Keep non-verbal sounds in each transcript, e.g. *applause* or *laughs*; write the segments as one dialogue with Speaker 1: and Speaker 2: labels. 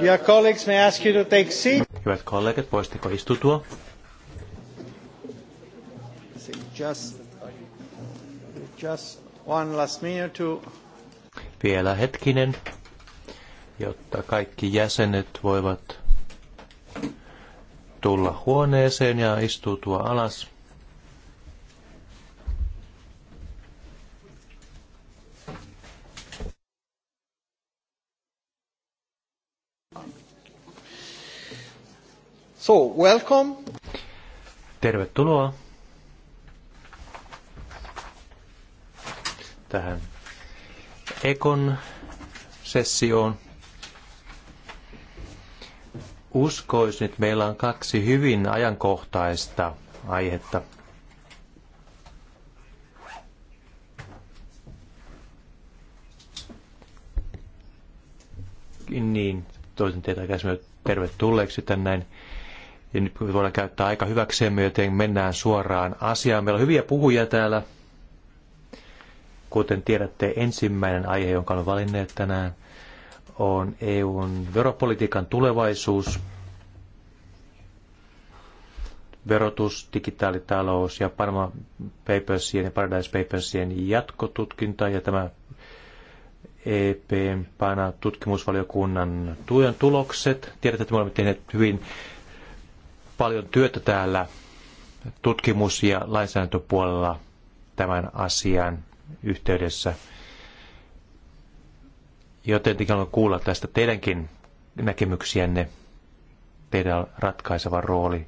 Speaker 1: Dear colleagues, may I ask you to take seat?
Speaker 2: Hyvät kollegat, voisitteko istutua?
Speaker 1: Just, just one last minute to...
Speaker 2: Vielä hetkinen, jotta kaikki jäsenet voivat tulla huoneeseen ja istuutua alas.
Speaker 1: So, welcome.
Speaker 2: Tervetuloa tähän Ekon sessioon. Uskoisin, että meillä on kaksi hyvin ajankohtaista aihetta. Niin, toisin teitä käsimään tervetulleeksi tänne näin ja niin nyt voidaan käyttää aika hyväksemme, joten mennään suoraan asiaan. Meillä on hyviä puhujia täällä. Kuten tiedätte, ensimmäinen aihe, jonka olen valinneet tänään, on EUn veropolitiikan tulevaisuus, verotus, digitaalitalous ja Panama Papersien ja Paradise Papersien jatkotutkinta ja tämä EP-pana tutkimusvaliokunnan tuen tulokset. Tiedätte, että me olemme tehneet hyvin paljon työtä täällä tutkimus- ja lainsäädäntöpuolella tämän asian yhteydessä. Joten haluan kuulla tästä teidänkin näkemyksienne teidän ratkaiseva rooli.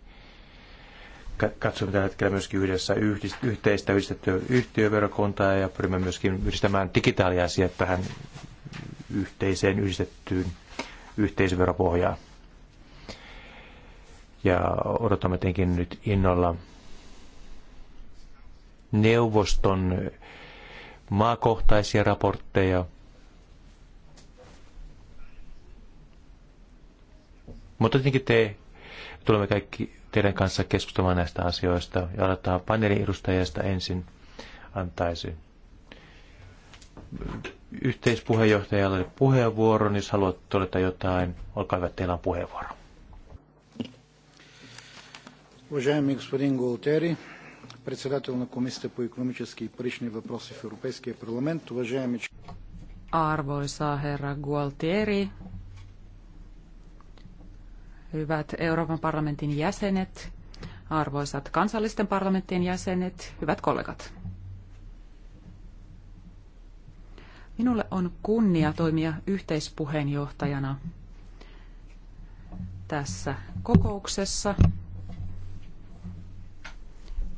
Speaker 2: Katsomme tällä hetkellä myöskin yhdessä yhteistä yhdistettyä yhtiöverokuntaa ja pyrimme myöskin yhdistämään digitaalia asiat tähän yhteiseen yhdistettyyn yhteisöveropohjaan ja odotamme tietenkin nyt innolla neuvoston maakohtaisia raportteja. Mutta tietenkin te tulemme kaikki teidän kanssa keskustelemaan näistä asioista ja aloittaa edustajasta ensin antaisi yhteispuheenjohtajalle puheenvuoron, jos haluat todeta jotain, olkaa hyvä, teillä on puheenvuoro.
Speaker 3: Уважаеми господин Голтери, председател на Комисията по економически и парични въпроси в Европейския парламент, уважаеми...
Speaker 4: Arvoisa herra Gualtieri, hyvät Euroopan parlamentin jäsenet, arvoisat kansallisten parlamenttien jäsenet, hyvät kollegat. Minulle on kunnia toimia yhteispuheenjohtajana tässä kokouksessa –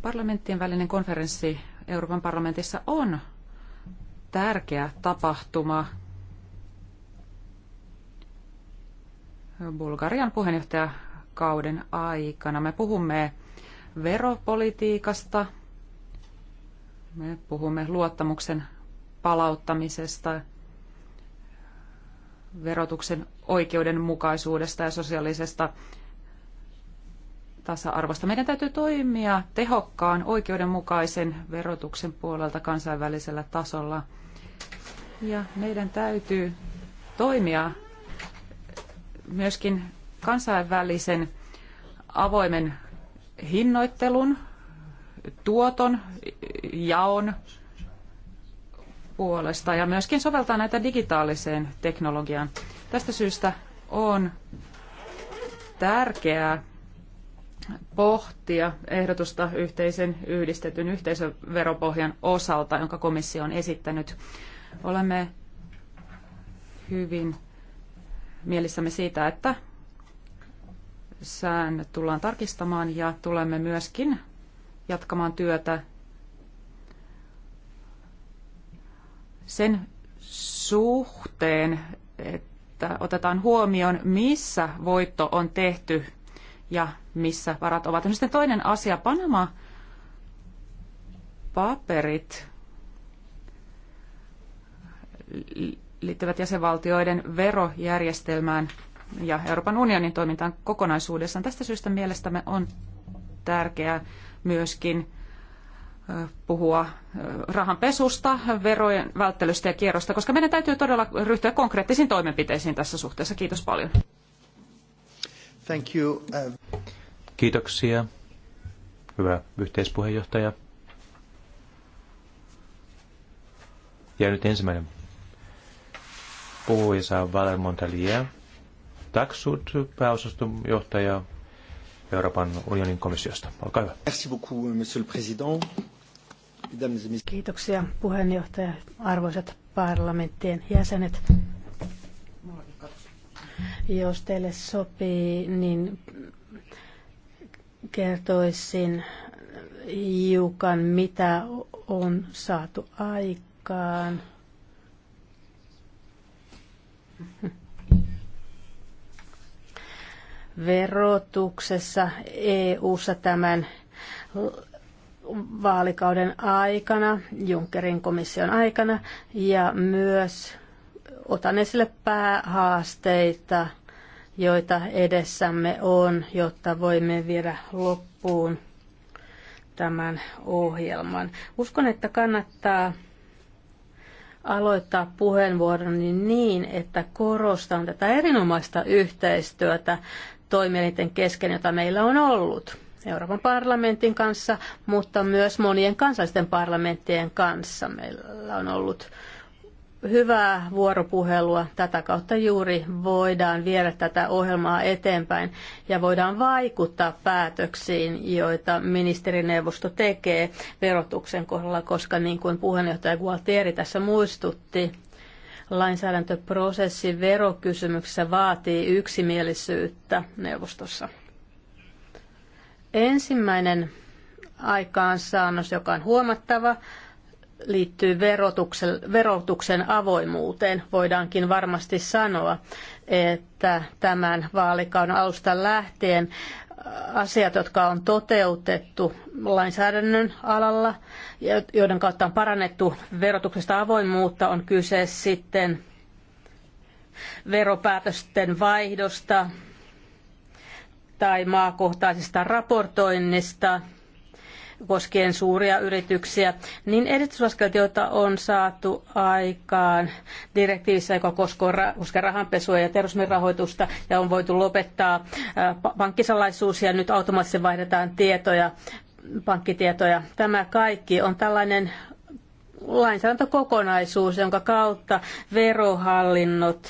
Speaker 4: Parlamenttien välinen konferenssi Euroopan parlamentissa on tärkeä tapahtuma. Bulgarian puheenjohtajakauden aikana me puhumme veropolitiikasta, me puhumme luottamuksen palauttamisesta, verotuksen oikeudenmukaisuudesta ja sosiaalisesta tasa-arvosta. Meidän täytyy toimia tehokkaan oikeudenmukaisen verotuksen puolelta kansainvälisellä tasolla. Ja meidän täytyy toimia myöskin kansainvälisen avoimen hinnoittelun, tuoton, jaon puolesta ja myöskin soveltaa näitä digitaaliseen teknologiaan. Tästä syystä on tärkeää pohtia ehdotusta yhteisen yhdistetyn yhteisöveropohjan osalta, jonka komissio on esittänyt. Olemme hyvin mielissämme siitä, että säännöt tullaan tarkistamaan ja tulemme myöskin jatkamaan työtä sen suhteen, että otetaan huomioon, missä voitto on tehty ja missä varat ovat. No sitten toinen asia, Panama paperit liittyvät jäsenvaltioiden verojärjestelmään ja Euroopan unionin toimintaan kokonaisuudessaan. Tästä syystä mielestämme on tärkeää myöskin puhua rahanpesusta, verojen välttelystä ja kierrosta, koska meidän täytyy todella ryhtyä konkreettisiin toimenpiteisiin tässä suhteessa. Kiitos paljon.
Speaker 2: Thank you. Uh, Kiitoksia. Hyvä yhteispuheenjohtaja. Ja nyt ensimmäinen puhuja saa Valer Montalier, Taksud, pääosaston Euroopan unionin komissiosta.
Speaker 3: Olkaa hyvä. Merci beaucoup, monsieur le président. Kiitoksia
Speaker 5: puheenjohtaja, arvoisat parlamenttien jäsenet. Jos teille sopii, niin kertoisin hiukan, mitä on saatu aikaan. Verotuksessa EU-ssa tämän vaalikauden aikana, Junckerin komission aikana, ja myös otan esille päähaasteita, joita edessämme on, jotta voimme viedä loppuun tämän ohjelman. Uskon, että kannattaa aloittaa puheenvuoroni niin, että korostan tätä erinomaista yhteistyötä toimielinten kesken, jota meillä on ollut Euroopan parlamentin kanssa, mutta myös monien kansallisten parlamenttien kanssa meillä on ollut hyvää vuoropuhelua. Tätä kautta juuri voidaan viedä tätä ohjelmaa eteenpäin ja voidaan vaikuttaa päätöksiin, joita ministerineuvosto tekee verotuksen kohdalla, koska niin kuin puheenjohtaja Gualtieri tässä muistutti, lainsäädäntöprosessi verokysymyksessä vaatii yksimielisyyttä neuvostossa. Ensimmäinen aikaansaannos, joka on huomattava, liittyy verotuksen, verotuksen avoimuuteen. Voidaankin varmasti sanoa, että tämän vaalikauden alusta lähtien asiat, jotka on toteutettu lainsäädännön alalla, joiden kautta on parannettu verotuksesta avoimuutta, on kyse sitten veropäätösten vaihdosta tai maakohtaisesta raportoinnista – koskien suuria yrityksiä, niin edistysaskelet, joita on saatu aikaan direktiivissä, joka koskee rahanpesua ja terrorismin rahoitusta, ja on voitu lopettaa pankkisalaisuus, ja nyt automaattisesti vaihdetaan tietoja, pankkitietoja. Tämä kaikki on tällainen lainsäädäntökokonaisuus, jonka kautta verohallinnot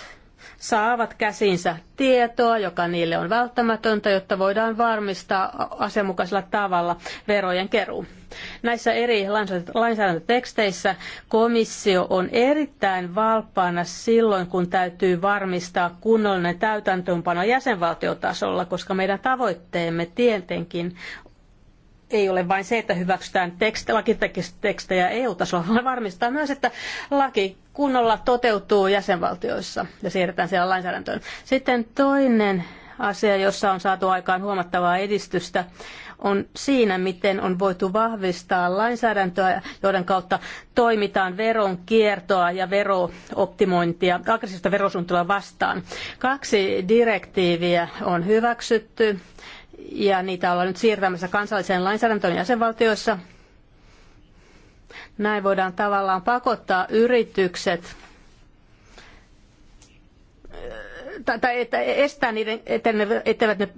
Speaker 5: saavat käsinsä tietoa, joka niille on välttämätöntä, jotta voidaan varmistaa asianmukaisella tavalla verojen keruu. Näissä eri lainsäädäntöteksteissä komissio on erittäin valppaana silloin, kun täytyy varmistaa kunnollinen täytäntöönpano jäsenvaltiotasolla, koska meidän tavoitteemme tietenkin ei ole vain se, että hyväksytään tekst, lakitekstejä EU-tasolla, vaan varmistaa myös, että laki kunnolla toteutuu jäsenvaltioissa ja siirretään siellä lainsäädäntöön. Sitten toinen asia, jossa on saatu aikaan huomattavaa edistystä, on siinä, miten on voitu vahvistaa lainsäädäntöä, joiden kautta toimitaan veron kiertoa ja verooptimointia, aggressiivista verosuunnittelua vastaan. Kaksi direktiiviä on hyväksytty ja niitä ollaan nyt siirtämässä kansalliseen lainsäädäntöön jäsenvaltioissa. Näin voidaan tavallaan pakottaa yritykset tai että estää niiden, etteivät ne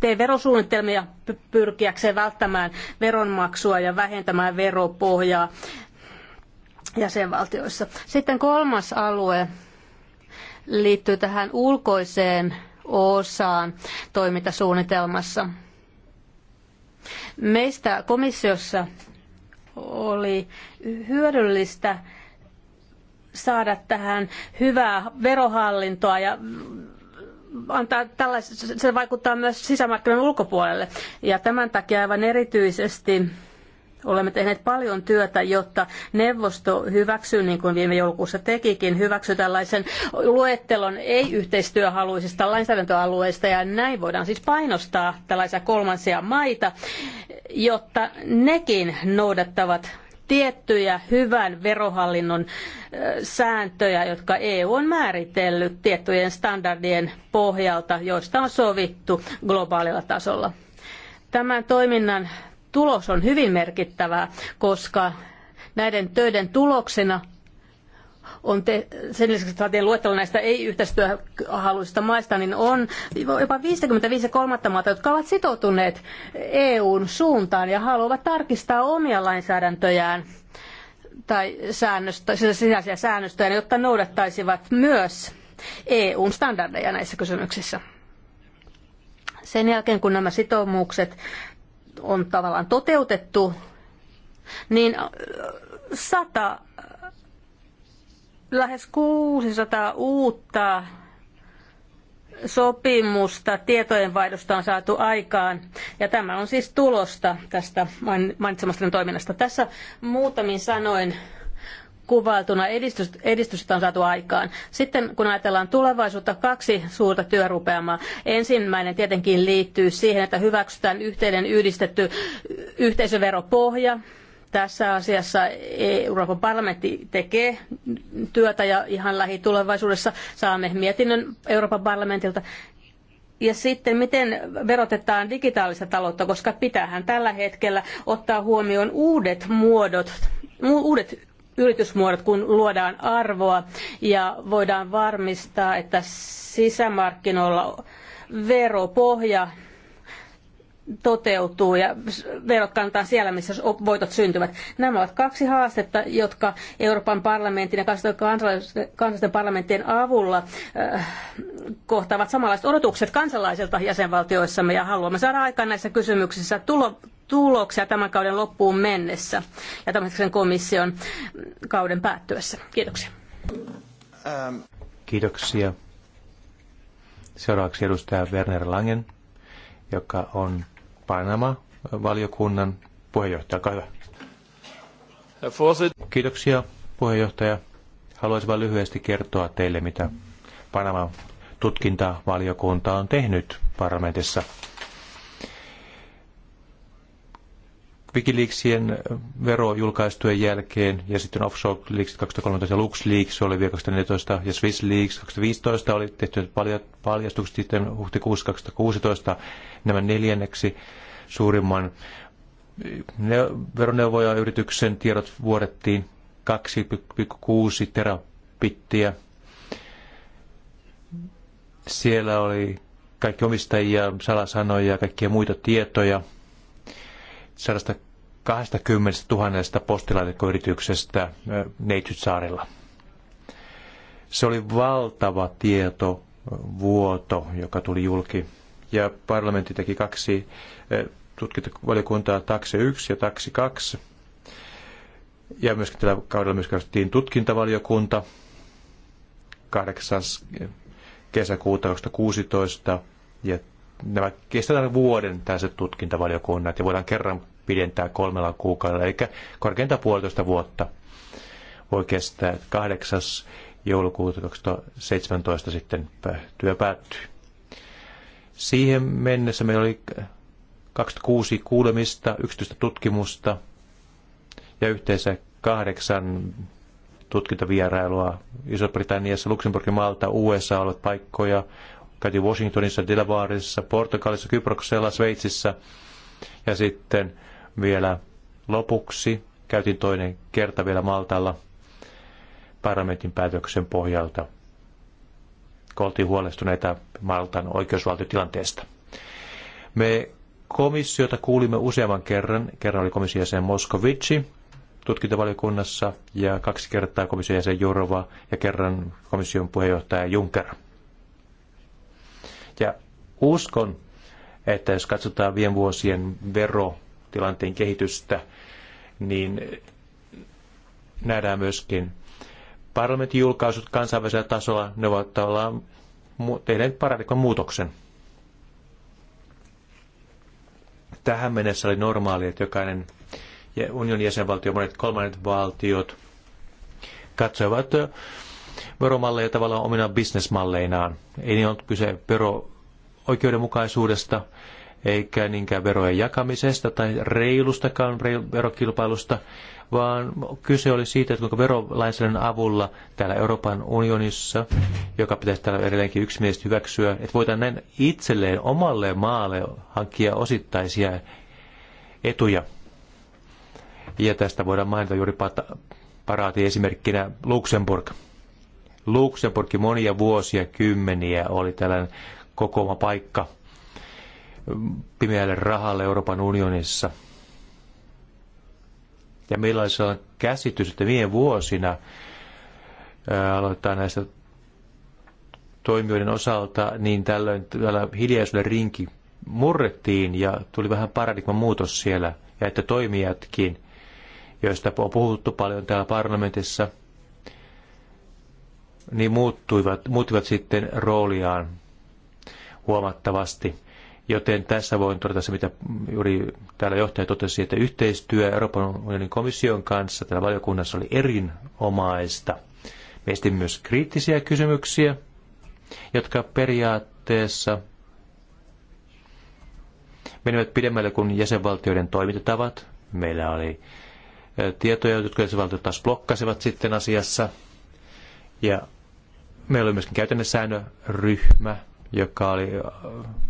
Speaker 5: tee verosuunnitelmia pyrkiäkseen välttämään veronmaksua ja vähentämään veropohjaa jäsenvaltioissa. Sitten kolmas alue liittyy tähän ulkoiseen osaan toimintasuunnitelmassa. Meistä komissiossa oli hyödyllistä saada tähän hyvää verohallintoa ja antaa tällaiset, se vaikuttaa myös sisämarkkinoiden ulkopuolelle. Ja tämän takia aivan erityisesti Olemme tehneet paljon työtä, jotta neuvosto hyväksyy, niin kuin viime joulukuussa tekikin, hyväksyy tällaisen luettelon ei-yhteistyöhaluisista lainsäädäntöalueista, ja näin voidaan siis painostaa tällaisia kolmansia maita, jotta nekin noudattavat tiettyjä hyvän verohallinnon sääntöjä, jotka EU on määritellyt tiettyjen standardien pohjalta, joista on sovittu globaalilla tasolla. Tämän toiminnan tulos on hyvin merkittävä, koska näiden töiden tuloksena on te, sen lisäksi, että saatiin luettelo näistä ei-yhteistyöhaluisista maista, niin on jopa 55 kolmatta maata, jotka ovat sitoutuneet EUn suuntaan ja haluavat tarkistaa omia lainsäädäntöjään tai säännöstä, siis sisäisiä säännöstöjä, jotta noudattaisivat myös EUn standardeja näissä kysymyksissä. Sen jälkeen, kun nämä sitoumukset on tavallaan toteutettu, niin 100 äh, lähes 600 uutta sopimusta tietojenvaihdosta on saatu aikaan. Ja tämä on siis tulosta tästä mainitsemastani toiminnasta. Tässä muutamin sanoin kuvailtuna edistystä, edistystä on saatu aikaan. Sitten kun ajatellaan tulevaisuutta, kaksi suurta työrupeamaa. Ensimmäinen tietenkin liittyy siihen, että hyväksytään yhteinen yhdistetty yhteisöveropohja, tässä asiassa Euroopan parlamentti tekee työtä ja ihan lähitulevaisuudessa saamme mietinnön Euroopan parlamentilta. Ja sitten miten verotetaan digitaalista taloutta, koska pitäähän tällä hetkellä ottaa huomioon uudet muodot, uudet yritysmuodot, kun luodaan arvoa ja voidaan varmistaa, että sisämarkkinoilla veropohja toteutuu ja verot kantaa siellä, missä voitot syntyvät. Nämä ovat kaksi haastetta, jotka Euroopan parlamentin ja kansallisten parlamenttien avulla äh, kohtaavat samanlaiset odotukset kansalaisilta jäsenvaltioissamme ja haluamme saada aikaan näissä kysymyksissä tulo, tuloksia tämän kauden loppuun mennessä ja tämän komission kauden päättyessä. Kiitoksia.
Speaker 2: Ähm. Kiitoksia. Seuraavaksi edustaja Werner Langen, joka on Panama-valiokunnan puheenjohtaja. Olkaa hyvä. Kiitoksia puheenjohtaja. Haluaisin vain lyhyesti kertoa teille, mitä panama tutkintavaliokunta on tehnyt parlamentissa Wikileaksien vero julkaistujen jälkeen ja sitten Offshore Leaks 2013 ja Leaks oli vielä 2014 ja Swiss Leaks 2015 oli tehty paljastukset sitten huhtikuussa 2016 nämä neljänneksi suurimman veroneuvojayrityksen tiedot vuodettiin 2,6 terabittiä. Siellä oli kaikki omistajia, salasanoja ja kaikkia muita tietoja – 120 000 postilaatikkoyrityksestä Neitsytsaarilla. Se oli valtava tietovuoto, joka tuli julki. Ja parlamentti teki kaksi tutkintavaliokuntaa, takse 1 ja taksi 2. Ja myöskin tällä kaudella myös käytettiin tutkintavaliokunta 8. kesäkuuta 2016 ja nämä kestävät vuoden tässä tutkintavaliokunnat ja voidaan kerran pidentää kolmella kuukaudella, eli korkeinta puolitoista vuotta voi kestää. 8. joulukuuta 2017 sitten työ päättyy. Siihen mennessä meillä oli 26 kuulemista, 11 tutkimusta ja yhteensä kahdeksan tutkintavierailua Iso-Britanniassa, Luxemburgin maalta, USA ollut paikkoja, käytiin Washingtonissa, Delawareissa, Portugalissa, Kyproksella, Sveitsissä ja sitten vielä lopuksi käytin toinen kerta vielä Maltalla parlamentin päätöksen pohjalta. Oltiin huolestuneita Maltan oikeusvaltiotilanteesta. Me komissiota kuulimme useamman kerran. Kerran oli komission jäsen Moskovici tutkintavaliokunnassa ja kaksi kertaa komission jäsen Jurova ja kerran komission puheenjohtaja Juncker. Ja uskon, että jos katsotaan viime vuosien verotilanteen kehitystä, niin nähdään myöskin parlamentin julkaisut kansainvälisellä tasolla, ne ovat tavallaan tehneet paradigman muutoksen. Tähän mennessä oli normaali, että jokainen unionin jäsenvaltio, monet kolmannet valtiot katsoivat veromalleja tavallaan omina bisnesmalleinaan. Ei niin ole kyse vero oikeudenmukaisuudesta, eikä niinkään verojen jakamisesta tai reilustakaan verokilpailusta, vaan kyse oli siitä, että kuinka verolainsäädännön avulla täällä Euroopan unionissa, joka pitäisi täällä edelleenkin yksimielisesti hyväksyä, että voidaan näin itselleen omalle maalle hankkia osittaisia etuja. Ja tästä voidaan mainita juuri paraati esimerkkinä Luxemburg. Luxemburgin monia vuosia, kymmeniä oli tällainen kokooma paikka pimeälle rahalle Euroopan unionissa. Ja meillä oli sellainen käsitys, että viime vuosina ää, aloittaa näistä toimijoiden osalta, niin tällöin tällä hiljaisuuden rinki murrettiin ja tuli vähän paradigman muutos siellä, ja että toimijatkin, joista on puhuttu paljon täällä parlamentissa – niin muuttuivat, muuttuivat sitten rooliaan huomattavasti. Joten tässä voin todeta se, mitä juuri täällä johtaja totesi, että yhteistyö Euroopan unionin komission kanssa täällä valiokunnassa oli erinomaista. Me myös kriittisiä kysymyksiä, jotka periaatteessa menivät pidemmälle kuin jäsenvaltioiden toimintatavat. Meillä oli tietoja, jotka jäsenvaltiot taas blokkasivat sitten asiassa – ja meillä oli myöskin säännöryhmä, joka oli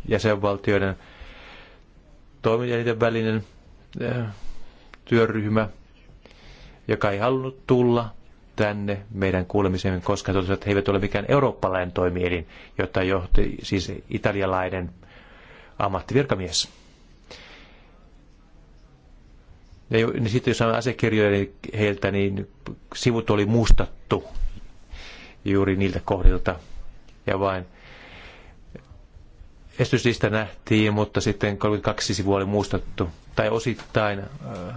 Speaker 2: jäsenvaltioiden toimijoiden välinen työryhmä, joka ei halunnut tulla tänne meidän kuulemiseen, koska he totesivat, että he eivät ole mikään eurooppalainen toimielin, jota johti siis italialainen ammattivirkamies. Ja niin sitten jos on asiakirjoja heiltä, niin sivut oli mustattu juuri niiltä kohdilta. Ja vain estyslista nähtiin, mutta sitten 32 sivua oli muistettu. Tai osittain äh,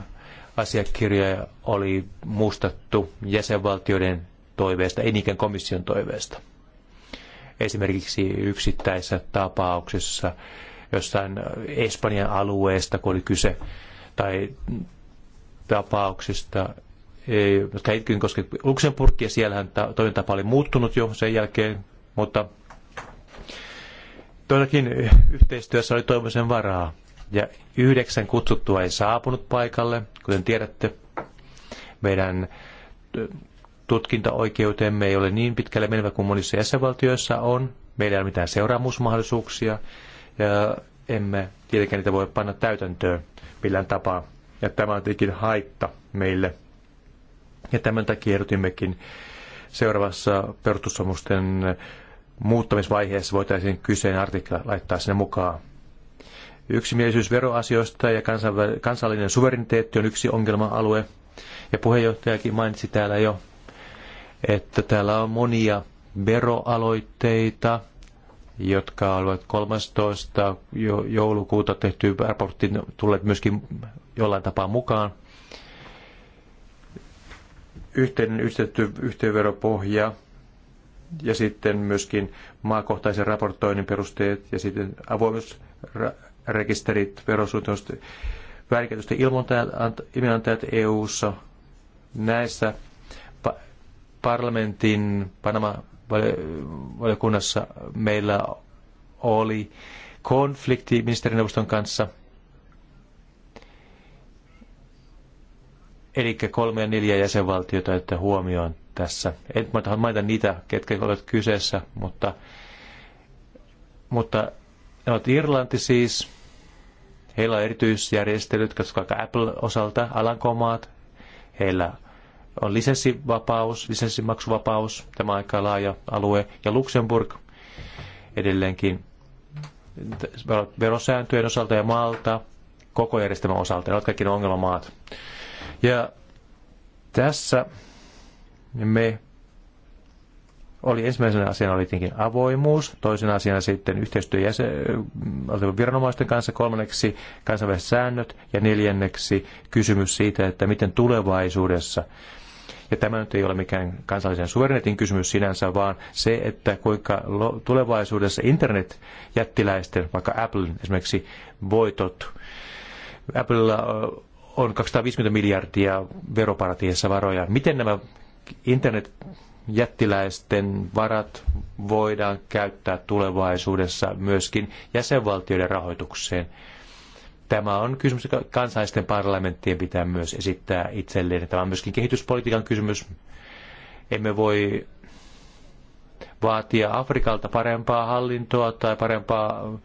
Speaker 2: asiakirjoja oli muistettu jäsenvaltioiden toiveesta, eniken komission toiveesta. Esimerkiksi yksittäisessä tapauksessa jossain Espanjan alueesta, kun oli kyse, tai tapauksista, jotka hetken koske Luxemburgia. Siellähän toimintatapa oli muuttunut jo sen jälkeen, mutta todellakin yhteistyössä oli toimisen varaa. Ja yhdeksän kutsuttua ei saapunut paikalle, kuten tiedätte. Meidän tutkintaoikeutemme ei ole niin pitkälle menevä kuin monissa jäsenvaltioissa on. Meillä ei ole mitään seuraamusmahdollisuuksia ja emme tietenkään niitä voi panna täytäntöön millään tapaa. Ja tämä on tietenkin haitta meille – ja tämän takia erotimmekin seuraavassa perustussomusten muuttamisvaiheessa voitaisiin kyseen artikla laittaa sinne mukaan. Yksimielisyys veroasioista ja kansallinen suvereniteetti on yksi ongelma-alue. Ja puheenjohtajakin mainitsi täällä jo, että täällä on monia veroaloitteita, jotka olivat 13. joulukuuta tehty raportti tulleet myöskin jollain tapaa mukaan yhteinen yhdistetty yhteenveropohja ja sitten myöskin maakohtaisen raportoinnin perusteet ja sitten avoimuusrekisterit, verosuunnitelmista, väärinkäytösten ilmoittajat EU-ssa. Näissä parlamentin Panama-valiokunnassa meillä oli konflikti ministerineuvoston kanssa – Eli kolme ja neljä jäsenvaltiota, että huomioon tässä. En mainita niitä, ketkä olet kyseessä, mutta, mutta ne Irlanti siis. Heillä on erityisjärjestelyt, koska Apple osalta, Alankomaat. Heillä on lisenssivapaus, lisenssimaksuvapaus, tämä aika laaja alue, ja Luxemburg edelleenkin verosääntöjen osalta ja Malta koko järjestelmän osalta. Ne ovat kaikki ne ongelmamaat. Ja tässä me oli ensimmäisenä asiana oli tietenkin avoimuus, toisena asiana sitten yhteistyö jäsen, viranomaisten kanssa, kolmanneksi kansainväliset säännöt ja neljänneksi kysymys siitä, että miten tulevaisuudessa ja tämä nyt ei ole mikään kansallisen suverenetin kysymys sinänsä, vaan se, että kuinka tulevaisuudessa internetjättiläisten, vaikka Apple esimerkiksi voitot, Applella on 250 miljardia veroparatiissa varoja. Miten nämä internetjättiläisten varat voidaan käyttää tulevaisuudessa myöskin jäsenvaltioiden rahoitukseen? Tämä on kysymys, joka kansallisten parlamenttien pitää myös esittää itselleen. Tämä on myöskin kehityspolitiikan kysymys. Emme voi vaatia Afrikalta parempaa hallintoa tai parempaa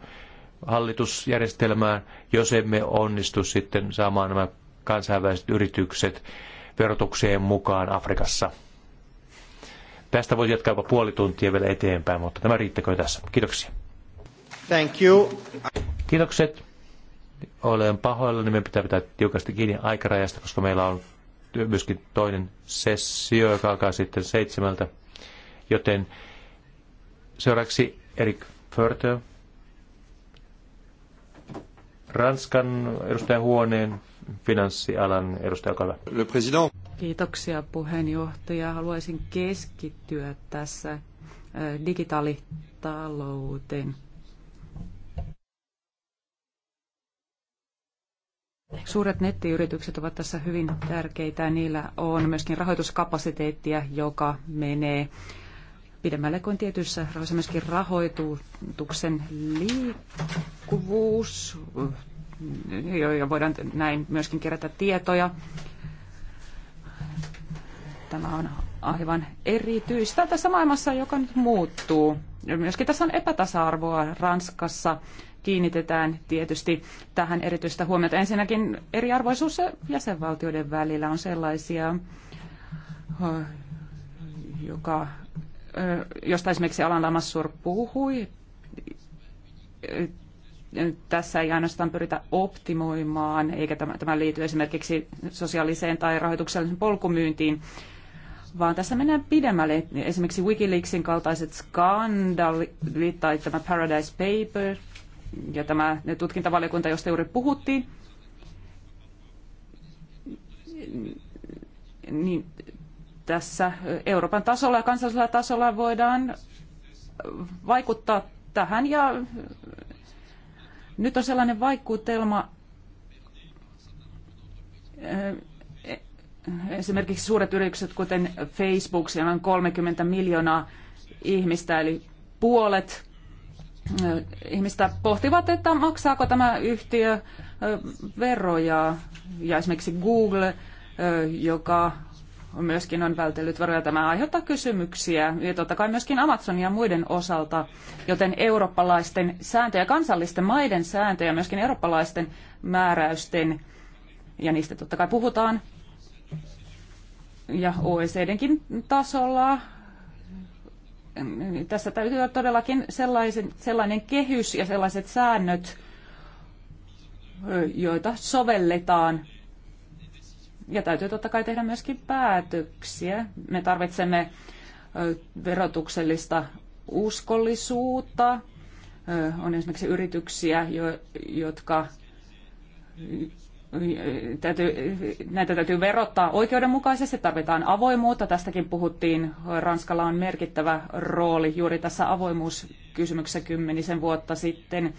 Speaker 2: hallitusjärjestelmää, jos emme onnistu sitten saamaan nämä kansainväliset yritykset verotukseen mukaan Afrikassa. Tästä voisi jatkaa jopa puoli tuntia vielä eteenpäin, mutta tämä riittäkö tässä. Kiitoksia.
Speaker 1: Thank you.
Speaker 2: Kiitokset. Olen pahoillani, niin me pitää pitää tiukasti kiinni aikarajasta, koska meillä on myöskin toinen sessio, joka alkaa sitten seitsemältä. Joten seuraavaksi Erik Förtö, Ranskan huoneen finanssialan edustaja Kala. Le president.
Speaker 4: Kiitoksia puheenjohtaja. Haluaisin keskittyä tässä digitaalitalouteen. Suuret nettiyritykset ovat tässä hyvin tärkeitä. Niillä on myöskin rahoituskapasiteettia, joka menee pidemmälle kuin tietyissä rahoissa myöskin rahoituksen liikkuvuus ja voidaan näin myöskin kerätä tietoja. Tämä on aivan erityistä tässä maailmassa, joka nyt muuttuu. Myöskin tässä on epätasa-arvoa Ranskassa. Kiinnitetään tietysti tähän erityistä huomiota. Ensinnäkin eriarvoisuus jäsenvaltioiden välillä on sellaisia, joka, josta esimerkiksi Alan Lamassur puhui, tässä ei ainoastaan pyritä optimoimaan, eikä tämä, tämä liity esimerkiksi sosiaaliseen tai rahoitukselliseen polkumyyntiin, vaan tässä mennään pidemmälle. Esimerkiksi Wikileaksin kaltaiset skandaalit tai tämä Paradise Paper ja tämä tutkintavaliokunta, josta juuri puhuttiin, niin tässä Euroopan tasolla ja kansallisella tasolla voidaan vaikuttaa tähän ja nyt on sellainen vaikutelma, eh, esimerkiksi suuret yritykset, kuten Facebook, siellä on 30 miljoonaa ihmistä, eli puolet eh, ihmistä pohtivat, että maksaako tämä yhtiö eh, veroja. Ja esimerkiksi Google, joka myöskin on vältellyt varoja. Tämä aiheuttaa kysymyksiä ja totta kai myöskin Amazonia muiden osalta, joten eurooppalaisten sääntöjä, kansallisten maiden sääntöjä, myöskin eurooppalaisten määräysten, ja niistä totta kai puhutaan, ja OECDnkin tasolla niin tässä täytyy olla todellakin sellaisen, sellainen kehys ja sellaiset säännöt, joita sovelletaan ja täytyy totta kai tehdä myöskin päätöksiä. Me tarvitsemme verotuksellista uskollisuutta. On esimerkiksi yrityksiä, jotka täytyy, näitä täytyy verottaa oikeudenmukaisesti, tarvitaan avoimuutta. Tästäkin puhuttiin, Ranskalla on merkittävä rooli juuri tässä avoimuuskysymyksessä kymmenisen vuotta sitten.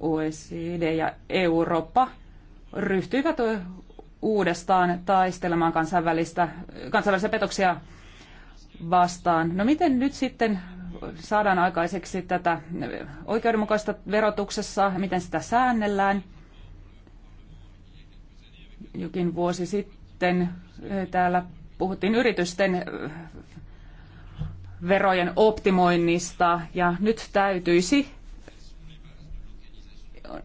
Speaker 4: OECD ja Eurooppa ryhtyivät uudestaan taistelemaan kansainvälistä, kansainvälisiä petoksia vastaan. No miten nyt sitten saadaan aikaiseksi tätä oikeudenmukaista verotuksessa, miten sitä säännellään? Jokin vuosi sitten täällä puhuttiin yritysten verojen optimoinnista ja nyt täytyisi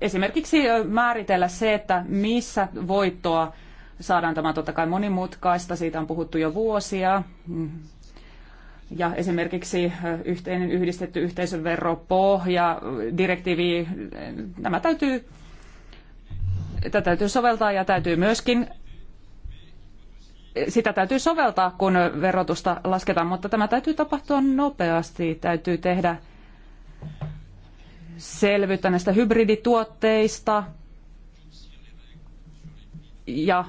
Speaker 4: esimerkiksi määritellä se, että missä voittoa saadaan tämä totta kai monimutkaista, siitä on puhuttu jo vuosia. Ja esimerkiksi yhteinen yhdistetty yhteisöveropohja, direktiivi, nämä täytyy, tätä täytyy soveltaa ja täytyy myöskin sitä täytyy soveltaa, kun verotusta lasketaan, mutta tämä täytyy tapahtua nopeasti. Täytyy tehdä selvyyttä näistä hybridituotteista ja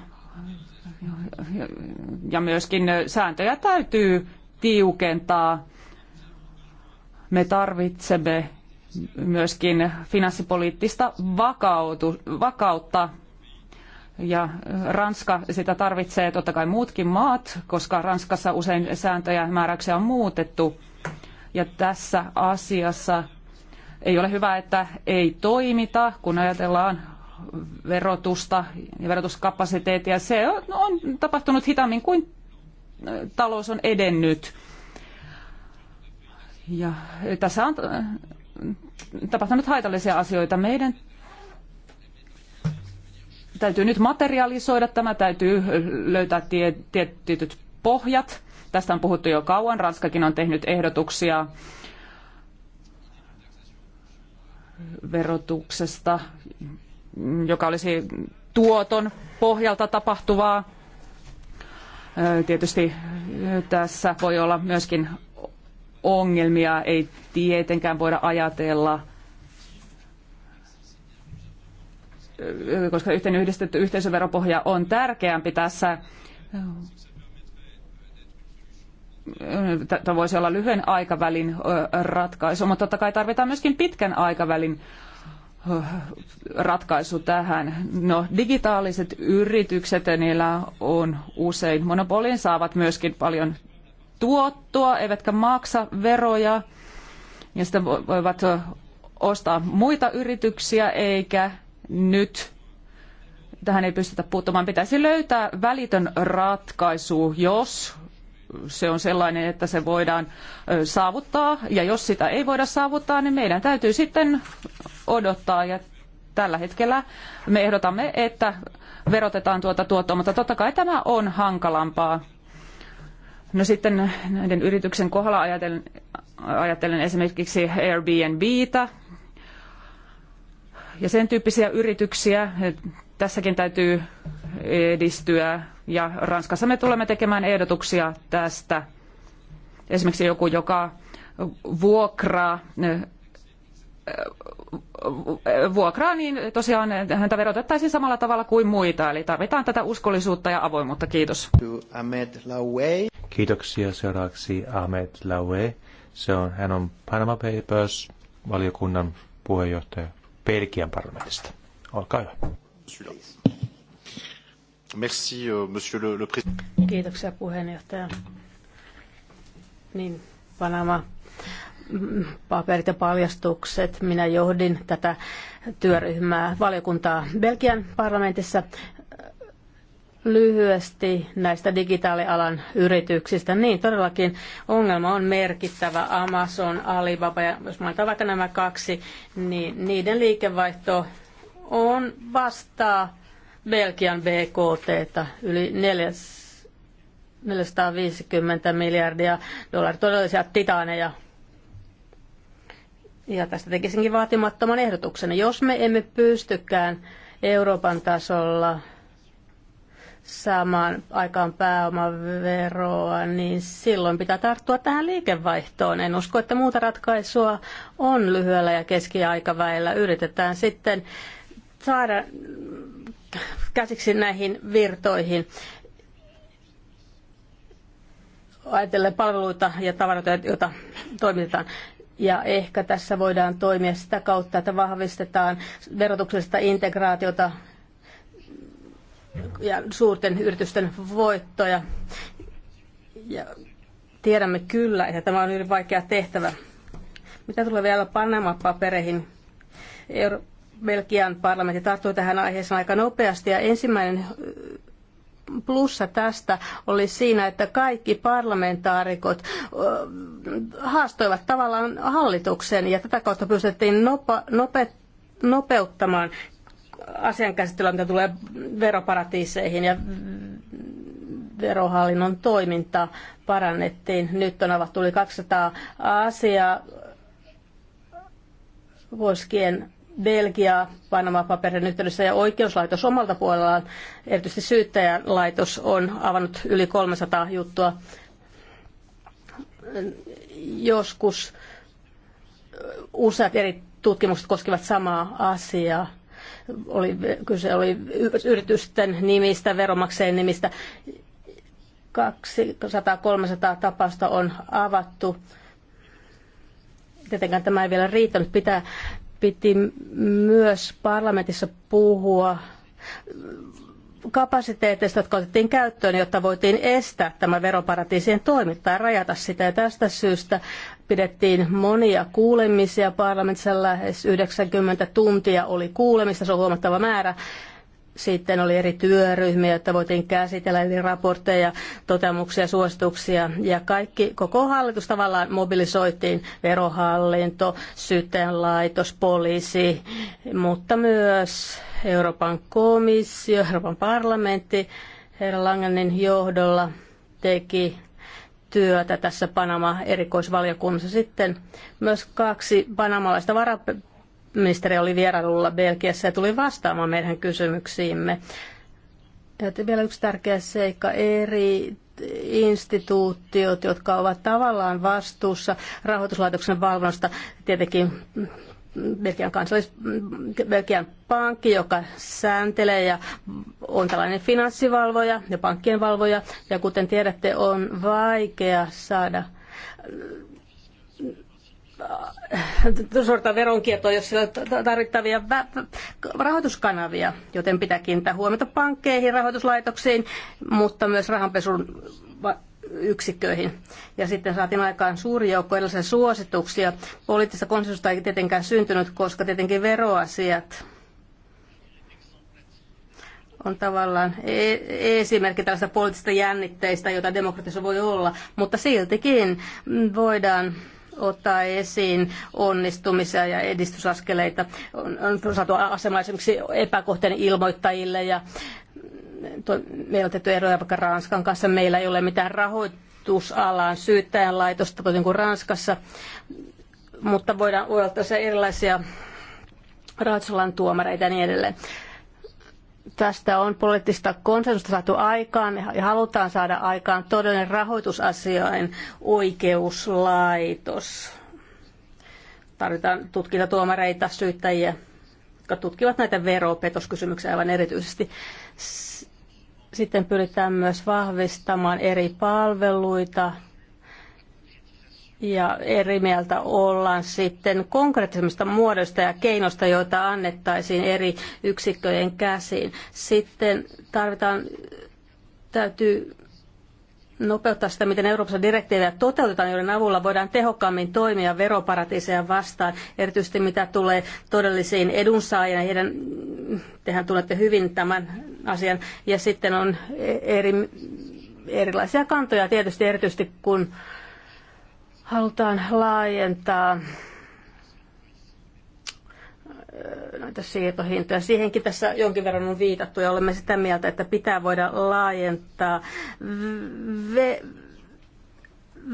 Speaker 4: ja myöskin sääntöjä täytyy tiukentaa. Me tarvitsemme myöskin finanssipoliittista vakautu, vakautta. Ja Ranska sitä tarvitsee totta kai muutkin maat, koska Ranskassa usein sääntöjä ja määräyksiä on muutettu. Ja tässä asiassa ei ole hyvä, että ei toimita, kun ajatellaan verotusta ja verotuskapasiteettia. Se on, no, on tapahtunut hitaammin kuin talous on edennyt. Ja tässä on tapahtunut haitallisia asioita. Meidän täytyy nyt materialisoida tämä, täytyy löytää tie, tie, tietyt pohjat. Tästä on puhuttu jo kauan. Ranskakin on tehnyt ehdotuksia verotuksesta joka olisi tuoton pohjalta tapahtuvaa. Tietysti tässä voi olla myöskin ongelmia, ei tietenkään voida ajatella, koska yhteen yhdistetty yhteisöveropohja on tärkeämpi tässä tämä voisi olla lyhyen aikavälin ratkaisu, mutta totta kai tarvitaan myöskin pitkän aikavälin ratkaisu tähän. No, digitaaliset yritykset, niillä on usein monopolin, saavat myöskin paljon tuottoa, eivätkä maksa veroja ja sitten voivat ostaa muita yrityksiä, eikä nyt tähän ei pystytä puuttumaan. Pitäisi löytää välitön ratkaisu, jos se on sellainen, että se voidaan saavuttaa, ja jos sitä ei voida saavuttaa, niin meidän täytyy sitten odottaa ja tällä hetkellä me ehdotamme, että verotetaan tuota tuottoa, mutta totta kai tämä on hankalampaa. No sitten näiden yrityksen kohdalla ajatellen, ajatellen esimerkiksi Airbnbtä ja sen tyyppisiä yrityksiä. Tässäkin täytyy edistyä ja Ranskassa me tulemme tekemään ehdotuksia tästä. Esimerkiksi joku, joka vuokraa vuokraa, niin tosiaan häntä verotettaisiin samalla tavalla kuin muita. Eli tarvitaan tätä uskollisuutta ja avoimuutta. Kiitos.
Speaker 2: Kiitoksia seuraavaksi Ahmed Laue. Se on, hän on Panama Papers valiokunnan puheenjohtaja Belgian parlamentista. Olkaa hyvä.
Speaker 3: Merci, euh, monsieur le,
Speaker 5: le Kiitoksia puheenjohtaja. Niin, Panama paperit ja paljastukset. Minä johdin tätä työryhmää valiokuntaa Belgian parlamentissa lyhyesti näistä digitaalialan yrityksistä. Niin, todellakin ongelma on merkittävä. Amazon, Alibaba ja jos mainitaan vaikka nämä kaksi, niin niiden liikevaihto on vastaa Belgian BKT yli 450 miljardia dollaria todellisia titaaneja ja tästä tekisinkin vaatimattoman ehdotuksen. Jos me emme pystykään Euroopan tasolla saamaan aikaan pääomaveroa, niin silloin pitää tarttua tähän liikevaihtoon. En usko, että muuta ratkaisua on lyhyellä ja keskiaikaväellä. Yritetään sitten saada käsiksi näihin virtoihin ajatellen palveluita ja tavaroita, joita toimitetaan. Ja ehkä tässä voidaan toimia sitä kautta, että vahvistetaan verotuksesta integraatiota ja suurten yritysten voittoja. Ja tiedämme kyllä, että tämä on hyvin vaikea tehtävä. Mitä tulee vielä Panama-papereihin? Euro- Belgian parlamentti tarttui tähän aiheeseen aika nopeasti ja ensimmäinen plussa tästä oli siinä, että kaikki parlamentaarikot haastoivat tavallaan hallituksen ja tätä kautta pystyttiin nopeuttamaan asian käsittelyä, mitä tulee veroparatiiseihin ja verohallinnon toimintaa parannettiin. Nyt on avattu yli 200 asiaa koskien Belgia Panama-paperin yhteydessä ja oikeuslaitos omalta puolellaan, erityisesti syyttäjälaitos, on avannut yli 300 juttua. Joskus useat eri tutkimukset koskivat samaa asiaa. Oli, kyse oli yritysten nimistä, veromakseen nimistä. 200-300 tapausta on avattu. Tietenkään tämä ei vielä riittänyt. Pitää piti myös parlamentissa puhua kapasiteetista, jotka otettiin käyttöön, jotta voitiin estää tämä veroparatiisien toiminta ja rajata sitä. Ja tästä syystä pidettiin monia kuulemisia parlamentissa, lähes 90 tuntia oli kuulemista, se on huomattava määrä. Sitten oli eri työryhmiä, jotta voitiin käsitellä eri raportteja, toteamuksia, suosituksia. Ja kaikki, koko hallitus tavallaan mobilisoitiin, verohallinto, syyttäjänlaitos, poliisi, mutta myös Euroopan komissio, Euroopan parlamentti herra Langenin johdolla teki työtä tässä Panama-erikoisvaliokunnassa. Sitten myös kaksi panamalaista varap ministeri oli vierailulla Belgiassa ja tuli vastaamaan meidän kysymyksiimme. Ja vielä yksi tärkeä seikka, eri instituutiot, jotka ovat tavallaan vastuussa rahoituslaitoksen valvonnasta, tietenkin Belgian, kansallis, Belgian pankki, joka sääntelee ja on tällainen finanssivalvoja ja pankkien valvoja. Ja kuten tiedätte, on vaikea saada Äh, sorta veronkiertoa, jos sillä on tarvittavia rahoituskanavia, joten pitää kiinnittää huomiota pankkeihin, rahoituslaitoksiin, mutta myös rahanpesun yksiköihin. Ja sitten saatiin aikaan suuri joukko erilaisia suosituksia. Poliittista konsensusta ei tietenkään syntynyt, koska tietenkin veroasiat on tavallaan e- esimerkki tällaista poliittisista jännitteistä, jota demokratiassa voi olla, mutta siltikin voidaan ottaa esiin onnistumisia ja edistysaskeleita. On, on saatu asema esimerkiksi epäkohteen ilmoittajille ja to, meillä on tehty eroja vaikka Ranskan kanssa. Meillä ei ole mitään rahoitusalan syyttäjän laitosta, kuten kuin Ranskassa, mutta voidaan olla erilaisia Ratsolan tuomareita ja niin edelleen tästä on poliittista konsensusta saatu aikaan ja halutaan saada aikaan todellinen rahoitusasioiden oikeuslaitos. Tarvitaan tutkintatuomareita, syyttäjiä, jotka tutkivat näitä veropetoskysymyksiä aivan erityisesti. Sitten pyritään myös vahvistamaan eri palveluita, ja eri mieltä ollaan sitten konkreettisemmista muodoista ja keinoista, joita annettaisiin eri yksikköjen käsiin. Sitten tarvitaan, täytyy nopeuttaa sitä, miten Euroopassa direktiivejä toteutetaan, joiden avulla voidaan tehokkaammin toimia veroparatiiseja vastaan, erityisesti mitä tulee todellisiin edunsaajien Heidän, tehän tunnette hyvin tämän asian. Ja sitten on e- eri, erilaisia kantoja tietysti, erityisesti kun halutaan laajentaa näitä siirtohintoja. Siihenkin tässä jonkin verran on viitattu ja olemme sitä mieltä, että pitää voida laajentaa ve-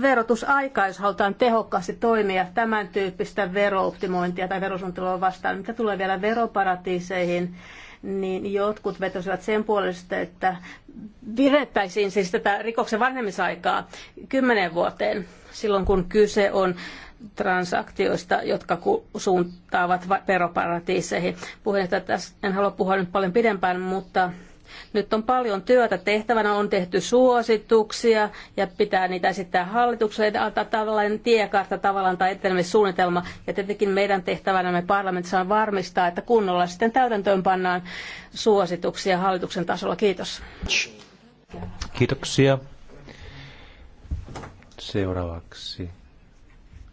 Speaker 5: verotusaikaa, jos halutaan tehokkaasti toimia tämän tyyppistä verooptimointia tai verosuunnittelua vastaan. Mitä tulee vielä veroparatiiseihin, niin jotkut vetosivat sen puolesta, että virettäisiin siis tätä rikoksen vanhemmisaikaa kymmenen vuoteen silloin, kun kyse on transaktioista, jotka suuntaavat veroparatiiseihin. että tässä en halua puhua nyt paljon pidempään, mutta nyt on paljon työtä tehtävänä, on tehty suosituksia ja pitää niitä esittää hallitukselle, antaa tavallaan tiekartta tavallaan tai etenemissuunnitelma. Ja tietenkin meidän tehtävänä me parlamentissa on varmistaa, että kunnolla sitten täytäntöön pannaan suosituksia hallituksen tasolla. Kiitos.
Speaker 2: Kiitoksia. Seuraavaksi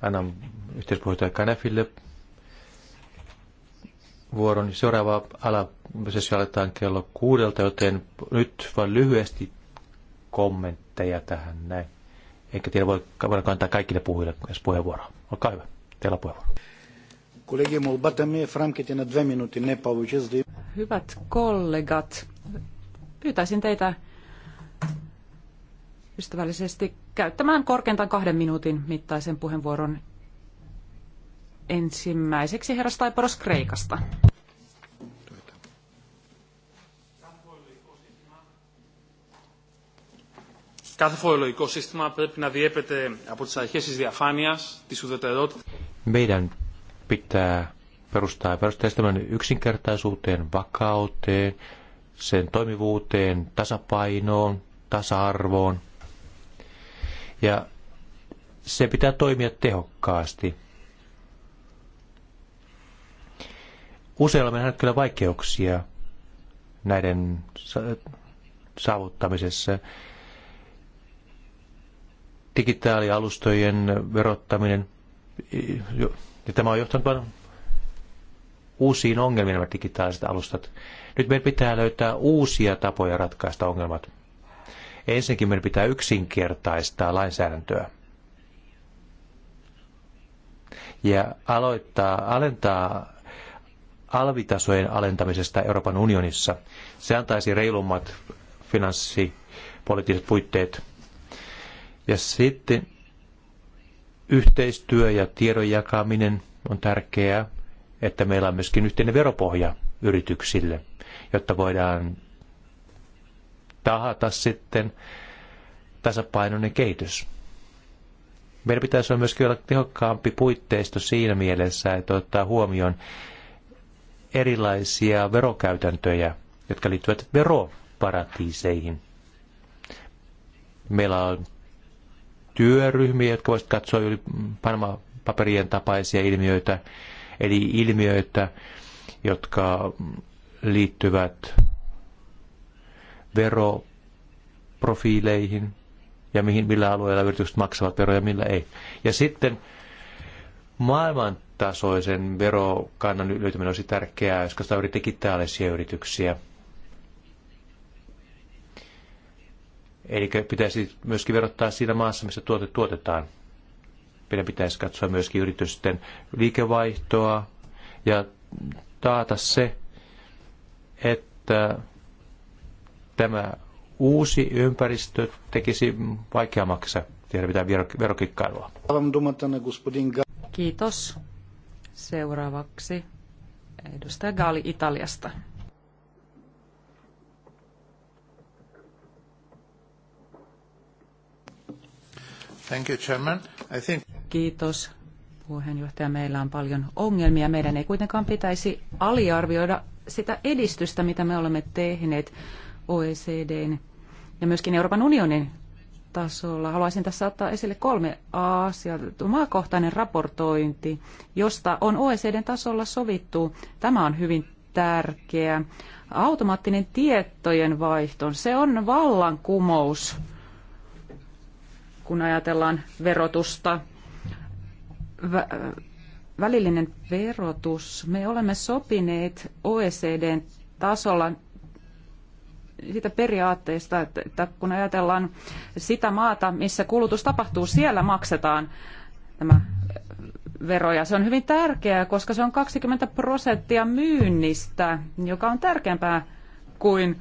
Speaker 2: annan yhteispuheenjohtaja Kanefille vuoron. Seuraava ala sessio aletaan kello kuudelta, joten nyt vain lyhyesti kommentteja tähän näin. Eikä tiedä, voi, voida antaa kaikille puhujille edes puheenvuoroa. Olkaa hyvä, teillä on puheenvuoro.
Speaker 3: Hyvät kollegat,
Speaker 4: pyytäisin teitä ystävällisesti käyttämään korkeintaan kahden minuutin mittaisen puheenvuoron Ensimmäiseksi herra Staiporos Kreikasta.
Speaker 3: Κάθε φορολογικό σύστημα πρέπει να διέπεται από τις αρχές της διαφάνειας, της ουδετερότητας.
Speaker 2: Meidän pitää perustaa perustajastelman yksinkertaisuuteen, vakauteen, sen toimivuuteen, tasapainoon, tasa-arvoon. Ja se pitää toimia tehokkaasti Useilla meillä on kyllä vaikeuksia näiden saavuttamisessa. Digitaalialustojen verottaminen, ja tämä on johtanut vain uusiin ongelmiin nämä digitaaliset alustat. Nyt meidän pitää löytää uusia tapoja ratkaista ongelmat. Ensinnäkin meidän pitää yksinkertaistaa lainsäädäntöä. Ja aloittaa, alentaa alvitasojen alentamisesta Euroopan unionissa. Se antaisi reilummat finanssipoliittiset puitteet. Ja sitten yhteistyö ja tiedon jakaminen on tärkeää, että meillä on myöskin yhteinen veropohja yrityksille, jotta voidaan tahata sitten tasapainoinen kehitys. Meidän pitäisi olla myöskin olla tehokkaampi puitteisto siinä mielessä, että ottaa huomioon erilaisia verokäytäntöjä, jotka liittyvät veroparatiiseihin. Meillä on työryhmiä, jotka voisivat katsoa yli Panama-paperien tapaisia ilmiöitä, eli ilmiöitä, jotka liittyvät veroprofiileihin ja mihin, millä alueella yritykset maksavat veroja ja millä ei. Ja sitten maailman tasoisen verokannan löytäminen olisi tärkeää, jos katsotaan juuri digitaalisia yrityksiä. Eli pitäisi myöskin verottaa siinä maassa, missä tuote tuotetaan. Meidän pitäisi katsoa myöskin yritysten liikevaihtoa ja taata se, että tämä uusi ympäristö tekisi vaikeammaksi tehdä mitään verokikkailua.
Speaker 3: Kiitos.
Speaker 4: Seuraavaksi edustaja Gaali Italiasta.
Speaker 1: Thank you, Chairman. I think...
Speaker 4: Kiitos puheenjohtaja. Meillä on paljon ongelmia. Meidän ei kuitenkaan pitäisi aliarvioida sitä edistystä, mitä me olemme tehneet OECDn ja myöskin Euroopan unionin tasolla. Haluaisin tässä ottaa esille kolme asiaa. Maakohtainen raportointi, josta on OECDn tasolla sovittu. Tämä on hyvin tärkeä. Automaattinen tietojen vaihto, se on vallankumous, kun ajatellaan verotusta. Vä- välillinen verotus. Me olemme sopineet OECDn tasolla siitä periaatteesta, että kun ajatellaan sitä maata, missä kulutus tapahtuu, siellä maksetaan tämä veroja. Se on hyvin tärkeää, koska se on 20 prosenttia myynnistä, joka on tärkeämpää kuin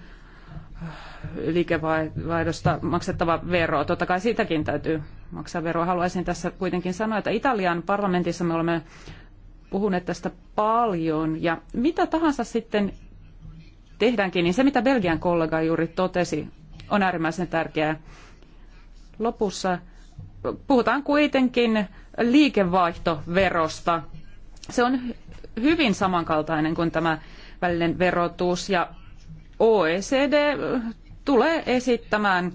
Speaker 4: liikevaihdosta maksettava vero. Totta kai siitäkin täytyy maksaa veroa. Haluaisin tässä kuitenkin sanoa, että Italian parlamentissa me olemme puhuneet tästä paljon. Ja mitä tahansa sitten tehdäänkin, niin se mitä Belgian kollega juuri totesi on äärimmäisen tärkeää. Lopussa puhutaan kuitenkin liikevaihtoverosta. Se on hyvin samankaltainen kuin tämä välinen verotus ja OECD tulee esittämään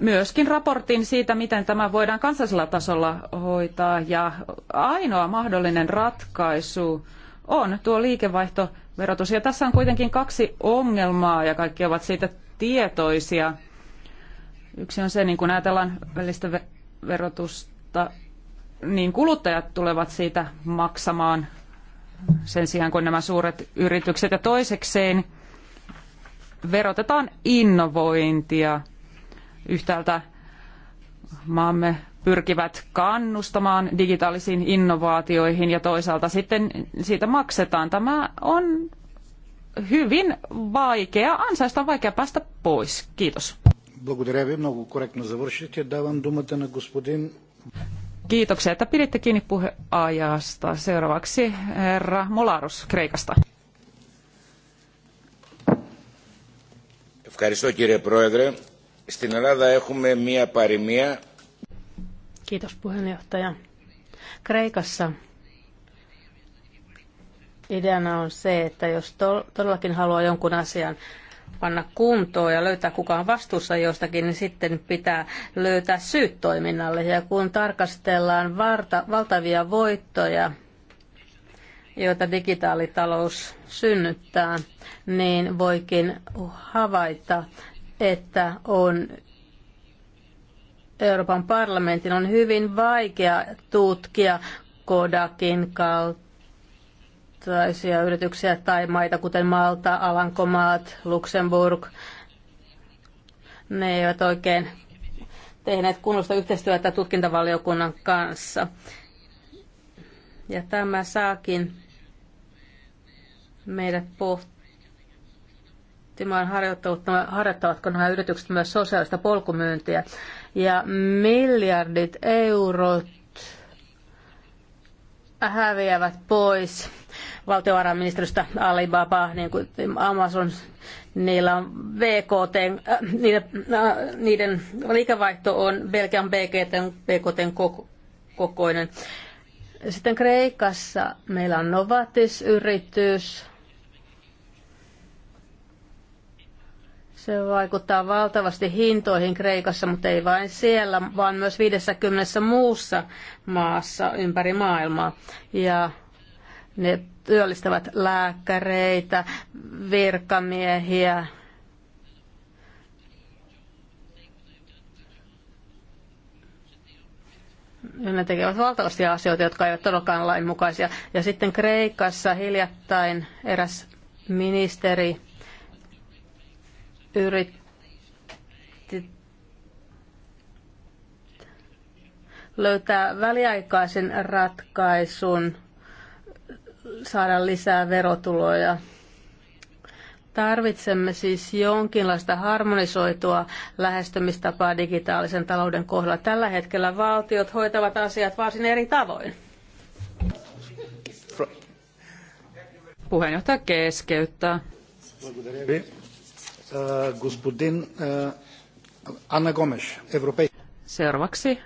Speaker 4: myöskin raportin siitä, miten tämä voidaan kansallisella tasolla hoitaa. Ja ainoa mahdollinen ratkaisu on tuo liikevaihto verotus. Ja tässä on kuitenkin kaksi ongelmaa ja kaikki ovat siitä tietoisia. Yksi on se, niin kun ajatellaan välistä verotusta, niin kuluttajat tulevat siitä maksamaan sen sijaan, kun nämä suuret yritykset. Ja toisekseen verotetaan innovointia yhtäältä maamme pyrkivät kannustamaan digitaalisiin innovaatioihin ja toisaalta sitten siitä maksetaan. Tämä on hyvin vaikea, ansaista on
Speaker 3: vaikea päästä pois. Kiitos.
Speaker 4: Kiitoksia, että piditte kiinni puheajasta. Seuraavaksi herra Molarus Kreikasta.
Speaker 3: Ευχαριστώ κύριε Πρόεδρε. Στην Ελλάδα έχουμε μία παροιμία
Speaker 5: Kiitos puheenjohtaja. Kreikassa ideana on se, että jos todellakin haluaa jonkun asian panna kuntoon ja löytää kukaan vastuussa jostakin, niin sitten pitää löytää syyt toiminnalle. Ja kun tarkastellaan varta, valtavia voittoja, joita digitaalitalous synnyttää, niin voikin havaita, että on Euroopan parlamentin on hyvin vaikea tutkia Kodakin kaltaisia yrityksiä tai maita, kuten Malta, Alankomaat, Luxemburg. Ne eivät oikein tehneet kunnosta yhteistyötä tutkintavaliokunnan kanssa. Ja tämä saakin meidät pohtimaan, harjoittavatko nämä yritykset myös sosiaalista polkumyyntiä ja miljardit eurot häviävät pois valtiovarainministeriöstä Alibaba, niin kuin Amazon, niillä on VKT, äh, niiden, äh, niiden liikevaihto on Belgian BGT, BKT koko, kokoinen. Sitten Kreikassa meillä on Novatis-yritys, Se vaikuttaa valtavasti hintoihin Kreikassa, mutta ei vain siellä, vaan myös 50 muussa maassa ympäri maailmaa. Ja ne työllistävät lääkäreitä, virkamiehiä, ne tekevät valtavasti asioita, jotka eivät todellakaan lainmukaisia. Ja sitten Kreikassa hiljattain eräs ministeri yritti löytää väliaikaisen ratkaisun saada lisää verotuloja. Tarvitsemme siis jonkinlaista harmonisoitua lähestymistapaa digitaalisen talouden kohdalla. Tällä hetkellä valtiot hoitavat asiat varsin eri tavoin.
Speaker 3: Puheenjohtaja keskeyttää. Niin господин Anna Gomes, Европей... Seuraavaksi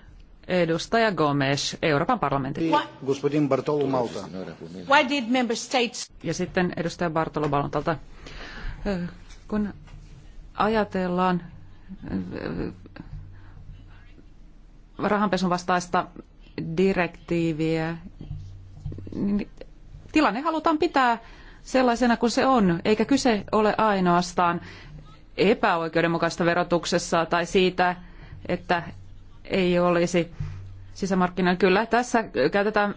Speaker 3: edustaja Gomes Euroopan parlamentti. Господин Бартоло Малта. Why did
Speaker 4: member states... Ja sitten edustaja Bartolo Balontalta. Kun ajatellaan rahanpesun vastaista direktiiviä, niin tilanne halutaan pitää sellaisena kuin se on, eikä kyse ole ainoastaan epäoikeudenmukaista verotuksessa tai siitä, että ei olisi sisämarkkinoilla. Kyllä tässä käytetään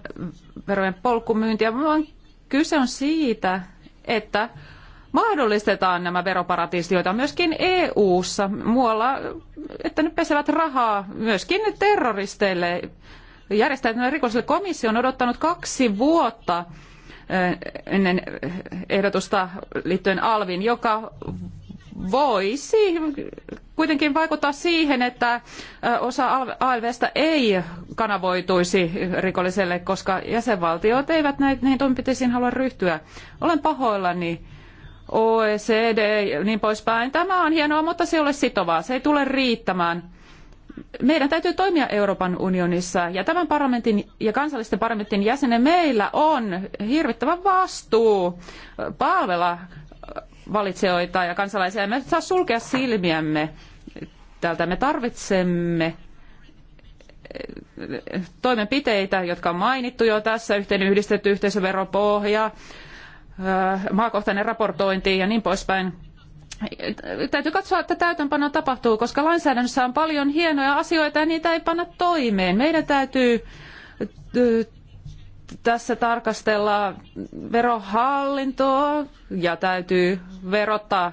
Speaker 4: verojen polkumyyntiä, vaan kyse on siitä, että mahdollistetaan nämä veroparatiisit, joita on myöskin EU-ssa muualla, että ne pesevät rahaa myöskin terroristeille. Järjestäytyneen rikolliselle komissio on odottanut kaksi vuotta ennen ehdotusta liittyen Alvin, joka voisi kuitenkin vaikuttaa siihen, että osa ALVstä ei kanavoituisi rikolliselle, koska jäsenvaltiot eivät näihin toimenpiteisiin halua ryhtyä. Olen pahoillani. OECD ja niin poispäin. Tämä on hienoa, mutta se ei ole sitovaa. Se ei tule riittämään. Meidän täytyy toimia Euroopan unionissa ja tämän parlamentin ja kansallisten parlamentin jäsenen meillä on hirvittävä vastuu palvella valitsijoita ja kansalaisia. Emme saa sulkea silmiämme tältä. Me tarvitsemme eh, toimenpiteitä, jotka on mainittu jo tässä, yhteen yhdistetty yhteisöveropohja, eh, maakohtainen raportointi ja niin poispäin. Täytyy katsoa, että täytäntöpano tapahtuu, koska lainsäädännössä on paljon hienoja asioita ja niitä ei panna toimeen. Meidän täytyy eh, tässä tarkastellaan verohallintoa ja täytyy verottaa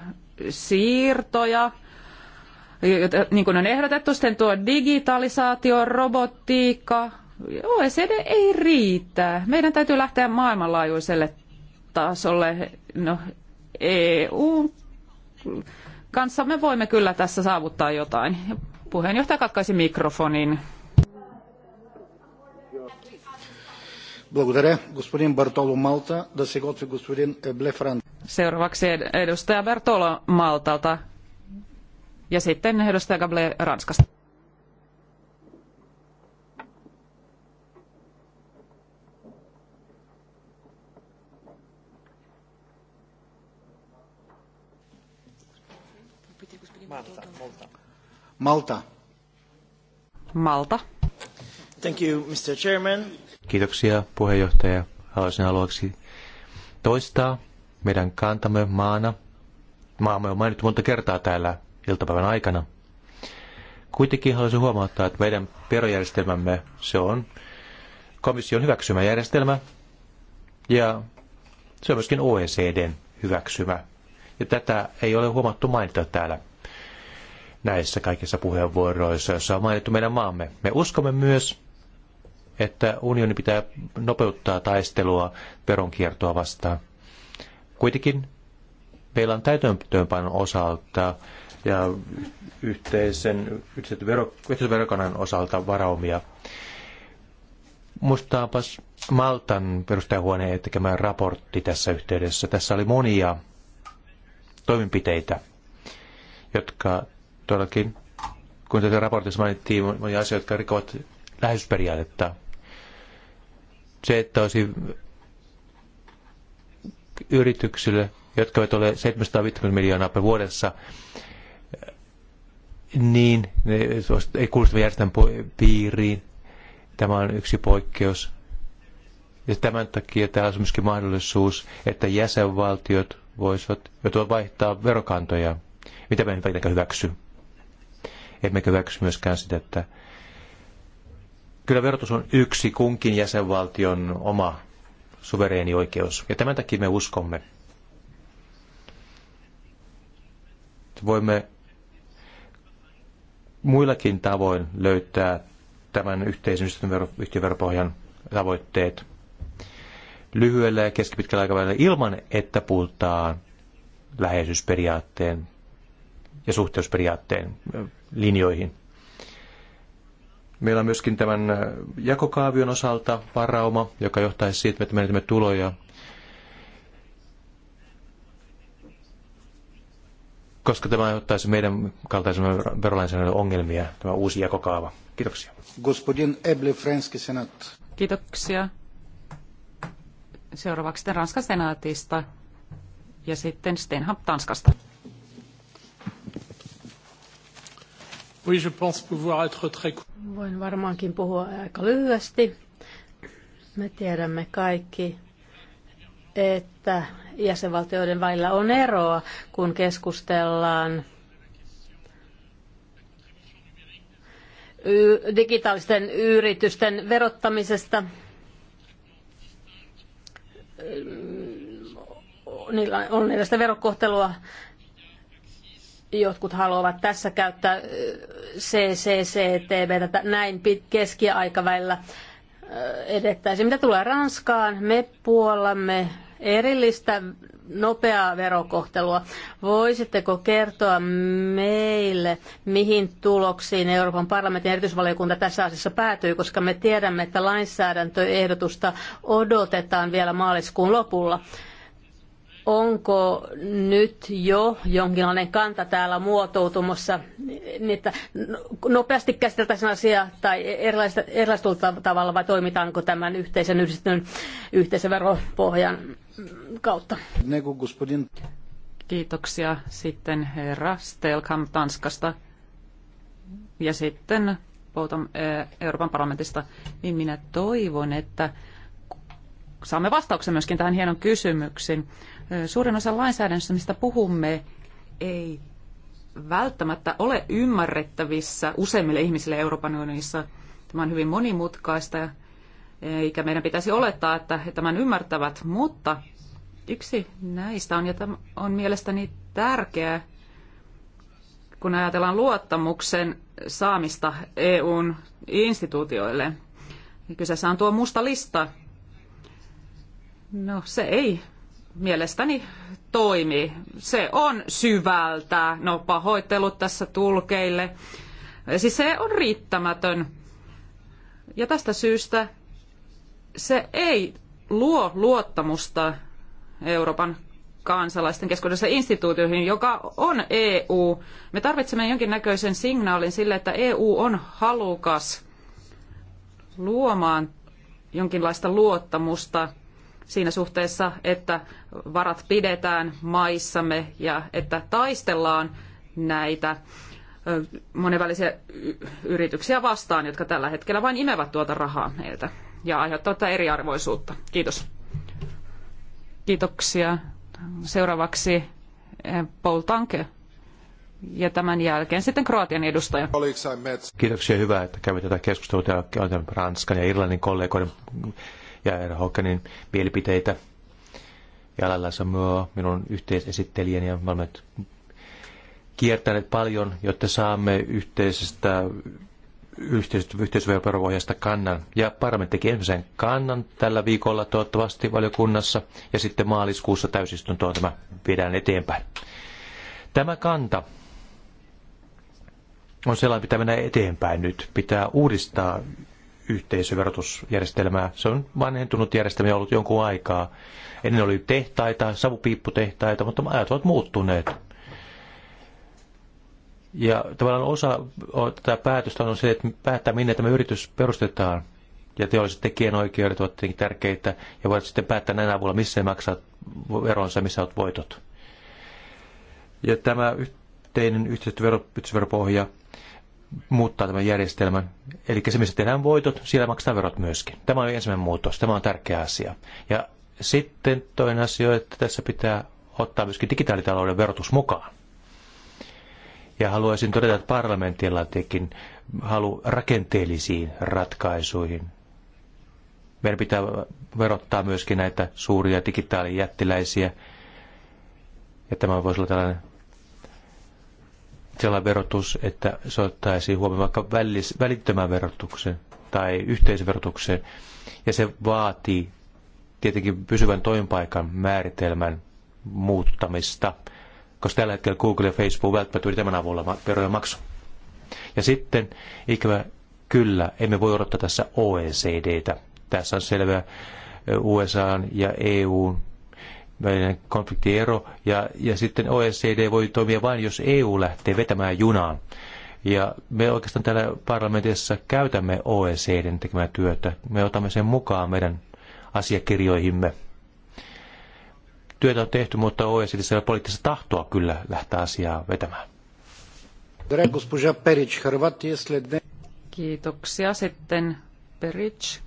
Speaker 4: siirtoja, niin kuin on ehdotettu, sitten tuo digitalisaatio, robotiikka, OECD ei riitä. Meidän täytyy lähteä maailmanlaajuiselle tasolle. No, EU kanssa me voimme kyllä tässä saavuttaa jotain. Puheenjohtaja katkaisi mikrofonin.
Speaker 3: Благодаря, господин Бартоло Малта. Да се готви господин Блефран.
Speaker 4: Seuraavaksi edustaja Bertolo Maltalta ja sitten edustaja Gable Ranskasta.
Speaker 3: Malta. Malta. Thank you, Mr. Chairman.
Speaker 2: Kiitoksia puheenjohtaja. Haluaisin aluksi toistaa meidän kantamme maana. Maamme on mainittu monta kertaa täällä iltapäivän aikana. Kuitenkin haluaisin huomauttaa, että meidän verojärjestelmämme se on komission hyväksymä järjestelmä ja se on myöskin OECDn hyväksymä. Ja tätä ei ole huomattu mainita täällä näissä kaikissa puheenvuoroissa, joissa on mainittu meidän maamme. Me uskomme myös, että unioni pitää nopeuttaa taistelua veronkiertoa vastaan. Kuitenkin meillä on täytäntöönpanon osalta ja yhteisen, yhteisen, vero, yhteisen verokannan osalta varaumia. Muistaapas Maltan perustajahuoneen tekemään raportti tässä yhteydessä. Tässä oli monia toimenpiteitä, jotka todellakin, kun tätä raportissa mainittiin monia asioita, jotka rikovat lähetysperiaatetta se, että olisi yrityksille, jotka ovat olleet 750 miljoonaa per vuodessa, niin ne ei kuulosta järjestelmän piiriin. Tämä on yksi poikkeus. Ja tämän takia täällä on myöskin mahdollisuus, että jäsenvaltiot voisivat joutua vaihtaa verokantoja, mitä me emme hyväksy. Emmekä hyväksy myöskään sitä, että kyllä verotus on yksi kunkin jäsenvaltion oma suvereeni oikeus. Ja tämän takia me uskomme. Voimme muillakin tavoin löytää tämän yhteisen yhtiöveropohjan tavoitteet lyhyellä ja keskipitkällä aikavälillä ilman, että puhutaan läheisyysperiaatteen ja suhteusperiaatteen linjoihin. Meillä on myöskin tämän äh, jakokaavion osalta varauma, joka johtaisi siitä, että menetämme tuloja. Koska tämä aiheuttaisi meidän kaltaisemme verolainsäädännön ongelmia, tämä uusi jakokaava. Kiitoksia.
Speaker 3: Gospodin Eble Franski Senat. Kiitoksia. Seuraavaksi
Speaker 4: Ranskan senaatista ja sitten Stenham Tanskasta.
Speaker 1: Oui, je pense pouvoir être très...
Speaker 5: Voin varmaankin puhua aika lyhyesti. Me tiedämme kaikki, että jäsenvaltioiden välillä on eroa, kun keskustellaan digitaalisten yritysten verottamisesta. Niillä on erilaista verokohtelua jotkut haluavat tässä käyttää äh, CCCTVtä näin keskiaikavälillä äh, edettäisiin. Mitä tulee Ranskaan, me puollamme erillistä nopeaa verokohtelua. Voisitteko kertoa meille, mihin tuloksiin Euroopan parlamentin erityisvaliokunta tässä asiassa päätyy, koska me tiedämme, että lainsäädäntöehdotusta odotetaan vielä maaliskuun lopulla onko nyt jo jonkinlainen kanta täällä muotoutumassa, niin että nopeasti käsiteltäisiin asiaa tai erilaista tavalla vai toimitaanko tämän yhteisen yhdistetyn yhteisöveropohjan kautta? Kiitoksia sitten herra
Speaker 4: Stelkamp Tanskasta ja sitten eh, Euroopan parlamentista, niin minä toivon, että saamme vastauksen myöskin tähän hienon kysymyksiin. Suurin osa lainsäädännöstä, mistä puhumme, ei välttämättä ole ymmärrettävissä useimmille ihmisille Euroopan unionissa. Tämä on hyvin monimutkaista, eikä meidän pitäisi olettaa, että he tämän ymmärtävät, mutta yksi näistä on, ja tämä on mielestäni tärkeää, kun ajatellaan luottamuksen saamista EUn instituutioille. Kyseessä on tuo musta lista, No se ei mielestäni toimi. Se on syvältä. No pahoittelut tässä tulkeille. Siis se on riittämätön. Ja tästä syystä se ei luo luottamusta Euroopan kansalaisten keskuudessa instituutioihin, joka on EU. Me tarvitsemme jonkinnäköisen signaalin sille, että EU on halukas luomaan jonkinlaista luottamusta – siinä suhteessa, että varat pidetään maissamme ja että taistellaan näitä monenvälisiä yrityksiä vastaan, jotka tällä hetkellä vain imevät tuota rahaa meiltä ja aiheuttavat tätä eriarvoisuutta. Kiitos. Kiitoksia. Seuraavaksi eh, Paul Tanke ja tämän jälkeen sitten Kroatian edustaja.
Speaker 2: Kiitoksia hyvä, että kävi tätä keskustelua täällä Ranskan ja Irlannin kollegoiden ja Erhokanin mielipiteitä. Ja Alalla Samoa, minun yhteisesittelijäni, ja olemme kiertäneet paljon, jotta saamme yhteisestä yhteisöveropohjasta kannan. Ja parlamentti teki ensimmäisen kannan tällä viikolla toivottavasti valiokunnassa ja sitten maaliskuussa täysistuntoon tämä viedään eteenpäin. Tämä kanta on sellainen, pitää mennä eteenpäin nyt. Pitää uudistaa yhteisöverotusjärjestelmää. Se on vanhentunut järjestelmä ollut jonkun aikaa. Ennen oli tehtaita, savupiipputehtaita, mutta ajat ovat muuttuneet. Ja tavallaan osa tätä päätöstä on se, että päättää minne tämä yritys perustetaan. Ja teolliset tekijänoikeudet ovat tietenkin tärkeitä. Ja voit sitten päättää näin avulla, missä maksat veronsa, missä olet voitot. Ja tämä yhteinen yhteisöveropohja muuttaa tämän järjestelmän. Eli se, missä tehdään voitot, siellä maksetaan verot myöskin. Tämä on ensimmäinen muutos, tämä on tärkeä asia. Ja sitten toinen asia, että tässä pitää ottaa myöskin digitaalitalouden verotus mukaan. Ja haluaisin todeta, että parlamentilla tekin halu rakenteellisiin ratkaisuihin. Meidän pitää verottaa myöskin näitä suuria digitaalijättiläisiä. Ja tämä voisi olla tällainen sellainen verotus, että se ottaisi huomioon vaikka välittömän verotuksen tai yhteisverotuksen, ja se vaatii tietenkin pysyvän toimipaikan määritelmän muuttamista, koska tällä hetkellä Google ja Facebook välttämättä tämän avulla veroja maksu. Ja sitten, ikävä kyllä, emme voi odottaa tässä OECDtä. Tässä on selvä USA ja EUn välinen konfliktiero, ja, ja sitten OECD voi toimia vain, jos EU lähtee vetämään junaan. Ja me oikeastaan täällä parlamentissa käytämme OECDn tekemää työtä. Me otamme sen mukaan meidän asiakirjoihimme. Työtä on tehty, mutta OECDssä ei ole poliittista tahtoa kyllä lähteä asiaa vetämään.
Speaker 3: Kiitoksia sitten
Speaker 4: Peric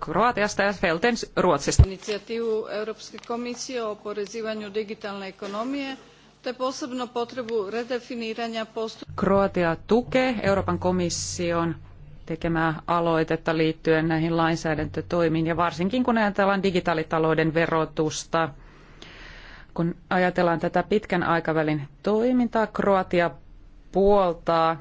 Speaker 4: Kroatiasta ja Felten Ruotsista. Inicijativu Europske komisije o oporezivanju digitalne ekonomije te posebno potrebu redefiniranja post. Kroatia tukee Euroopan komission tekemää aloitetta liittyen näihin lainsäädäntötoimiin ja varsinkin kun ajatellaan digitaalitalouden verotusta. Kun ajatellaan tätä pitkän aikavälin toimintaa, Kroatia puoltaa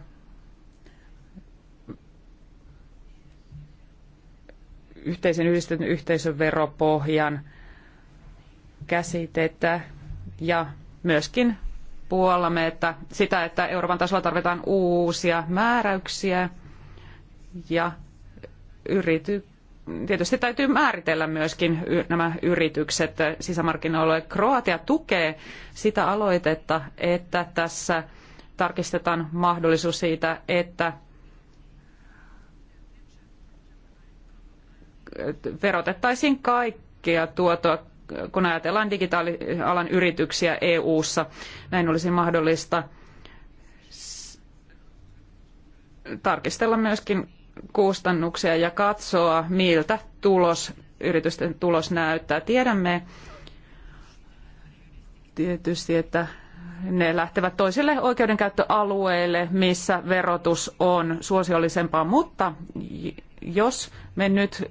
Speaker 4: yhteisen yhdistetyn yhteisön veropohjan käsitettä ja myöskin puollamme että sitä, että Euroopan tasolla tarvitaan uusia määräyksiä ja yrity, tietysti täytyy määritellä myöskin nämä yritykset sisämarkkinoille. Kroatia tukee sitä aloitetta, että tässä tarkistetaan mahdollisuus siitä, että verotettaisiin kaikkea tuotoa, kun ajatellaan digitaalialan yrityksiä EU-ssa. Näin olisi mahdollista tarkistella myöskin kustannuksia ja katsoa, miltä tulos, yritysten tulos näyttää. Tiedämme tietysti, että ne lähtevät toisille oikeudenkäyttöalueille, missä verotus on suosiollisempaa, mutta jos me nyt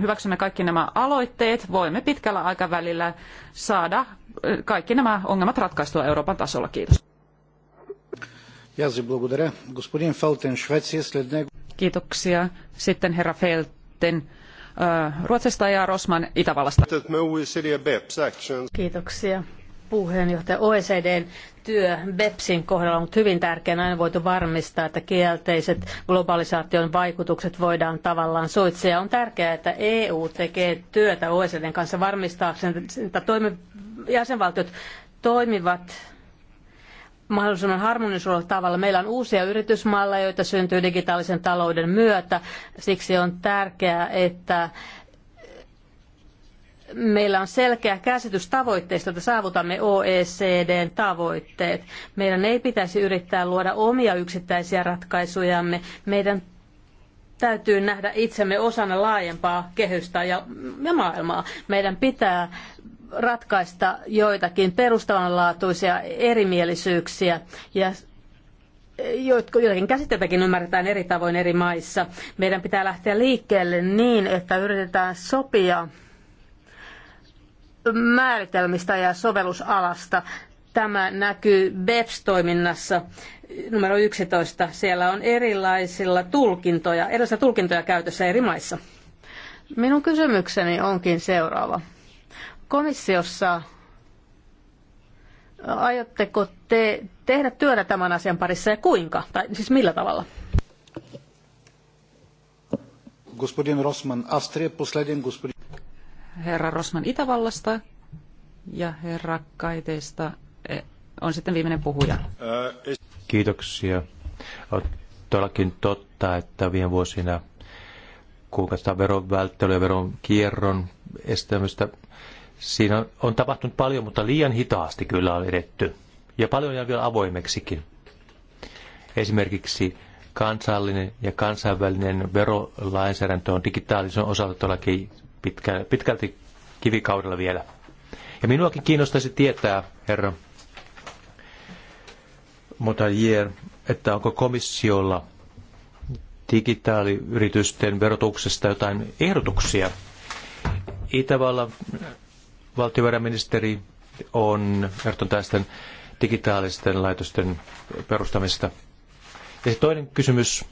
Speaker 4: hyväksymme kaikki nämä aloitteet, voimme pitkällä aikavälillä saada äh, kaikki nämä ongelmat ratkaistua Euroopan tasolla. Kiitos.
Speaker 3: Kiitoksia. Sitten
Speaker 5: herra Felten äh, Ruotsista ja Rosman Itävallasta.
Speaker 1: E
Speaker 3: e
Speaker 5: Kiitoksia puheenjohtaja OECDn työ BEPSin kohdalla on hyvin tärkeänä aina voitu varmistaa, että kielteiset globalisaation vaikutukset voidaan tavallaan suitsia. On tärkeää, että EU tekee työtä OECDn kanssa varmistaakseen, että toimi, jäsenvaltiot toimivat mahdollisimman harmonisella tavalla. Meillä on uusia yritysmalleja, joita syntyy digitaalisen talouden myötä. Siksi on tärkeää, että meillä on selkeä käsitys tavoitteista, että saavutamme OECDn tavoitteet. Meidän ei pitäisi yrittää luoda omia yksittäisiä ratkaisujamme. Meidän täytyy nähdä itsemme osana laajempaa kehystä ja, ja maailmaa. Meidän pitää ratkaista joitakin perustavanlaatuisia erimielisyyksiä ja joitakin käsitteitäkin ymmärretään eri tavoin eri maissa. Meidän pitää lähteä liikkeelle niin, että yritetään sopia määritelmistä ja sovellusalasta. Tämä näkyy BEPS-toiminnassa numero 11. Siellä on erilaisilla tulkintoja, erilaisia tulkintoja käytössä eri maissa. Minun kysymykseni onkin seuraava. Komissiossa aiotteko te tehdä työtä tämän asian parissa ja kuinka? Tai siis millä tavalla?
Speaker 3: Господин Росман, Австрия последен господин
Speaker 5: herra Rosman Itävallasta
Speaker 4: ja herra Kaiteista eh, on sitten viimeinen puhuja.
Speaker 2: Kiitoksia. On todellakin totta, että viime vuosina kun katsotaan veron ja veron kierron estämistä, siinä on tapahtunut paljon, mutta liian hitaasti kyllä on edetty. Ja paljon jää vielä avoimeksikin. Esimerkiksi kansallinen ja kansainvälinen verolainsäädäntö on digitaalisen osalta todellakin pitkä, pitkälti kivikaudella vielä. Ja minuakin kiinnostaisi tietää, herra Motalier, että onko komissiolla digitaaliyritysten verotuksesta jotain ehdotuksia. Itävallan valtiovarainministeri on ehdottanut tästä digitaalisten laitosten perustamista. Ja toinen kysymys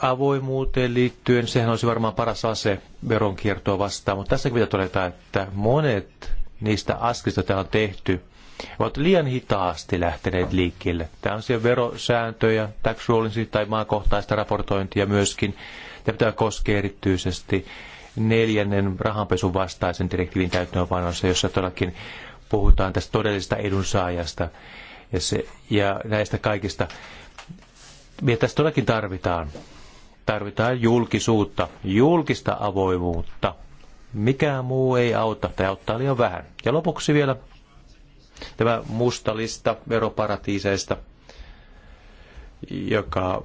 Speaker 2: avoimuuteen liittyen, sehän olisi varmaan paras ase veronkiertoa vastaan, mutta tässäkin pitää todeta, että monet niistä askelista täällä on tehty, ovat liian hitaasti lähteneet liikkeelle. Tämä on siellä verosääntöjä, tax rulingsia tai maakohtaista raportointia myöskin. Tämä pitää koskea erityisesti neljännen rahanpesun vastaisen direktiivin täyttöönpanossa, jossa todellakin puhutaan tästä todellisesta edunsaajasta ja, se, ja näistä kaikista. Mitä tässä todellakin tarvitaan Tarvitaan julkisuutta, julkista avoimuutta. Mikään muu ei auta tai auttaa liian vähän. Ja lopuksi vielä tämä musta lista veroparatiiseista, joka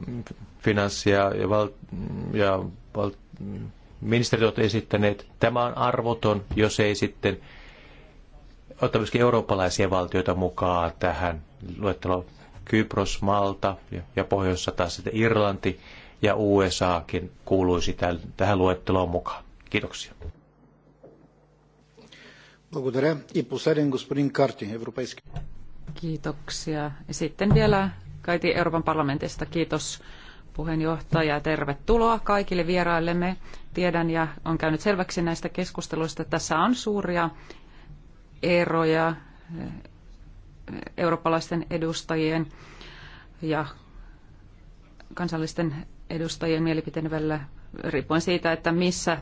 Speaker 2: finanssia ja, val- ja val- ministerit ovat esittäneet. Tämä on arvoton, jos ei sitten ottaa myöskin eurooppalaisia valtioita mukaan tähän luetteloon. Kypros, Malta ja, ja pohjoissa taas sitten Irlanti ja USAkin kuuluisi tähän luetteloon mukaan. Kiitoksia.
Speaker 3: Kiitoksia.
Speaker 4: Sitten vielä Kaiti Euroopan parlamentista. Kiitos puheenjohtaja. Tervetuloa kaikille vieraillemme. Tiedän ja on käynyt selväksi näistä keskusteluista, että tässä on suuria eroja eh, eurooppalaisten edustajien ja kansallisten edustajien mielipiteiden välillä riippuen siitä, että missä,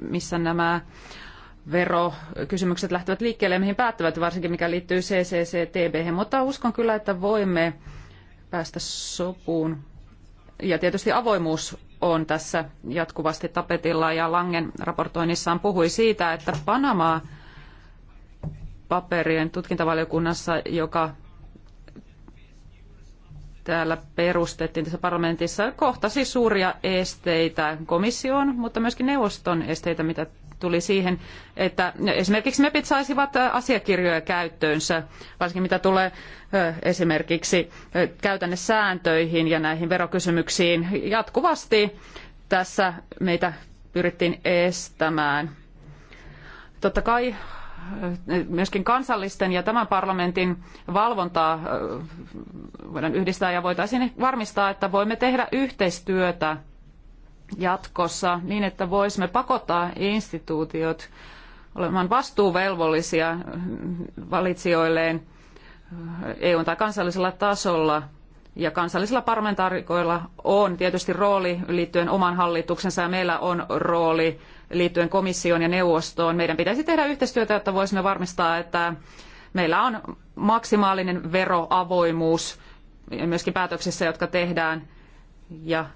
Speaker 4: missä nämä verokysymykset lähtevät liikkeelle ja mihin päättävät, varsinkin mikä liittyy CCCTB. Mutta uskon kyllä, että voimme päästä sopuun. Ja tietysti avoimuus on tässä jatkuvasti tapetilla ja Langen raportoinnissaan puhui siitä, että panama paperien tutkintavaliokunnassa, joka täällä perustettiin tässä parlamentissa, kohtasi suuria esteitä komission, mutta myöskin neuvoston esteitä, mitä tuli siihen, että esimerkiksi MEPit saisivat äh, asiakirjoja käyttöönsä, varsinkin mitä tulee äh, esimerkiksi äh, käytännesääntöihin ja näihin verokysymyksiin. Jatkuvasti tässä meitä pyrittiin estämään. Totta kai myöskin kansallisten ja tämän parlamentin valvontaa voidaan yhdistää ja voitaisiin varmistaa, että voimme tehdä yhteistyötä jatkossa niin, että voisimme pakottaa instituutiot olemaan vastuuvelvollisia valitsijoilleen EUn tai kansallisella tasolla. Ja kansallisilla parlamentaarikoilla on tietysti rooli liittyen oman hallituksensa ja meillä on rooli liittyen komissioon ja neuvostoon. Meidän pitäisi tehdä yhteistyötä, jotta voisimme varmistaa, että meillä on maksimaalinen veroavoimuus myöskin päätöksissä, jotka tehdään. Ja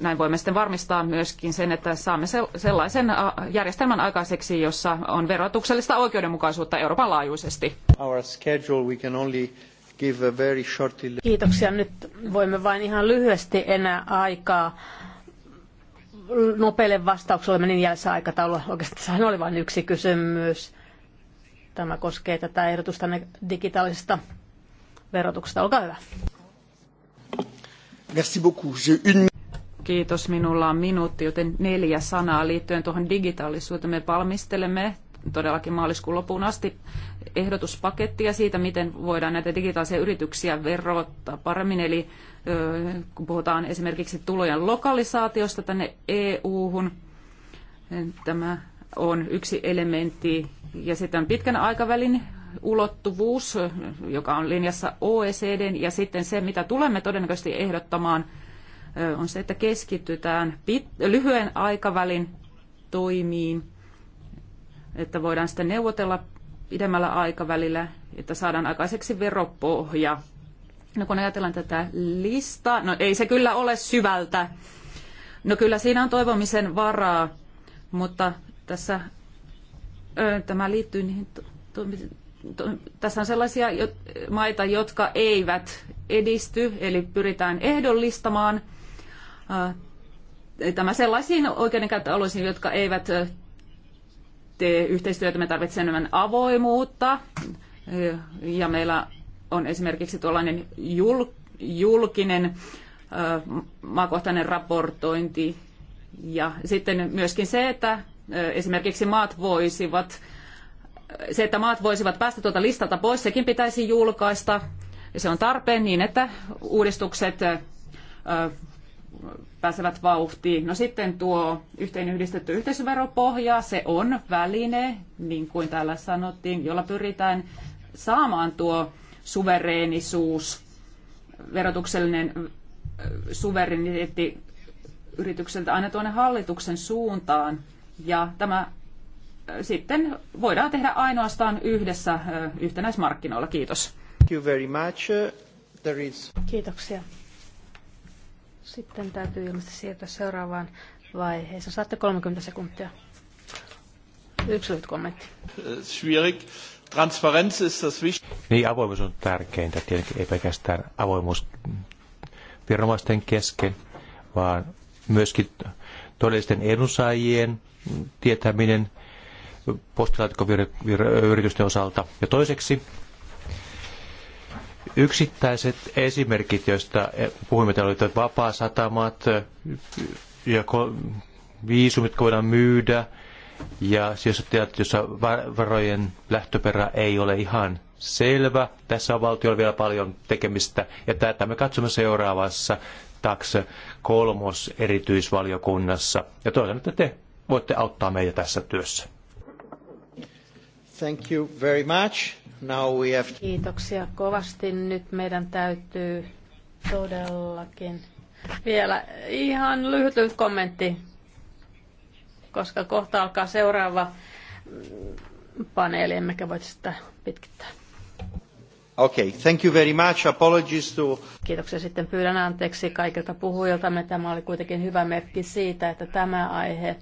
Speaker 4: näin voimme sitten varmistaa myöskin sen, että saamme sellaisen äh, järjestelmän aikaiseksi, jossa
Speaker 1: on verotuksellista
Speaker 5: oikeudenmukaisuutta Euroopan laajuisesti. Kiitoksia. Nyt voimme vain ihan lyhyesti enää aikaa nopealle vastaukselle menin jäljessä aikataulua. Oikeastaan oli vain yksi kysymys. Tämä koskee tätä ehdotusta digitaalisesta verotuksesta. Olkaa hyvä.
Speaker 3: Merci beaucoup.
Speaker 4: Kiitos. Minulla on minuutti, joten neljä sanaa liittyen tuohon digitaalisuuteen. Me valmistelemme todellakin maaliskuun loppuun asti ehdotuspakettia siitä, miten voidaan näitä digitaalisia yrityksiä verottaa paremmin. Eli kun puhutaan esimerkiksi tulojen lokalisaatiosta tänne EU-hun, tämä on yksi elementti. Ja sitten pitkän aikavälin ulottuvuus, joka on linjassa OECD, ja sitten se, mitä tulemme todennäköisesti ehdottamaan, on se, että keskitytään lyhyen aikavälin toimiin että voidaan sitten neuvotella pidemmällä aikavälillä, että saadaan aikaiseksi veropohja. No kun ajatellaan tätä listaa, no ei se kyllä ole syvältä. No kyllä siinä on toivomisen varaa, mutta tässä ö, tämä liittyy niihin tässä on sellaisia maita, jotka eivät edisty, eli pyritään ehdollistamaan tämä sellaisiin oikeudenkäyttöalueisiin, jotka eivät yhteistyötä, me tarvitsemme enemmän avoimuutta ja meillä on esimerkiksi tuollainen jul, julkinen maakohtainen raportointi ja sitten myöskin se, että esimerkiksi maat voisivat, se, että maat voisivat päästä tuolta listalta pois, sekin pitäisi julkaista. Se on tarpeen niin, että uudistukset pääsevät vauhtiin. No sitten tuo yhteen yhdistetty yhteisöveropohja, se on väline, niin kuin täällä sanottiin, jolla pyritään saamaan tuo suvereenisuus, verotuksellinen suvereniteetti yritykseltä aina tuonne hallituksen suuntaan. Ja tämä sitten voidaan tehdä ainoastaan yhdessä yhtenäismarkkinoilla. Kiitos. Thank you very
Speaker 1: much. There is...
Speaker 5: Kiitoksia. Sitten täytyy ilmeisesti siirtyä seuraavaan vaiheeseen. Saatte 30 sekuntia. Yksi lyhyt kommentti.
Speaker 1: Äh, schwierig. Transparenz ist das wichtig. Niin, avoimuus on tärkeintä.
Speaker 2: Tietenkin ei pelkästään avoimuus viranomaisten kesken, vaan myöskin todellisten edunsaajien tietäminen postilaatikkoyritysten osalta. Ja toiseksi yksittäiset esimerkit, joista puhuimme, täällä oli vapaasatamat ja viisumit voidaan myydä, ja jos tiedät, jossa varojen lähtöperä ei ole ihan selvä, tässä on valtiolla vielä paljon tekemistä, ja tätä me katsomme seuraavassa TAX kolmos erityisvaliokunnassa, ja toivon, että te voitte auttaa meitä tässä työssä.
Speaker 1: Thank you very much. Now we have...
Speaker 5: Kiitoksia kovasti. Nyt meidän täytyy todellakin vielä ihan lyhyt, lyhyt kommentti, koska kohta alkaa seuraava paneeli, emmekä voi sitä pitkittää.
Speaker 1: Okay, thank you very much. Apologies to...
Speaker 5: Kiitoksia sitten pyydän anteeksi kaikilta puhujilta. Tämä oli kuitenkin hyvä merkki siitä, että tämä aihe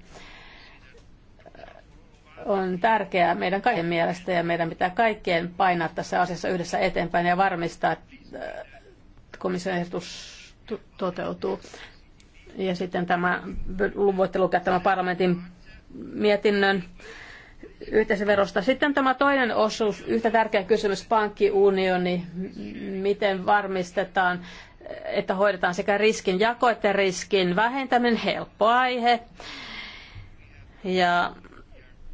Speaker 5: on tärkeää meidän kaiken mielestä ja meidän pitää kaikkien painaa tässä asiassa yhdessä eteenpäin ja varmistaa, että äh, komission ehdotus toteutuu. Ja sitten tämä, voitte lukea tämän parlamentin mietinnön yhteisöverosta. Sitten tämä toinen osuus, yhtä tärkeä kysymys, pankkiunioni, miten varmistetaan, että hoidetaan sekä riskin jako että riskin vähentäminen, helppo aihe. Ja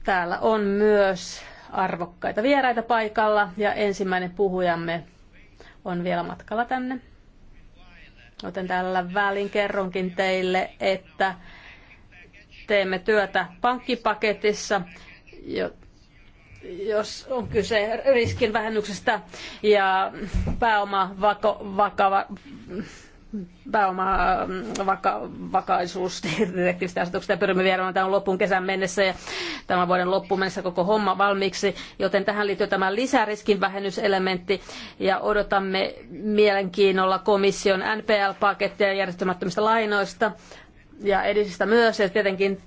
Speaker 5: Täällä on myös arvokkaita vieraita paikalla ja ensimmäinen puhujamme on vielä matkalla tänne. Joten tällä välin kerronkin teille, että teemme työtä pankkipaketissa, jos on kyse riskin vähennyksestä ja pääoma vako, vakava, pääomavakaisuusdirektiivistä mm, vaka- asetuksesta ja pyrimme viemään tämän loppuun kesän mennessä ja tämän vuoden loppuun mennessä koko homma valmiiksi, joten tähän liittyy tämä lisäriskinvähennyselementti ja odotamme mielenkiinnolla komission NPL-pakettia järjestämättömistä lainoista ja edisistä myös ja tietenkin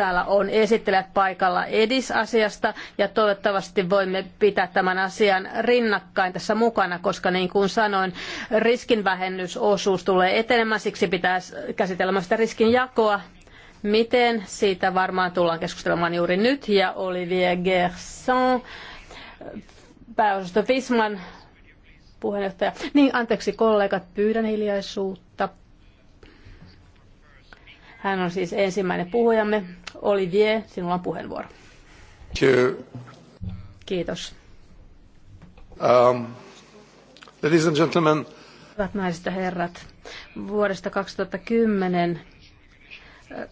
Speaker 5: täällä on esittelijät paikalla edisasiasta ja toivottavasti voimme pitää tämän asian rinnakkain tässä mukana, koska niin kuin sanoin, riskinvähennysosuus tulee etenemään, siksi pitää käsitellä sitä riskinjakoa. Miten? Siitä varmaan tullaan keskustelemaan juuri nyt. Ja Olivier Gerson, pääosasto Fisman puheenjohtaja. Niin, anteeksi kollegat, pyydän hiljaisuutta hän on siis ensimmäinen puhujamme. Olivier, sinulla on puheenvuoro. Kiitos.
Speaker 1: Um, ladies and gentlemen.
Speaker 5: Hyvät naiset ja herrat, vuodesta 2010 äh,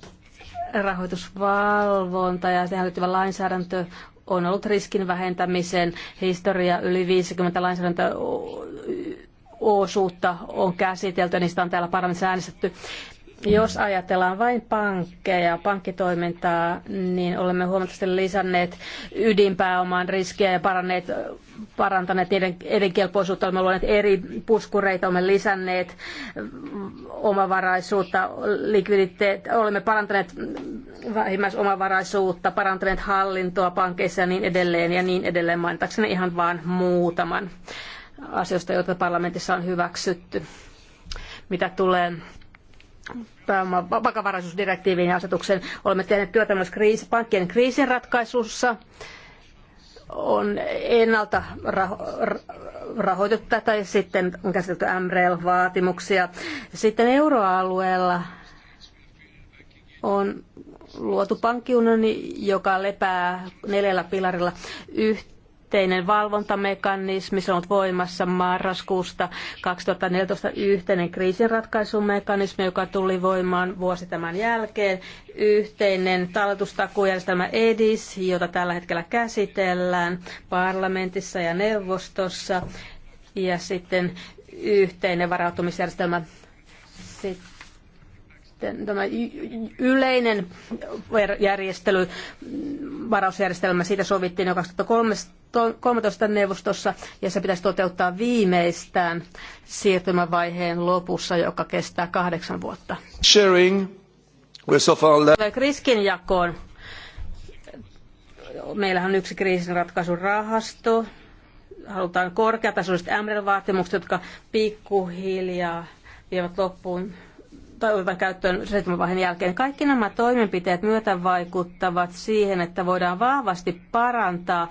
Speaker 5: rahoitusvalvonta ja tähän liittyvä lainsäädäntö on ollut riskin vähentämisen historia. Yli 50 lainsäädäntöosuutta osuutta on käsitelty ja niistä on täällä parlamentissa äänestetty. Jos ajatellaan vain pankkeja, pankkitoimintaa, niin olemme huomattavasti lisänneet ydinpääoman riskiä ja paranneet, parantaneet niiden elinkelpoisuutta. Olemme luoneet eri puskureita, olemme lisänneet omavaraisuutta, likviditeettiä, olemme parantaneet vähimmäisomavaraisuutta, parantaneet hallintoa pankeissa ja niin edelleen ja niin edelleen, mainitakseni ihan vain muutaman asioista, joita parlamentissa on hyväksytty. Mitä tulee pääoma, vakavaraisuusdirektiiviin ja asetukseen. Olemme tehneet työtä myös kriisi, pankkien kriisin ratkaisussa. On ennalta raho- rahoitettu tätä ja sitten on käsitelty MREL-vaatimuksia. Sitten euroalueella on luotu pankkiunioni, joka lepää neljällä pilarilla. Yhteen yhteinen valvontamekanismi, se on voimassa marraskuusta 2014 yhteinen kriisinratkaisumekanismi, joka tuli voimaan vuosi tämän jälkeen, yhteinen talletustakujärjestelmä EDIS, jota tällä hetkellä käsitellään parlamentissa ja neuvostossa, ja sitten yhteinen varautumisjärjestelmä sitten tämä yleinen järjestely, varausjärjestelmä, siitä sovittiin jo 2013 neuvostossa ja se pitäisi toteuttaa viimeistään siirtymävaiheen lopussa, joka kestää kahdeksan vuotta.
Speaker 1: Sharing.
Speaker 5: Riskinjakoon. Meillähän on yksi kriisinratkaisurahasto, halutaan korkeatasoiset mrl vaatimukset jotka pikkuhiljaa vievät loppuun toivovan käyttöön seitsemän jälkeen. Kaikki nämä toimenpiteet myötä vaikuttavat siihen, että voidaan vahvasti parantaa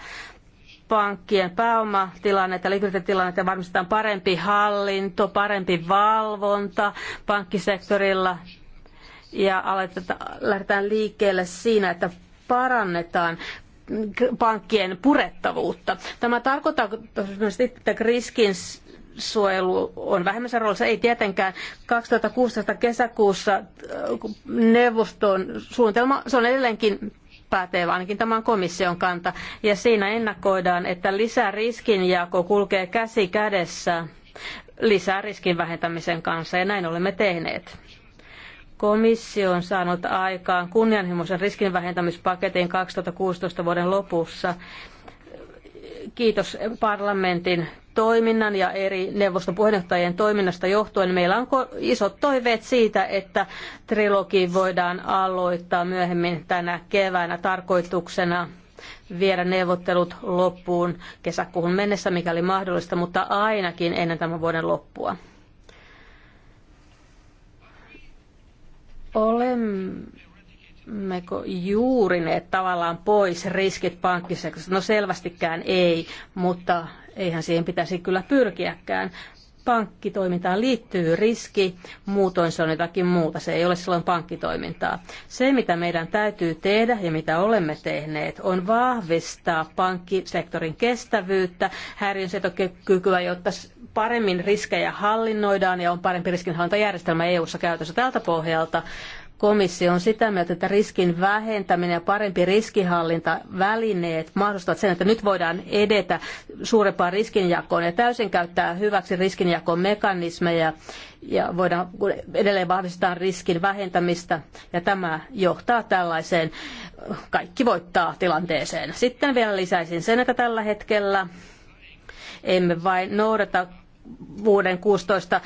Speaker 5: pankkien pääomatilannetta, likviditeettilannetta ja varmistetaan parempi hallinto, parempi valvonta pankkisektorilla ja lähdetään liikkeelle siinä, että parannetaan pankkien purettavuutta. Tämä tarkoittaa myös, että riskin suojelu on vähemmässä roolissa, ei tietenkään. 2016 kesäkuussa äh, neuvoston suunnitelma, se on edelleenkin pätevä, ainakin tämän komission kanta, ja siinä ennakoidaan, että lisää riskinjako kulkee käsi kädessä riskin vähentämisen kanssa, ja näin olemme tehneet. Komissio on saanut aikaan kunnianhimoisen riskin vähentämispaketin 2016 vuoden lopussa, Kiitos parlamentin toiminnan ja eri neuvoston puheenjohtajien toiminnasta johtuen. Meillä on isot toiveet siitä, että trilogi voidaan aloittaa myöhemmin tänä keväänä tarkoituksena viedä neuvottelut loppuun kesäkuuhun mennessä, mikäli mahdollista, mutta ainakin ennen tämän vuoden loppua. Olemme Meko ne tavallaan pois riskit pankkisektorista? No selvästikään ei, mutta eihän siihen pitäisi kyllä pyrkiäkään. Pankkitoimintaan liittyy riski, muutoin se on jotakin muuta, se ei ole silloin pankkitoimintaa. Se, mitä meidän täytyy tehdä ja mitä olemme tehneet, on vahvistaa pankkisektorin kestävyyttä, häiriönsietokykyä, jotta paremmin riskejä hallinnoidaan ja on parempi riskinhallintajärjestelmä EU-ssa käytössä tältä pohjalta Komissio on sitä mieltä, että riskin vähentäminen ja parempi riskihallinta välineet mahdollistavat sen, että nyt voidaan edetä suurempaan riskinjakoon ja täysin käyttää hyväksi riskinjakon mekanismeja ja voidaan edelleen vahvistaa riskin vähentämistä ja tämä johtaa tällaiseen kaikki voittaa tilanteeseen. Sitten vielä lisäisin sen, että tällä hetkellä emme vain noudata vuoden 16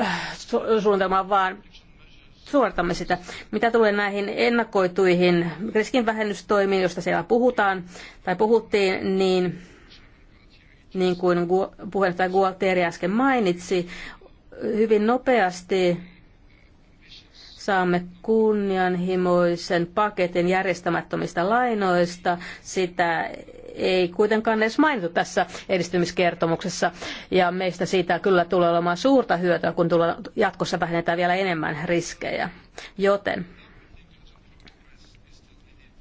Speaker 5: äh, suunnitelmaa, vaan suoritamme sitä. Mitä tulee näihin ennakoituihin riskinvähennystoimiin, joista siellä puhutaan tai puhuttiin, niin niin kuin puheenjohtaja Gualteri äsken mainitsi, hyvin nopeasti saamme kunnianhimoisen paketin järjestämättömistä lainoista. Sitä ei kuitenkaan edes mainittu tässä edistymiskertomuksessa. Ja meistä siitä kyllä tulee olemaan suurta hyötyä, kun tulee jatkossa vähennetään vielä enemmän riskejä. Joten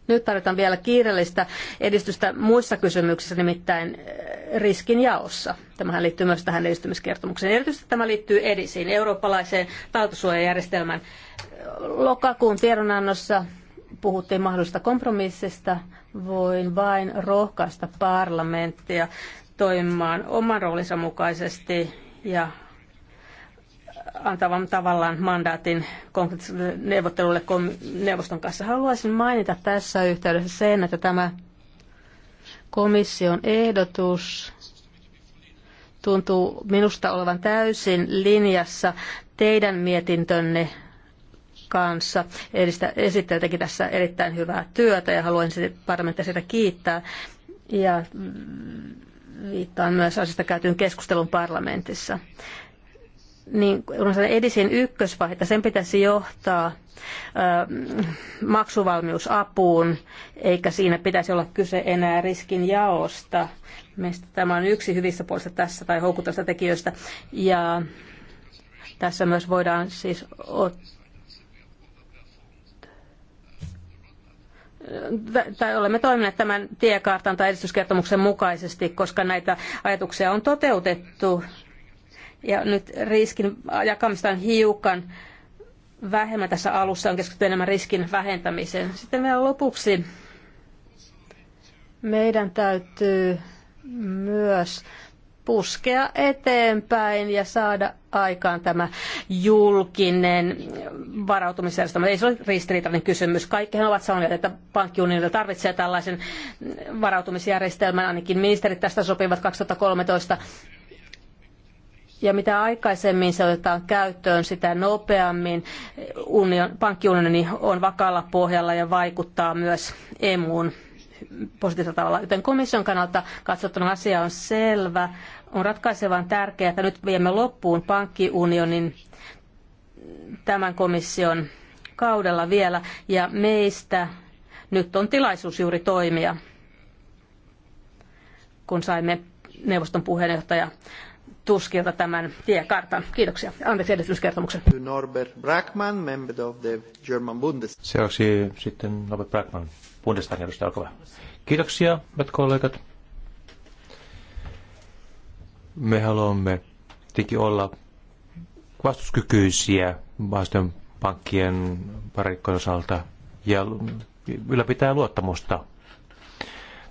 Speaker 5: nyt tarvitaan vielä kiireellistä edistystä muissa kysymyksissä, nimittäin eh, riskin jaossa Tämähän liittyy myös tähän edistymiskertomukseen. Erityisesti tämä liittyy edisiin, eurooppalaiseen taitosuojajärjestelmään. Lokakuun tiedonannossa puhuttiin mahdollisesta kompromissista. Voin vain rohkaista parlamenttia toimimaan oman roolinsa mukaisesti ja antavan tavallaan mandaatin neuvottelulle neuvoston kanssa. Haluaisin mainita tässä yhteydessä sen, että tämä komission ehdotus tuntuu minusta olevan täysin linjassa teidän mietintönne kanssa. Esittelijä teki tässä erittäin hyvää työtä ja haluan parlamenttia siitä kiittää. Ja viittaan myös asiasta käytyyn keskustelun parlamentissa. Niin, kun edisin ykkösvaihetta, sen pitäisi johtaa ö, maksuvalmiusapuun, eikä siinä pitäisi olla kyse enää riskin jaosta. Mielestäni tämä on yksi hyvistä puolista tässä tai houkuttavista tekijöistä. Ja tässä myös voidaan siis ottaa tai olemme toimineet tämän tiekartan tai edistyskertomuksen mukaisesti, koska näitä ajatuksia on toteutettu. Ja nyt riskin jakamista on hiukan vähemmän tässä alussa, on keskitytty enemmän riskin vähentämiseen. Sitten vielä lopuksi meidän täytyy myös puskea eteenpäin ja saada aikaan tämä julkinen varautumisjärjestelmä. Ei se ole ristiriitainen kysymys. Kaikkihan ovat sanoneet, että pankkiunionilla tarvitsee tällaisen varautumisjärjestelmän. Ainakin ministerit tästä sopivat 2013 ja mitä aikaisemmin se otetaan käyttöön, sitä nopeammin union, pankkiunioni on vakaalla pohjalla ja vaikuttaa myös emuun positiivisella tavalla. Joten komission kannalta katsottuna asia on selvä. On ratkaisevan tärkeää, että nyt viemme loppuun pankkiunionin tämän komission kaudella vielä, ja meistä nyt on tilaisuus juuri toimia, kun saimme neuvoston puheenjohtaja Tuskilta tämän tiekartan. Kiitoksia. Anteeksi edistyskertomuksen. Norbert Brackman,
Speaker 1: member of the German Bundestag.
Speaker 2: Seuraavaksi sitten Norbert Brackman, Bundestagin edustaja, olkaa Kiitoksia, hyvät kollegat. Me haluamme tietenkin olla vastuskykyisiä vasten pankkien parikkojen osalta ja ylläpitää luottamusta.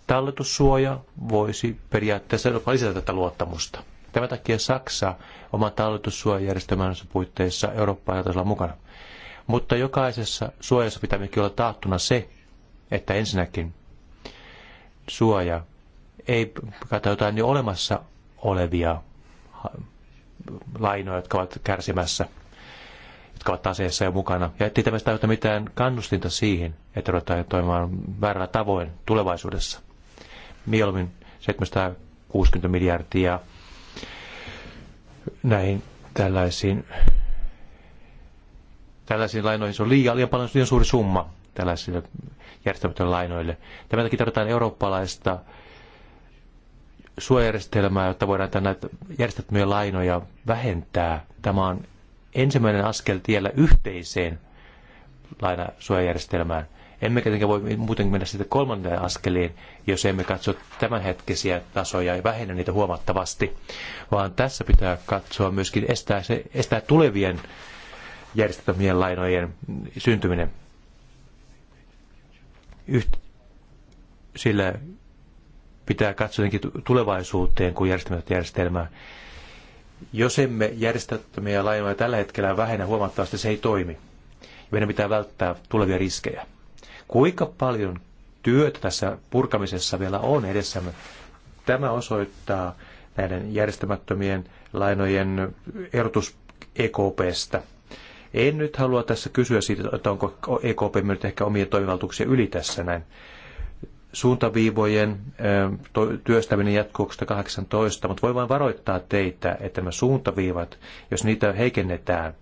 Speaker 2: Talletussuoja voisi periaatteessa jopa lisätä tätä luottamusta. Tämän takia Saksa oman talletussuojajärjestelmänsä puitteissa Eurooppaan tasolla mukana. Mutta jokaisessa suojassa pitää olla taattuna se, että ensinnäkin suoja ei kata jotain jo olemassa olevia lainoja, jotka ovat kärsimässä, jotka ovat taseessa jo mukana. Ja ettei tämmöistä aiheuta mitään kannustinta siihen, että ruvetaan toimimaan väärällä tavoin tulevaisuudessa. Mieluummin 760 miljardia näihin tällaisiin, tällaisiin lainoihin. Se on liian, liian paljon, liian suuri summa tällaisille järjestelmätön lainoille. Tämän takia tarvitaan eurooppalaista suojajärjestelmää, jotta voidaan näitä järjestämättömiä lainoja vähentää. Tämä on ensimmäinen askel tiellä yhteiseen lainasuojajärjestelmään. Emme tietenkään voi muuten mennä sitten kolmanteen askeliin, jos emme katso tämänhetkisiä tasoja ja vähennä niitä huomattavasti, vaan tässä pitää katsoa myöskin estää, se, estää tulevien järjestelmien lainojen syntyminen yht, sillä pitää katsoa jotenkin tulevaisuuteen kuin järjestelmätöntä järjestelmää. Jos emme järjestettömiä lainoja tällä hetkellä vähennä huomattavasti, se ei toimi. Meidän pitää välttää tulevia riskejä. Kuinka paljon työtä tässä purkamisessa vielä on edessämme? Tämä osoittaa näiden järjestämättömien lainojen erotus EKPstä – en nyt halua tässä kysyä siitä, että onko EKP myönyt ehkä omia toimivaltuuksia yli tässä näin. Suuntaviivojen työstäminen jatkuu 2018, mutta voi vain varoittaa teitä, että nämä suuntaviivat, jos niitä heikennetään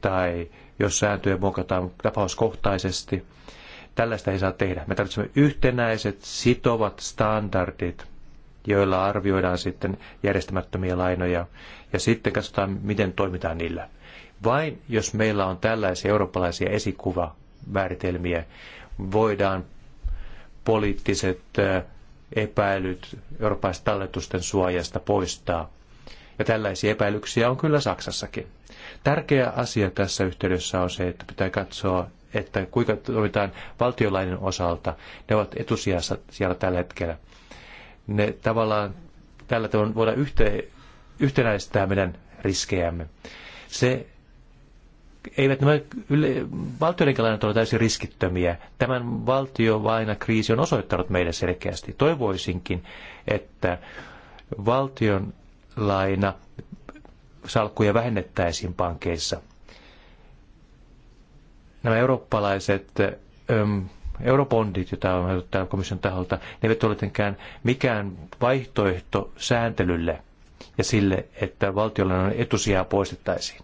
Speaker 2: tai jos sääntöjä muokataan tapauskohtaisesti, tällaista ei saa tehdä. Me tarvitsemme yhtenäiset, sitovat standardit, joilla arvioidaan sitten järjestämättömiä lainoja ja sitten katsotaan, miten toimitaan niillä. Vain jos meillä on tällaisia eurooppalaisia esikuvamääritelmiä, voidaan poliittiset epäilyt eurooppalaisten talletusten suojasta poistaa. Ja tällaisia epäilyksiä on kyllä Saksassakin. Tärkeä asia tässä yhteydessä on se, että pitää katsoa, että kuinka toimitaan valtiolainen osalta. Ne ovat etusijassa siellä tällä hetkellä. Ne tavallaan tällä tavalla voidaan yhte, yhtenäistää meidän riskejämme. Se, eivät nämä yle, valtioiden lainat ole täysin riskittömiä. Tämän valtiolainakriisi on osoittanut meille selkeästi. Toivoisinkin, että valtion laina salkkuja vähennettäisiin pankeissa. Nämä eurooppalaiset öm, ähm, eurobondit, joita on täällä komission taholta, ne eivät ole mikään vaihtoehto sääntelylle ja sille, että valtiolla on etusijaa poistettaisiin.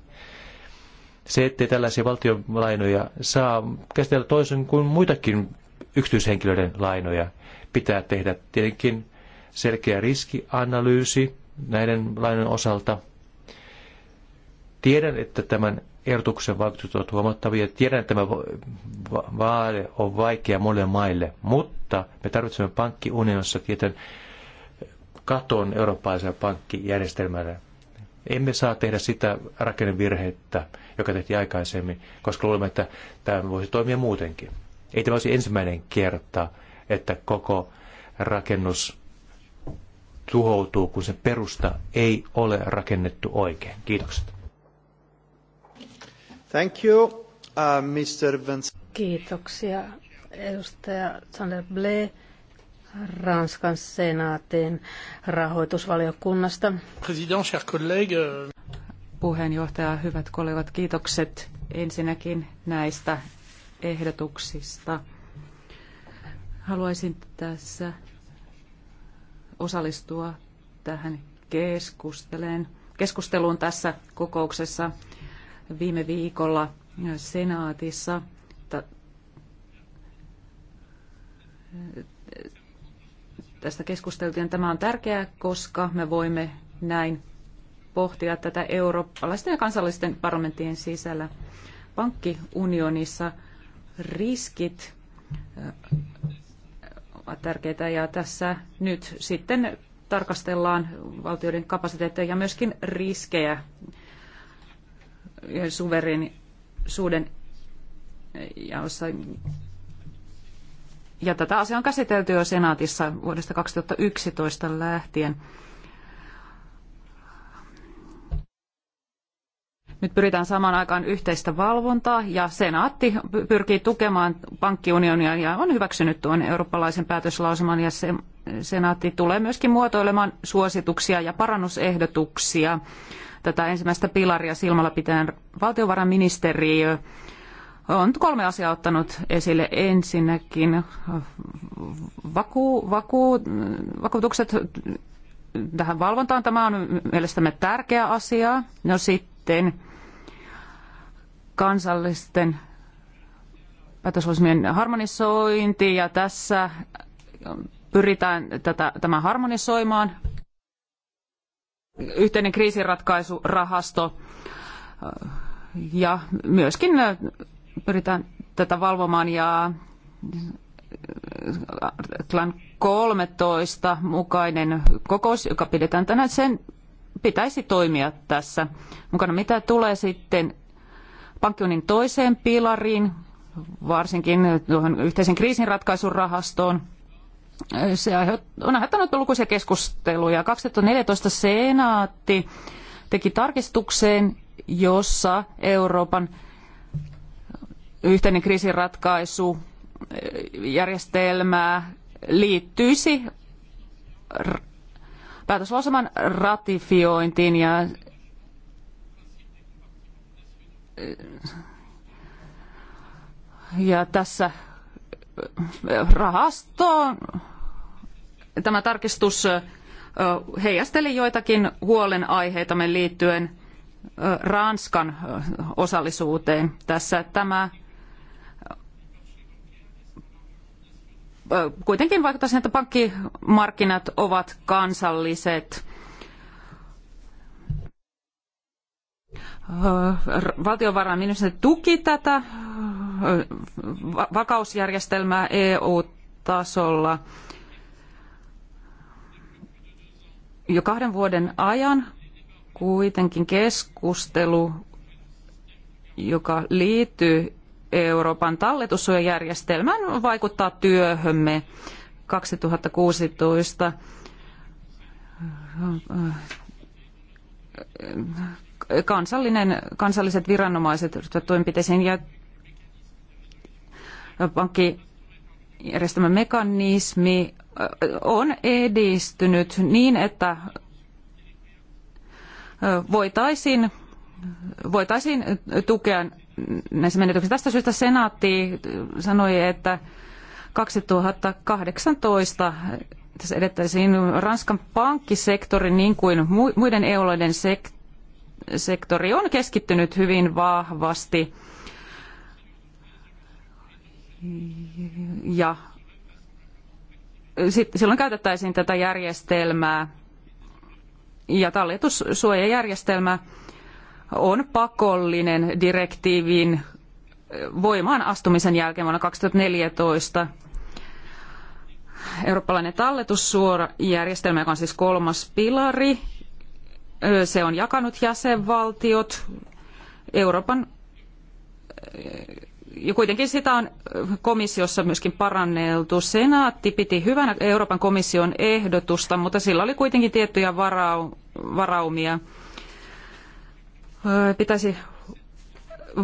Speaker 2: Se, ettei tällaisia valtionlainoja saa käsitellä toisen kuin muitakin yksityishenkilöiden lainoja, pitää tehdä tietenkin selkeä riskianalyysi näiden lainojen osalta. Tiedän, että tämän ehdotuksen vaikutukset ovat huomattavia. Tiedän, että tämä vaade on vaikea monille maille, mutta me tarvitsemme pankkiunionissa tieten katon eurooppalaisen pankkijärjestelmälle. Emme saa tehdä sitä rakennevirhettä, joka tehtiin aikaisemmin, koska luulemme, että tämä voisi toimia muutenkin. Ei tämä olisi ensimmäinen kerta, että koko rakennus tuhoutuu, kun sen perusta ei ole
Speaker 1: rakennettu oikein. Kiitokset. Thank you, uh, Mr.
Speaker 5: Kiitoksia, edustaja Sander Ble. Ranskan senaatin rahoitusvaliokunnasta.
Speaker 1: President, chers collègues
Speaker 5: puheenjohtaja, hyvät kollegat, kiitokset ensinnäkin
Speaker 4: näistä ehdotuksista. Haluaisin tässä osallistua tähän keskusteleen, keskusteluun tässä kokouksessa viime viikolla senaatissa. Tästä keskusteltiin. Tämä on tärkeää, koska me voimme näin pohtia tätä eurooppalaisten ja kansallisten parlamenttien sisällä. Pankkiunionissa riskit äh, ovat tärkeitä ja tässä nyt sitten tarkastellaan valtioiden kapasiteetteja ja myöskin riskejä suverenisuuden äh, jaossa. Ja tätä asiaa on käsitelty jo senaatissa vuodesta 2011 lähtien. Nyt pyritään samaan aikaan yhteistä valvontaa ja senaatti pyrkii tukemaan pankkiunionia ja on hyväksynyt tuon eurooppalaisen päätöslauselman ja se, senaatti tulee myöskin muotoilemaan suosituksia ja parannusehdotuksia. Tätä ensimmäistä pilaria silmällä pitäen valtiovarainministeriö on kolme asiaa ottanut esille. Ensinnäkin vaku, vaku, vakuutukset tähän valvontaan. Tämä on mielestämme tärkeä asia. No sitten kansallisten päätösosmien harmonisointi ja tässä pyritään tätä, tämä harmonisoimaan. Yhteinen kriisinratkaisurahasto ja myöskin pyritään tätä valvomaan ja Klan 13 mukainen kokous, joka pidetään tänään, sen pitäisi toimia tässä mukana. Mitä tulee sitten pankkiunin toiseen pilariin, varsinkin tuohon yhteisen kriisinratkaisun rahastoon. Se on aiheuttanut lukuisia keskusteluja. 2014 senaatti teki tarkistukseen, jossa Euroopan yhteinen kriisinratkaisu e, liittyisi päätöslauselman ratifiointiin ja ja tässä rahastoon tämä tarkistus heijasteli joitakin me liittyen Ranskan osallisuuteen. Tässä tämä kuitenkin vaikuttaa siihen, että pankkimarkkinat ovat kansalliset valtiovarainministeri tuki tätä vakausjärjestelmää EU-tasolla jo kahden vuoden ajan kuitenkin keskustelu, joka liittyy Euroopan talletussuojajärjestelmään, vaikuttaa työhömme 2016 kansallinen, kansalliset viranomaiset ryhtyvät toimenpiteisiin ja pankkijärjestelmän mekanismi on edistynyt niin, että voitaisiin, voitaisiin tukea näissä menetyksissä. Tästä syystä senaatti sanoi, että 2018 tässä edettäisiin Ranskan pankkisektorin, niin kuin muiden EU-laiden sektorin sektori on keskittynyt hyvin vahvasti ja sit, silloin käytettäisiin tätä järjestelmää ja talletussuojajärjestelmä on pakollinen direktiivin voimaan astumisen jälkeen vuonna 2014. Eurooppalainen talletussuorajärjestelmä, joka on siis kolmas pilari, se on jakanut jäsenvaltiot. Euroopan ja kuitenkin sitä on komissiossa myöskin paranneltu. Senaatti piti hyvänä Euroopan komission ehdotusta, mutta sillä oli kuitenkin tiettyjä varaumia. Pitäisi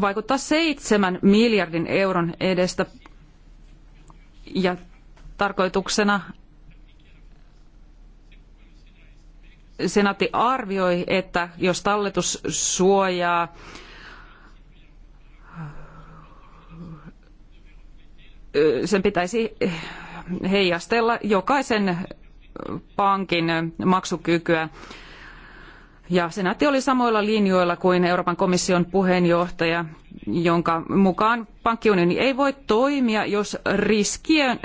Speaker 4: vaikuttaa seitsemän miljardin euron edestä ja tarkoituksena senaatti arvioi, että jos talletus suojaa sen pitäisi heijastella jokaisen pankin maksukykyä. Ja senaatti oli samoilla linjoilla kuin Euroopan komission puheenjohtaja, jonka mukaan pankkiunioni ei voi toimia, jos riskien,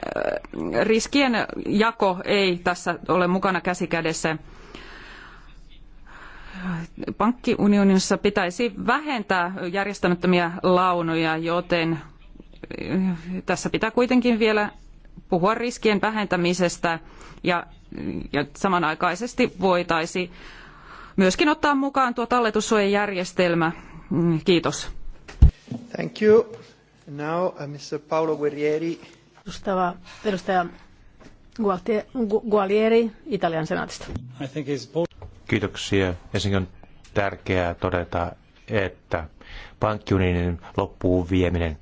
Speaker 4: riskien jako ei tässä ole mukana käsikädessä. kädessä pankkiunionissa pitäisi vähentää järjestämättömiä launoja, joten eh, tässä pitää kuitenkin vielä puhua riskien vähentämisestä ja, ja samanaikaisesti voitaisiin myöskin ottaa mukaan tuo talletussuojajärjestelmä. Mm, kiitos.
Speaker 1: Thank you. Now, uh, Mr. Paolo Guerrieri.
Speaker 5: Edustava, edustaja Gualieri, Italian senaatista.
Speaker 3: I think
Speaker 2: Kiitoksia. Ensinnäkin on tärkeää todeta, että pankkiunionin loppuun vieminen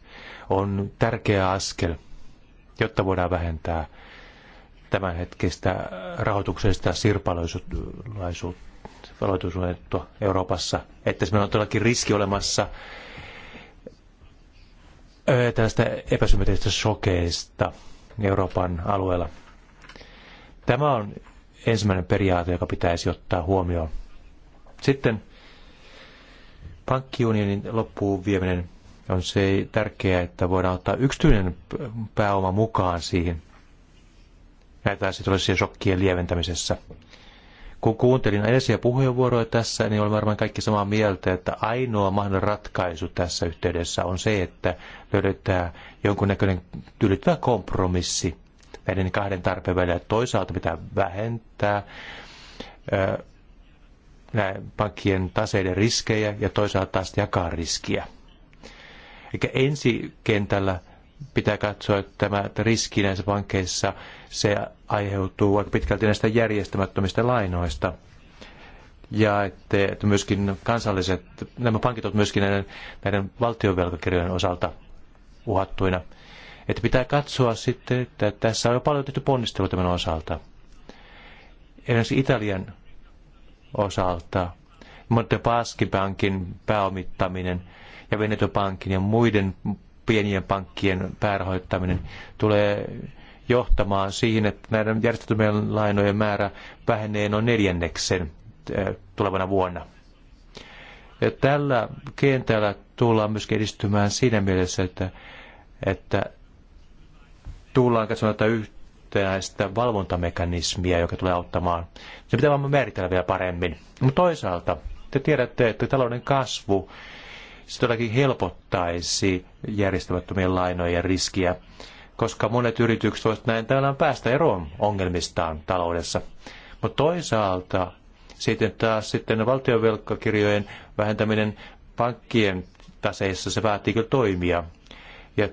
Speaker 2: on tärkeä askel, jotta voidaan vähentää tämänhetkistä rahoituksesta sirpaloisuutta Euroopassa. Että meillä on todellakin riski olemassa tällaista epäsymmetrisistä shokeista Euroopan alueella. Tämä on ensimmäinen periaate, joka pitäisi ottaa huomioon. Sitten pankkiunionin loppuun vieminen on se tärkeää, että voidaan ottaa yksityinen pääoma mukaan siihen. Näitä sitten olisi shokkien lieventämisessä. Kun kuuntelin edellisiä puheenvuoroja tässä, niin olen varmaan kaikki samaa mieltä, että ainoa mahdollinen ratkaisu tässä yhteydessä on se, että löydetään jonkunnäköinen tyydyttävä kompromissi näiden kahden tarpeen välillä. Toisaalta pitää vähentää pankkien taseiden riskejä ja toisaalta taas jakaa riskiä. Eli ensi kentällä pitää katsoa, että tämä että riski näissä pankkeissa se aiheutuu aika pitkälti näistä järjestämättömistä lainoista. Ja että, että myöskin kansalliset, nämä pankit ovat myöskin näiden, näiden valtionvelkakirjojen osalta uhattuina – että pitää katsoa sitten, että tässä on jo paljon tehty ponnistelua tämän osalta. Esimerkiksi Italian osalta, Monte Paschipankin pääomittaminen ja Venetopankin ja muiden pienien pankkien päärahoittaminen tulee johtamaan siihen, että näiden järjestettyjen lainojen määrä vähenee noin neljänneksen äh, tulevana vuonna. Ja tällä kentällä tullaan myöskin edistymään siinä mielessä, että, että tullaan katsomaan tätä yhtenäistä valvontamekanismia, joka tulee auttamaan. Se pitää vaan määritellä vielä paremmin. Mutta toisaalta te tiedätte, että talouden kasvu se todellakin helpottaisi järjestämättömien lainojen riskiä, koska monet yritykset voisivat näin tavallaan päästä eroon ongelmistaan taloudessa. Mutta toisaalta sitten taas sitten valtionvelkakirjojen vähentäminen pankkien taseissa, se vaatii kyllä toimia. Ja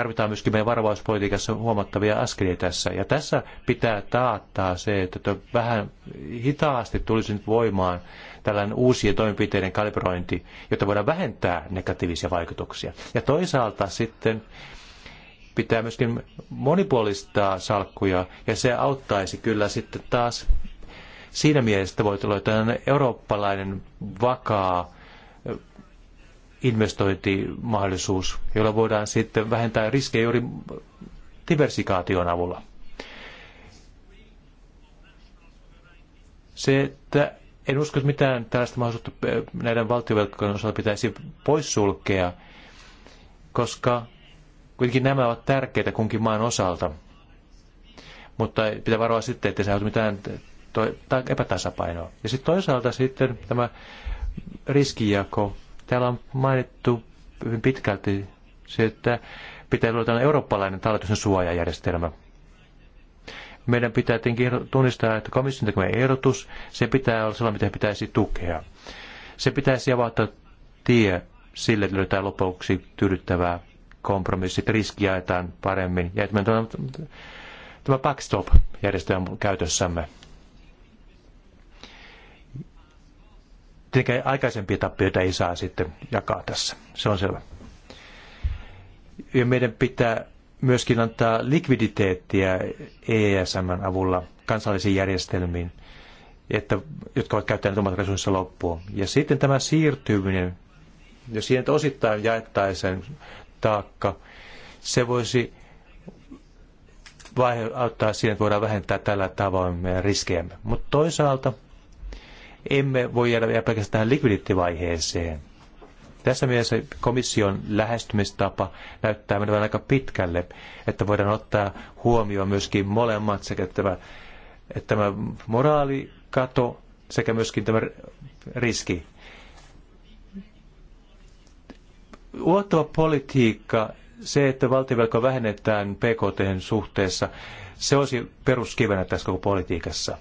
Speaker 2: tarvitaan myöskin meidän varovaispolitiikassa huomattavia askelia tässä. Ja tässä pitää taattaa se, että vähän hitaasti tulisi nyt voimaan tällainen uusien toimenpiteiden kalibrointi, jotta voidaan vähentää negatiivisia vaikutuksia. Ja toisaalta sitten pitää myöskin monipuolistaa salkkuja, ja se auttaisi kyllä sitten taas siinä mielessä, että voi tulla tällainen eurooppalainen vakaa investointimahdollisuus, jolla voidaan sitten vähentää riskejä juuri diversikaation avulla. Se, että en usko, että mitään tällaista mahdollisuutta eh, näiden valtiovelkojen osalta pitäisi poissulkea, koska kuitenkin nämä ovat tärkeitä kunkin maan osalta. Mutta pitää varoa sitten, että se ei mitään epätasapainoa. Ja sitten toisaalta sitten tämä riskijako Täällä on mainittu hyvin pitkälti se, että pitää luoda tällainen eurooppalainen talletuksen suojajärjestelmä. Meidän pitää tietenkin tunnistaa, että komission tekemä ehdotus, se pitää olla sellainen, mitä pitäisi tukea. Se pitäisi avata tie sille, että löytää lopuksi tyydyttävää että riski jaetaan paremmin ja että me tämä backstop-järjestelmä käytössämme. tietenkään aikaisempia tappioita ei saa sitten jakaa tässä. Se on selvä. Ja meidän pitää myöskin antaa likviditeettiä ESMn avulla kansallisiin järjestelmiin, että, jotka ovat käyttäneet omat resurssinsa loppuun. Ja sitten tämä siirtyminen, jos siihen osittain jaettaisen taakka, se voisi vaihe auttaa siihen, että voidaan vähentää tällä tavoin meidän riskejämme. Mutta toisaalta emme voi jäädä vielä pelkästään tähän likvidittivaiheeseen. Tässä mielessä komission lähestymistapa näyttää menevän aika pitkälle, että voidaan ottaa huomioon myöskin molemmat, sekä tämä, että tämä moraalikato sekä myöskin tämä riski. Luottava politiikka, se, että valtionvelka vähennetään PKT suhteessa, se olisi peruskivenä tässä koko politiikassa.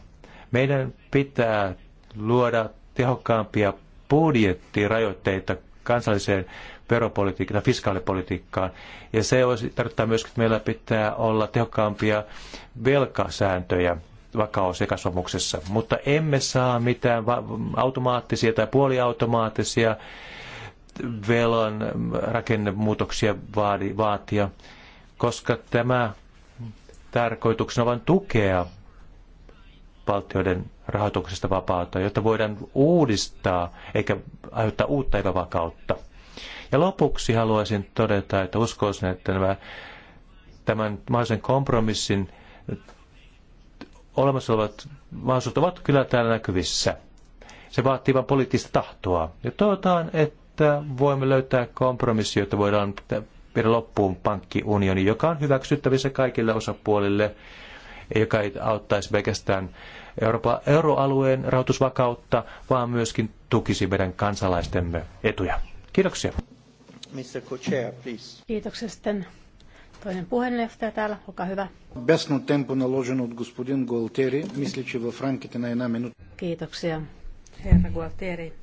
Speaker 2: Meidän pitää luoda tehokkaampia budjettirajoitteita kansalliseen veropolitiikkaan, fiskaalipolitiikkaan. Ja se olisi, tarkoittaa myös, että meillä pitää olla tehokkaampia velkasääntöjä vakaus- ja kasvamuksessa. Mutta emme saa mitään automaattisia tai puoliautomaattisia velan rakennemuutoksia vaadi, vaatia, koska tämä tarkoituksena on vain tukea valtioiden rahoituksesta vapautta, jotta voidaan uudistaa eikä aiheuttaa uutta epävakautta. Ja lopuksi haluaisin todeta, että uskoisin, että nämä, tämän mahdollisen kompromissin olemassa olevat mahdollisuudet ovat kyllä täällä näkyvissä. Se vaatii vain poliittista tahtoa. Ja toivotaan, että voimme löytää kompromissi, jotta voidaan viedä loppuun pankkiunioni, joka on hyväksyttävissä kaikille osapuolille, joka ei auttaisi pelkästään Euroopan euroalueen rahoitusvakautta, vaan myöskin tukisi meidän kansalaistemme etuja. Kiitoksia.
Speaker 3: Mr. Co-chair, please.
Speaker 5: Kiitoksia sitten. Toinen puheenjohtaja täällä, olkaa hyvä.
Speaker 3: Бясно темпо наложено от господин Голтери, мисля, че в рамките на една минута.
Speaker 5: Kiitoksia. Herra Gualtieri.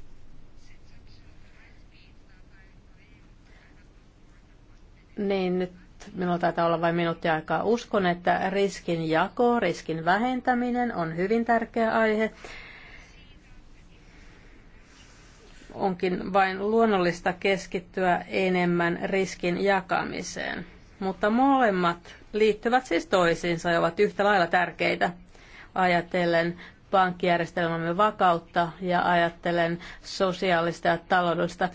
Speaker 5: Niin, nyt Minulla taitaa olla vain minuutti aikaa. Uskon, että riskin jako, riskin vähentäminen on hyvin tärkeä aihe. Onkin vain luonnollista keskittyä enemmän riskin jakamiseen. Mutta molemmat liittyvät siis toisiinsa ja ovat yhtä lailla tärkeitä ajatellen pankkijärjestelmämme vakautta ja ajattelen sosiaalista ja taloudellista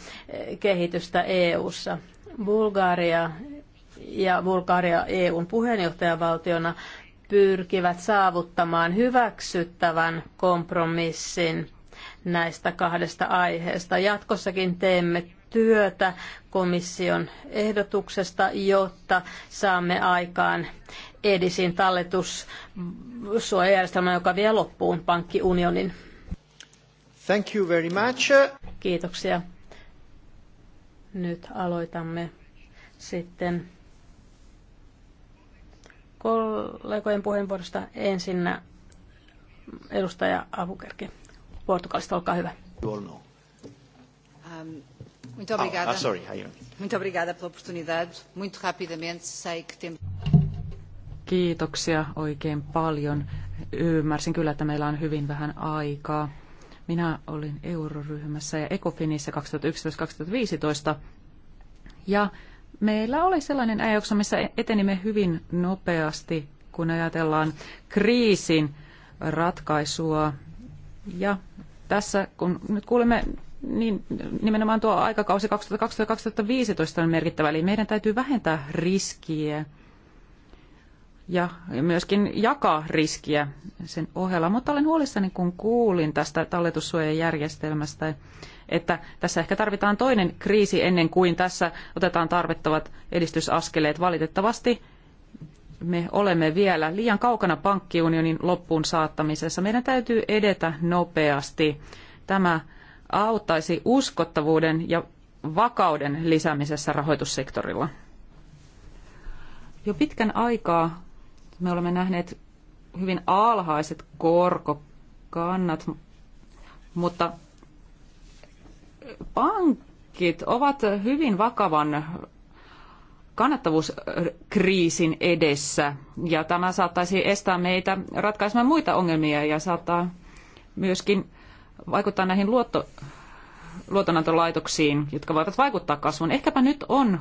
Speaker 5: kehitystä EU:ssa. Bulgaria ja Bulgaria EUn puheenjohtajavaltiona pyrkivät saavuttamaan hyväksyttävän kompromissin näistä kahdesta aiheesta. Jatkossakin teemme työtä komission ehdotuksesta, jotta saamme aikaan edisin talletussuojajärjestelmän, joka vie loppuun pankkiunionin.
Speaker 1: Thank you very much. Kiitoksia.
Speaker 5: Nyt aloitamme sitten kollegojen puheenvuorosta ensin edustaja Avukerki Portugalista, olkaa hyvä. Um, muito obrigada. Ah, ah
Speaker 1: sorry,
Speaker 4: Muito obrigada pela oportunidade. Muito rapidamente sei que temos... Kiitoksia oikein paljon. Ymmärsin kyllä, että meillä on hyvin vähän aikaa. Minä olin euroryhmässä ja Ecofinissä 2011-2015 ja meillä oli sellainen ajoksa, missä etenimme hyvin nopeasti, kun ajatellaan kriisin ratkaisua. Ja tässä, kun nyt kuulemme, niin nimenomaan tuo aikakausi 2012-2015 on merkittävä, eli meidän täytyy vähentää riskiä ja myöskin jakaa riskiä sen ohella. Mutta olen huolissani, kun kuulin tästä talletussuojajärjestelmästä, että tässä ehkä tarvitaan toinen kriisi ennen kuin tässä otetaan tarvittavat edistysaskeleet. Valitettavasti me olemme vielä liian kaukana pankkiunionin loppuun saattamisessa. Meidän täytyy edetä nopeasti. Tämä auttaisi uskottavuuden ja vakauden lisäämisessä rahoitussektorilla. Jo pitkän aikaa me olemme nähneet hyvin alhaiset korkokannat, mutta pankit ovat hyvin vakavan kannattavuuskriisin edessä ja tämä saattaisi estää meitä ratkaisemaan muita ongelmia ja saattaa myöskin vaikuttaa näihin luotto, luotonantolaitoksiin, jotka voivat vaikuttaa kasvuun. Ehkäpä nyt on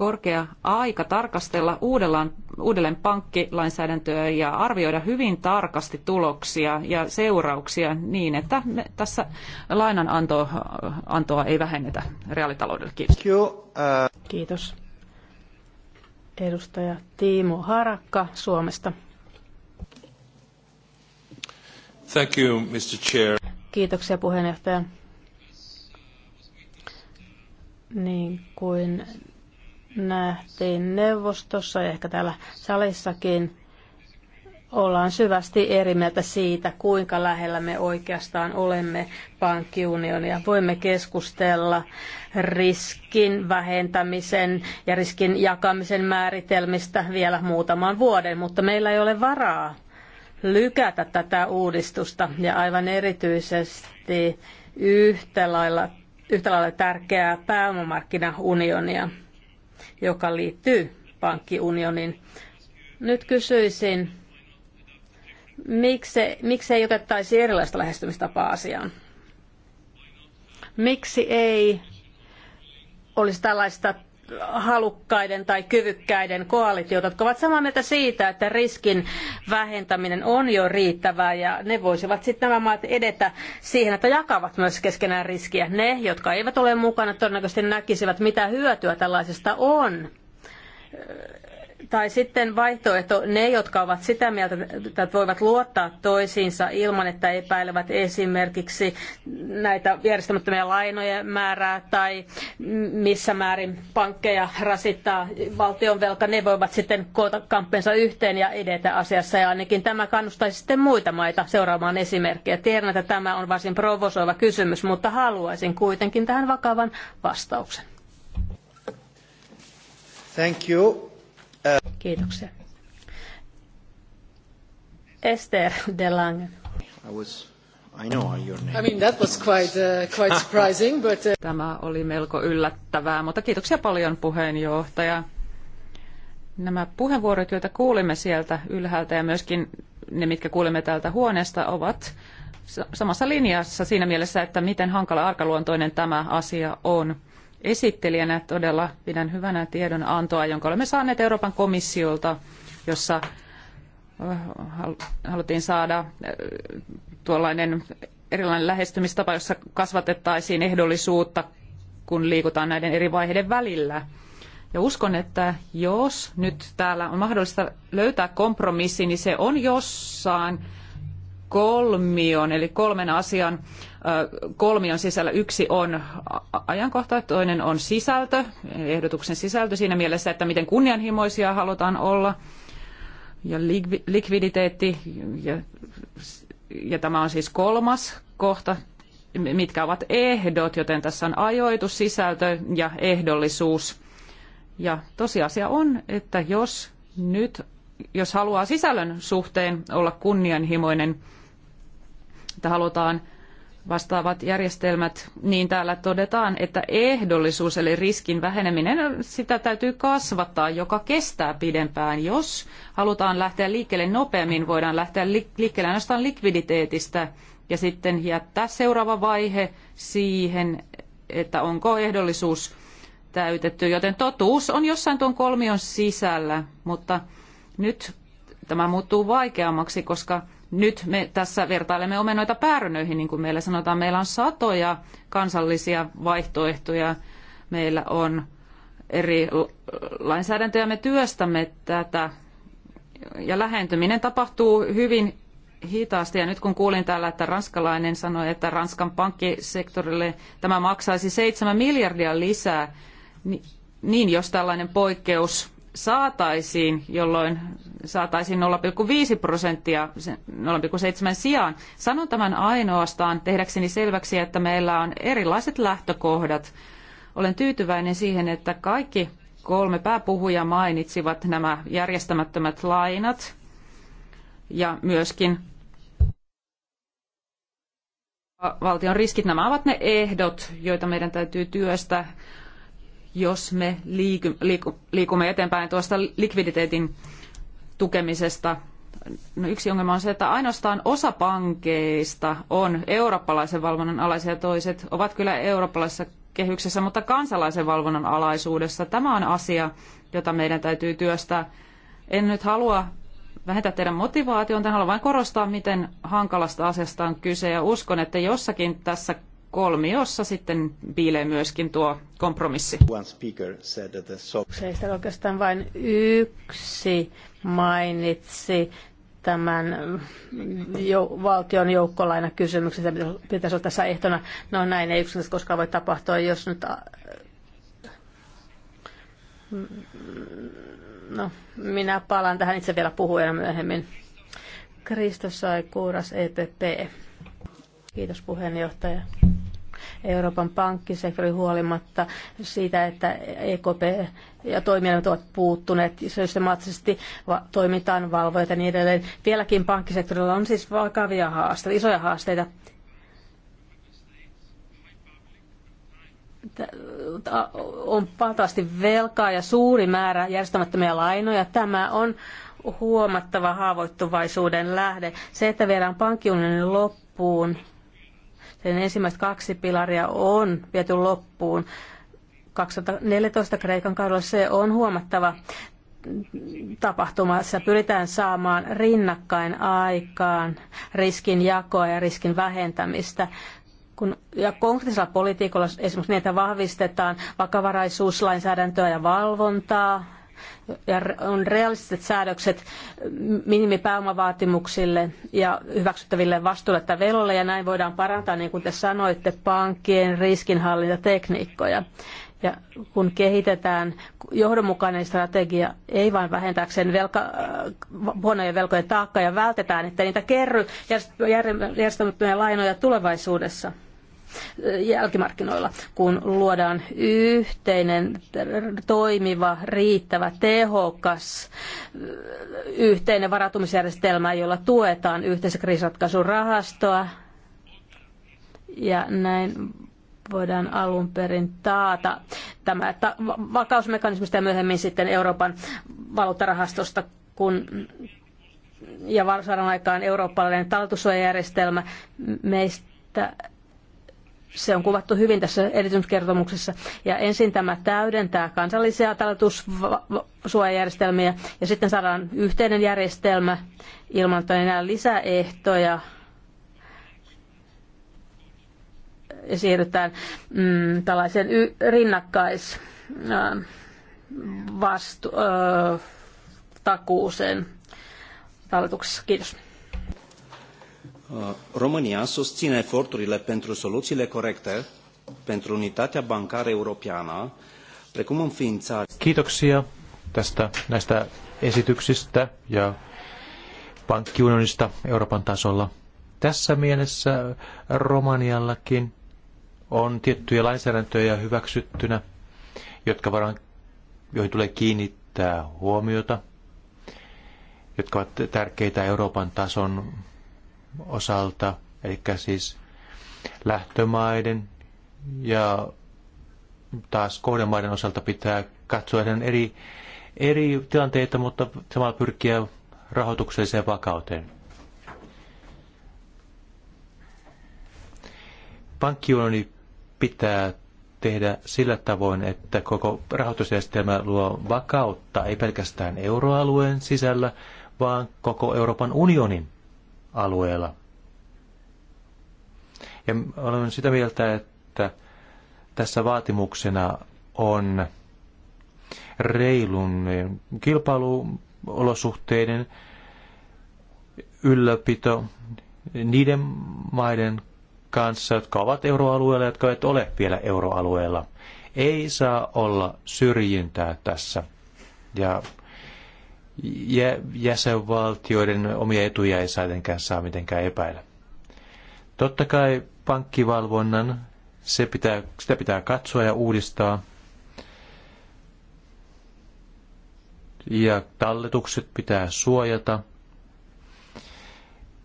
Speaker 4: korkea aika tarkastella uudellaan, uudelleen pankkilainsäädäntöä ja arvioida hyvin tarkasti tuloksia ja seurauksia niin, että me tässä lainanantoa ei vähennetä
Speaker 5: reaalitaloudelle. Kiitos. Uh, Kiitos. Edustaja Tiimo Harakka Suomesta.
Speaker 1: Thank
Speaker 2: you, Mr. Chair.
Speaker 5: Kiitoksia puheenjohtaja. Niin kuin nähtiin neuvostossa ja ehkä täällä salissakin, ollaan syvästi eri mieltä siitä, kuinka lähellä me oikeastaan olemme pankkiunionia. Voimme keskustella riskin vähentämisen ja riskin jakamisen määritelmistä vielä muutaman vuoden, mutta meillä ei ole varaa lykätä tätä uudistusta ja aivan erityisesti yhtä lailla, yhtä lailla tärkeää pääomamarkkinaunionia joka liittyy pankkiunionin. Nyt kysyisin, miksi, miksi ei otettaisi erilaista lähestymistapaa asiaan? Miksi ei olisi tällaista halukkaiden tai kyvykkäiden koalitiot, jotka ovat samaa mieltä siitä, että riskin vähentäminen on jo riittävää ja ne voisivat sitten nämä maat edetä siihen, että jakavat myös keskenään riskiä. Ne, jotka eivät ole mukana, todennäköisesti näkisivät, mitä hyötyä tällaisesta on tai sitten vaihtoehto ne, jotka ovat sitä mieltä, että voivat luottaa toisiinsa ilman, että epäilevät esimerkiksi näitä järjestämättömiä lainoja määrää tai missä määrin pankkeja rasittaa valtion velka, ne voivat sitten koota kamppensa yhteen ja edetä asiassa. Ja ainakin tämä kannustaisi sitten muita maita seuraamaan esimerkkejä. Tiedän, että tämä on varsin provosoiva kysymys, mutta haluaisin kuitenkin tähän vakavan vastauksen.
Speaker 1: Thank you. Kiitoksia.
Speaker 5: Esther de Lange.
Speaker 1: I was I know your name. I mean
Speaker 4: that was quite uh, quite *laughs* surprising,
Speaker 5: but uh... Tämä oli melko
Speaker 4: yllättävää, mutta kiitoksia paljon puheenjohtaja. Nämä puheenvuorot, joita kuulimme sieltä ylhäältä ja myöskin ne, mitkä kuulimme täältä huoneesta, ovat samassa linjassa siinä mielessä, että miten hankala arkaluontoinen tämä asia on esittelijänä todella pidän hyvänä tiedonantoa, jonka olemme saaneet Euroopan komissiolta, jossa haluttiin saada tuollainen erilainen lähestymistapa, jossa kasvatettaisiin ehdollisuutta, kun liikutaan näiden eri vaiheiden välillä. Ja uskon, että jos nyt täällä on mahdollista löytää kompromissi, niin se on jossain kolmion, eli kolmen asian kolmion sisällä. Yksi on ajankohta, toinen on sisältö, ehdotuksen sisältö siinä mielessä, että miten kunnianhimoisia halutaan olla ja likviditeetti ja, ja tämä on siis kolmas kohta, mitkä ovat ehdot, joten tässä on ajoitus, sisältö ja ehdollisuus. Ja tosiasia on, että jos nyt, jos haluaa sisällön suhteen olla kunnianhimoinen, että halutaan vastaavat järjestelmät, niin täällä todetaan, että ehdollisuus eli riskin väheneminen, sitä täytyy kasvattaa, joka kestää pidempään. Jos halutaan lähteä liikkeelle nopeammin, voidaan lähteä liikkeelle ainoastaan likviditeetistä ja sitten jättää seuraava vaihe siihen, että onko ehdollisuus täytetty. Joten totuus on jossain tuon kolmion sisällä, mutta nyt tämä muuttuu vaikeammaksi, koska nyt me tässä vertailemme omenoita päärynöihin, niin kuin meillä sanotaan. Meillä on satoja kansallisia vaihtoehtoja. Meillä on eri lainsäädäntöjä. Me työstämme tätä ja lähentyminen tapahtuu hyvin hitaasti. Ja nyt kun kuulin täällä, että ranskalainen sanoi, että Ranskan pankkisektorille tämä maksaisi 7 miljardia lisää, niin, jos tällainen poikkeus saataisiin, jolloin saataisiin 0,5 prosenttia 0,7 sijaan. Sanon tämän ainoastaan tehdäkseni selväksi, että meillä on erilaiset lähtökohdat. Olen tyytyväinen siihen, että kaikki kolme pääpuhujaa mainitsivat nämä järjestämättömät lainat ja myöskin valtion riskit. Nämä ovat ne ehdot, joita meidän täytyy työstää jos me liikumme eteenpäin tuosta likviditeetin tukemisesta. No yksi ongelma on se, että ainoastaan osa pankeista on eurooppalaisen valvonnan alaisia ja toiset ovat kyllä eurooppalaisessa kehyksessä, mutta kansalaisen valvonnan alaisuudessa. Tämä on asia, jota meidän täytyy työstää. En nyt halua vähentää teidän motivaation, haluan vain korostaa, miten hankalasta asiasta on kyse ja uskon, että jossakin tässä kolmiossa sitten piilee myöskin tuo
Speaker 1: kompromissi.
Speaker 5: Seistä oikeastaan vain yksi mainitsi tämän jo, valtion joukkolainakysymyksen, mitä pitäisi olla tässä ehtona. No näin ei yksinkertaisesti koskaan voi tapahtua, jos nyt... No, minä palaan tähän itse vielä puhujana myöhemmin. Kristos sai kuuras EPP. Kiitos puheenjohtaja. Euroopan pankkisektori huolimatta siitä, että EKP ja toimijat ovat puuttuneet systemaattisesti toimintaan valvojat ja niin edelleen. Vieläkin pankkisektorilla on siis vakavia haasteita, isoja haasteita. On valtavasti velkaa ja suuri määrä järjestämättömiä lainoja. Tämä on huomattava haavoittuvaisuuden lähde. Se, että viedään pankkiunionin loppuun, sen ensimmäiset kaksi pilaria on viety loppuun. 2014 Kreikan kaudella se on huomattava tapahtumassa pyritään saamaan rinnakkain aikaan riskin jakoa ja riskin vähentämistä. Kun, ja konkreettisella politiikalla esimerkiksi niitä vahvistetaan vakavaraisuuslainsäädäntöä ja valvontaa, ja on realistiset säädökset minimipääomavaatimuksille ja hyväksyttäville vastuille tai velolle ja näin voidaan parantaa, niin kuin te sanoitte, pankkien riskinhallintatekniikkoja. Ja kun kehitetään johdonmukainen strategia, ei vain vähentääkseen velka, äh, huonojen velkojen taakkaa ja vältetään, että niitä kerry järjestämättömiä lainoja tulevaisuudessa jälkimarkkinoilla, kun luodaan yhteinen, toimiva, riittävä, tehokas yhteinen varautumisjärjestelmä, jolla tuetaan yhteisen kriisiratkaisuun rahastoa. Ja näin voidaan alun perin taata tämä ta- vakausmekanismista ja myöhemmin sitten Euroopan valuuttarahastosta, kun ja saadaan aikaan eurooppalainen talletussuojajärjestelmä. Meistä se on kuvattu hyvin tässä erityiskertomuksessa. Ja ensin tämä täydentää kansallisia talletussuojajärjestelmiä ja sitten saadaan yhteinen järjestelmä ilman, enää lisäehtoja. Ja siirrytään mm, tällaisen y- rinnakkais äh, vastu- äh, takuuseen talletuksessa. Kiitos.
Speaker 2: Uh, România susține eforturile pentru soluțiile corecte pentru unitatea bancară europeană, precum înființarea... Kiitoksia tästä, näistä esityksistä ja pankkiunionista Euroopan tasolla. Tässä mielessä Romaniallakin on tiettyjä lainsäädäntöjä hyväksyttynä, jotka varmaan, joihin tulee kiinnittää huomiota, jotka ovat tärkeitä Euroopan tason osalta, eli siis lähtömaiden ja taas kohdemaiden osalta pitää katsoa heidän eri, eri tilanteita, mutta samalla pyrkiä rahoitukselliseen vakauteen. Pankkiunioni pitää tehdä sillä tavoin, että koko rahoitusjärjestelmä luo vakautta ei pelkästään euroalueen sisällä, vaan koko Euroopan unionin alueella. Ja olen sitä mieltä, että tässä vaatimuksena on reilun kilpailuolosuhteiden ylläpito niiden maiden kanssa, jotka ovat euroalueella, jotka eivät ole vielä euroalueella. Ei saa olla syrjintää tässä. Ja jäsenvaltioiden omia etuja ei saa tietenkään saa mitenkään epäillä. Totta kai pankkivalvonnan, se pitää, sitä pitää katsoa ja uudistaa. Ja talletukset pitää suojata.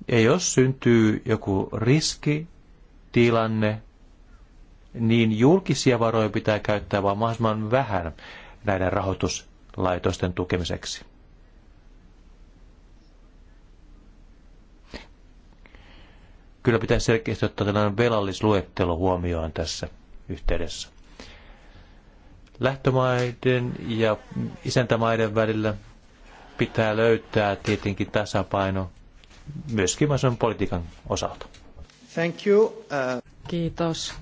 Speaker 2: Ja jos syntyy joku riskitilanne, niin julkisia varoja pitää käyttää vain mahdollisimman vähän näiden rahoituslaitosten tukemiseksi. kyllä pitää selkeästi ottaa tällainen velallisluettelo huomioon tässä yhteydessä. Lähtömaiden ja isäntämaiden välillä pitää löytää tietenkin tasapaino myöskin maailman politiikan osalta.
Speaker 4: Thank you. Uh... Kiitos.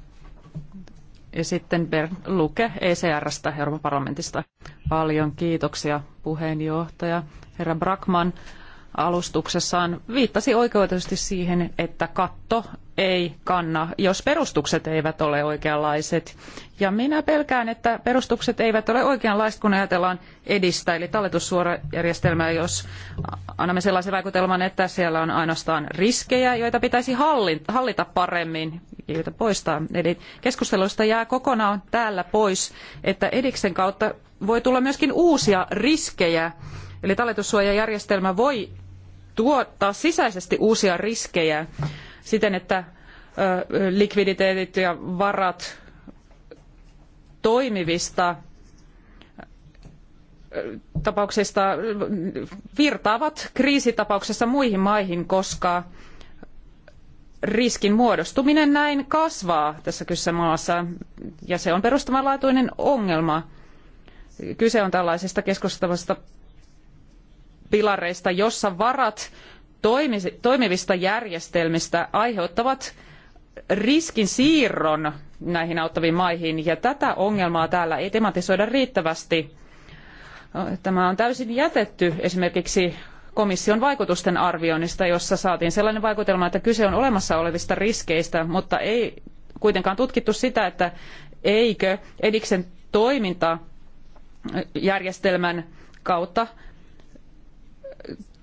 Speaker 4: Ja sitten Ber Luke ECRstä, Euroopan parlamentista. Paljon kiitoksia puheenjohtaja. Herra Brackman, alustuksessaan viittasi oikeutetusti siihen, että katto ei kanna, jos perustukset eivät ole oikeanlaiset. Ja minä pelkään, että perustukset eivät ole oikeanlaiset, kun ajatellaan edistä, eli talletussuorajärjestelmää, jos annamme sellaisen vaikutelman, että siellä on ainoastaan riskejä, joita pitäisi hallita paremmin ja joita poistaa. Eli keskustelusta jää kokonaan täällä pois, että ediksen kautta voi tulla myöskin uusia riskejä, Eli talletussuojajärjestelmä voi tuottaa sisäisesti uusia riskejä siten, että likviditeetit ja varat toimivista tapauksista virtaavat kriisitapauksessa muihin maihin, koska riskin muodostuminen näin kasvaa tässä kyseessä maassa ja se on perustavanlaatuinen ongelma. Kyse on tällaisesta keskustavasta pilareista, jossa varat toimivista järjestelmistä aiheuttavat riskin siirron näihin auttaviin maihin, ja tätä ongelmaa täällä ei tematisoida riittävästi. Tämä on täysin jätetty esimerkiksi komission vaikutusten arvioinnista, jossa saatiin sellainen vaikutelma, että kyse on olemassa olevista riskeistä, mutta ei kuitenkaan tutkittu sitä, että eikö Ediksen toiminta järjestelmän kautta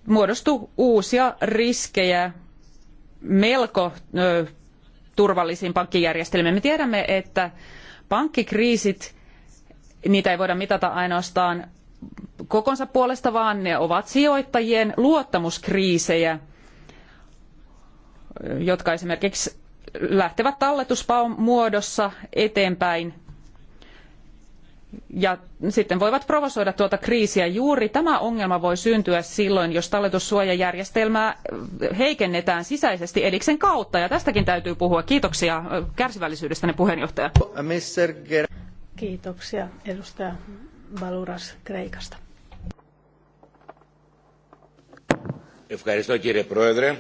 Speaker 4: muodostu uusia riskejä melko turvallisiin pankkijärjestelmiin. Me tiedämme, että pankkikriisit, niitä ei voida mitata ainoastaan kokonsa puolesta, vaan ne ovat sijoittajien luottamuskriisejä, jotka esimerkiksi lähtevät talletuspaon muodossa eteenpäin ja sitten voivat provosoida tuota kriisiä. Juuri tämä ongelma voi syntyä silloin, jos talletussuojajärjestelmää eh, heikennetään sisäisesti eliksen kautta. Ja tästäkin täytyy puhua. Kiitoksia eh, kärsivällisyydestäne puheenjohtaja.
Speaker 5: Kiitoksia edustaja Baluras Kreikasta.
Speaker 3: Ευχαριστώ κύριε Πρόεδρε.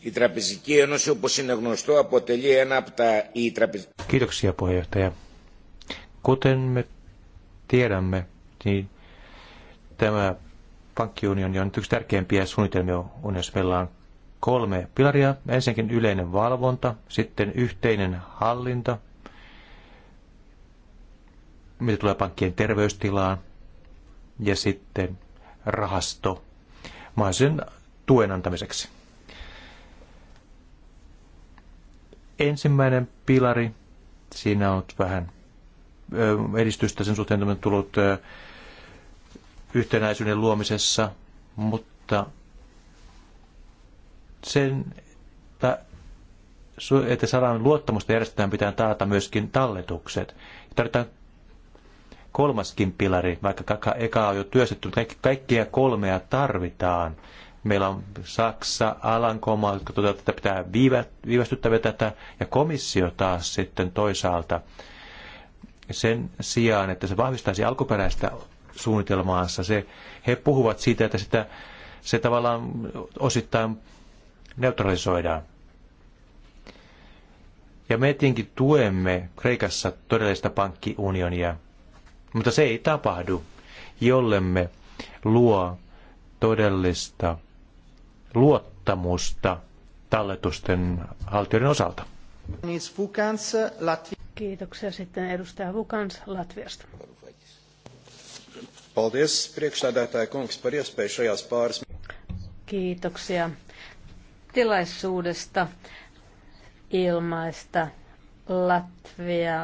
Speaker 3: Η Τραπεζική Ένωση όπως είναι γνωστό αποτελεί ένα από τα... η
Speaker 2: Kiitoksia puheenjohtaja. Kuten me tiedämme, niin tämä pankkiunioni on yksi tärkeimpiä suunnitelmia, on, jos meillä on kolme pilaria. Ensinnäkin yleinen valvonta, sitten yhteinen hallinta, mitä tulee pankkien terveystilaan, ja sitten rahasto mahdollisen tuen antamiseksi. Ensimmäinen pilari, siinä on vähän edistystä sen suhteen, on tullut yhtenäisyyden luomisessa, mutta sen, että, saadaan luottamusta järjestetään, pitää taata myöskin talletukset. Tarvitaan kolmaskin pilari, vaikka eka on jo työstetty, mutta kaikki, kaikkia kolmea tarvitaan. Meillä on Saksa, Alankoma, jotka toteuttavat, että pitää viivästyttävä tätä, ja komissio taas sitten toisaalta sen sijaan, että se vahvistaisi alkuperäistä suunnitelmaansa. Se, he puhuvat siitä, että sitä, se tavallaan osittain neutralisoidaan. Ja me tietenkin tuemme Kreikassa todellista pankkiunionia, mutta se ei tapahdu, jollemme luo todellista luottamusta talletusten haltijoiden osalta.
Speaker 5: Kiitoksia sitten edustaja Vukans Latviasta.
Speaker 3: Paldies, priekšstādātāja kungs, par iespēju šajās pāris.
Speaker 5: Kiitoksia tilaisuudesta ilmaista Latvia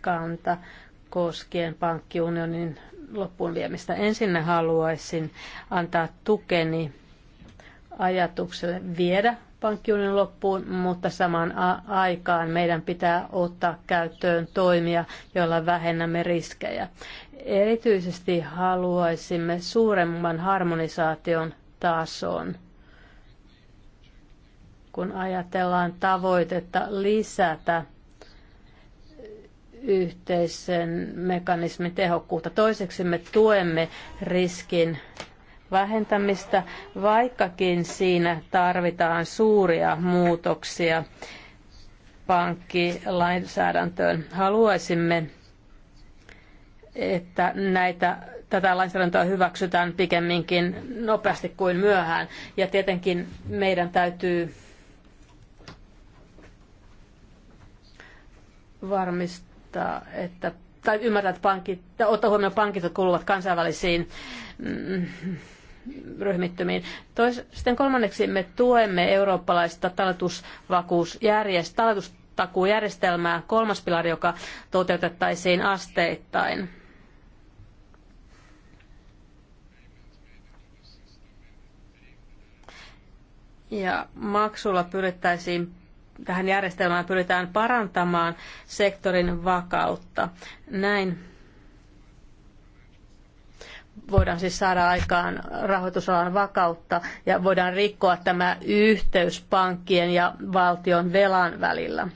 Speaker 5: kanta koskien pankkiunionin loppuun viemistä. Ensin haluaisin antaa tukeni ajatukselle viedä pankkiunin loppuun, mutta samaan aikaan meidän pitää ottaa käyttöön toimia, joilla vähennämme riskejä. Erityisesti haluaisimme suuremman harmonisaation tason kun ajatellaan tavoitetta lisätä yhteisen mekanismin tehokkuutta. Toiseksi me tuemme riskin vähentämistä, vaikkakin siinä tarvitaan suuria muutoksia pankkilainsäädäntöön. Haluaisimme, että näitä, tätä lainsäädäntöä hyväksytään pikemminkin nopeasti kuin myöhään. Ja tietenkin meidän täytyy varmistaa, että tai ymmärtää, että pankit, ottaa huomioon pankit, jotka kuuluvat kansainvälisiin mm, ryhmittymiin. Tois, sitten kolmanneksi me tuemme eurooppalaista talletustakuujärjestelmää, kolmas pilari, joka toteutettaisiin asteittain. Ja maksulla pyrittäisiin tähän järjestelmään pyritään parantamaan sektorin vakautta. Näin voidaan siis saada aikaan rahoitusalan vakautta ja voidaan rikkoa tämä yhteys pankkien ja valtion velan välillä.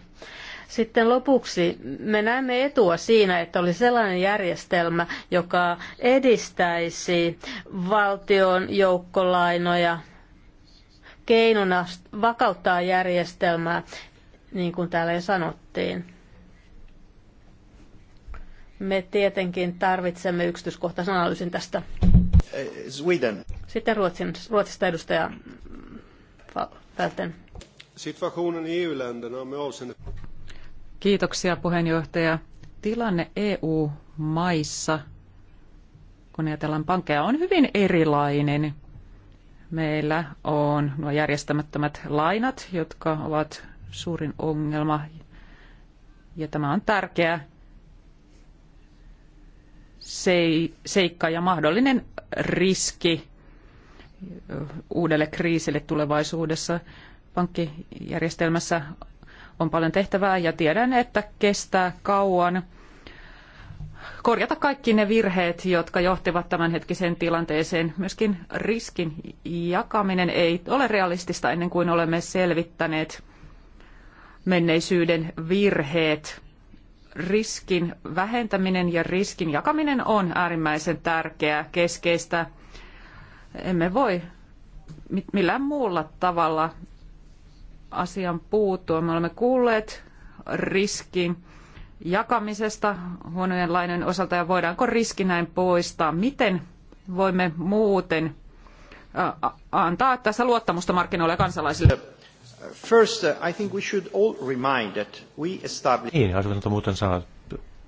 Speaker 5: Sitten lopuksi me näemme etua siinä, että oli sellainen järjestelmä, joka edistäisi valtion joukkolainoja keinona vakauttaa järjestelmää, niin kuin täällä jo sanottiin. Me tietenkin tarvitsemme yksityiskohtaisen analyysin tästä.
Speaker 1: Eh, Sweden.
Speaker 5: Sitten Ruotsin, Ruotsista edustaja Välten.
Speaker 1: Situationen
Speaker 3: EU-länderna med avseende...
Speaker 4: Kiitoksia puheenjohtaja. Tilanne EU-maissa, kun ajatellaan pankkeja, on hyvin erilainen. Meillä on nuo järjestämättömät lainat, jotka ovat suurin ongelma. Ja tämä on tärkeä seikka ja mahdollinen riski uudelle kriisille tulevaisuudessa. Pankkijärjestelmässä on paljon tehtävää ja tiedän, että kestää kauan korjata kaikki ne virheet, jotka johtivat tämänhetkiseen tilanteeseen. Myöskin riskin jakaminen ei ole realistista ennen kuin olemme selvittäneet menneisyyden virheet riskin vähentäminen ja riskin jakaminen on äärimmäisen tärkeää, keskeistä. Emme voi millään muulla tavalla asian puuttua. Me olemme kuulleet riskin jakamisesta huonojen lainojen osalta ja voidaanko riski näin poistaa. Miten voimme muuten antaa tässä luottamusta markkinoille ja kansalaisille? first,
Speaker 1: uh, I think we should all remind that we
Speaker 2: Niin, sanoo,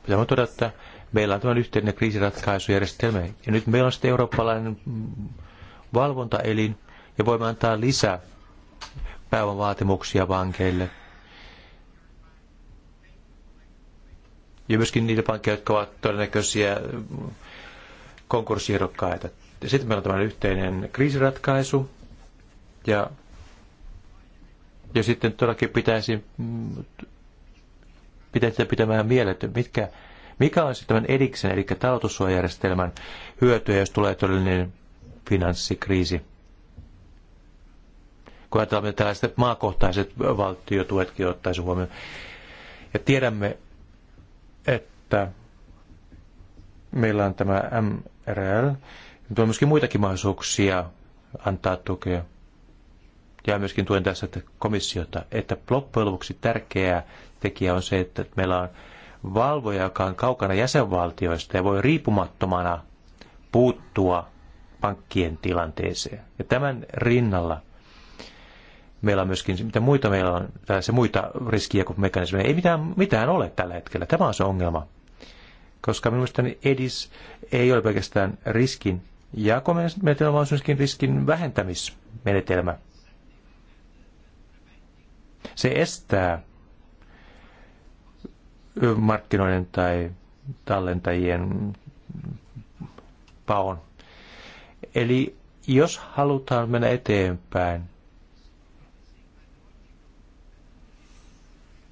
Speaker 2: pitää todeta, että meillä on tämä yhteinen kriisiratkaisujärjestelmä, ja nyt meillä on sitten eurooppalainen mm, valvontaelin, ja voimme antaa lisää päivän vaatimuksia pankeille. Ja myöskin niitä pankkeja, jotka ovat todennäköisiä mm, konkurssiehdokkaita. Sitten meillä on tämä yhteinen kriisiratkaisu ja ja sitten todellakin pitäisi mm, pitäisi pitämään mieleen, että mitkä, mikä on sitten tämän ediksen, eli talutussuojajärjestelmän hyötyä, jos tulee todellinen finanssikriisi. Kun ajatellaan, että tällaiset maakohtaiset valtiotuetkin ottaisi huomioon. Ja tiedämme, että meillä on tämä MRL, mutta on myöskin muitakin mahdollisuuksia antaa tukea ja myöskin tuen tässä että komissiota, että loppujen lopuksi tärkeä tekijä on se, että meillä on valvoja, joka on kaukana jäsenvaltioista ja voi riippumattomana puuttua pankkien tilanteeseen. Ja tämän rinnalla meillä on myöskin, mitä muita meillä on, se muita mekanismeja, ei mitään, mitään ole tällä hetkellä. Tämä on se ongelma. Koska minusta EDIS ei ole pelkästään riskin jakomenetelmä, vaan myöskin riskin vähentämismenetelmä. Se estää markkinoiden tai tallentajien paon. Eli jos halutaan mennä eteenpäin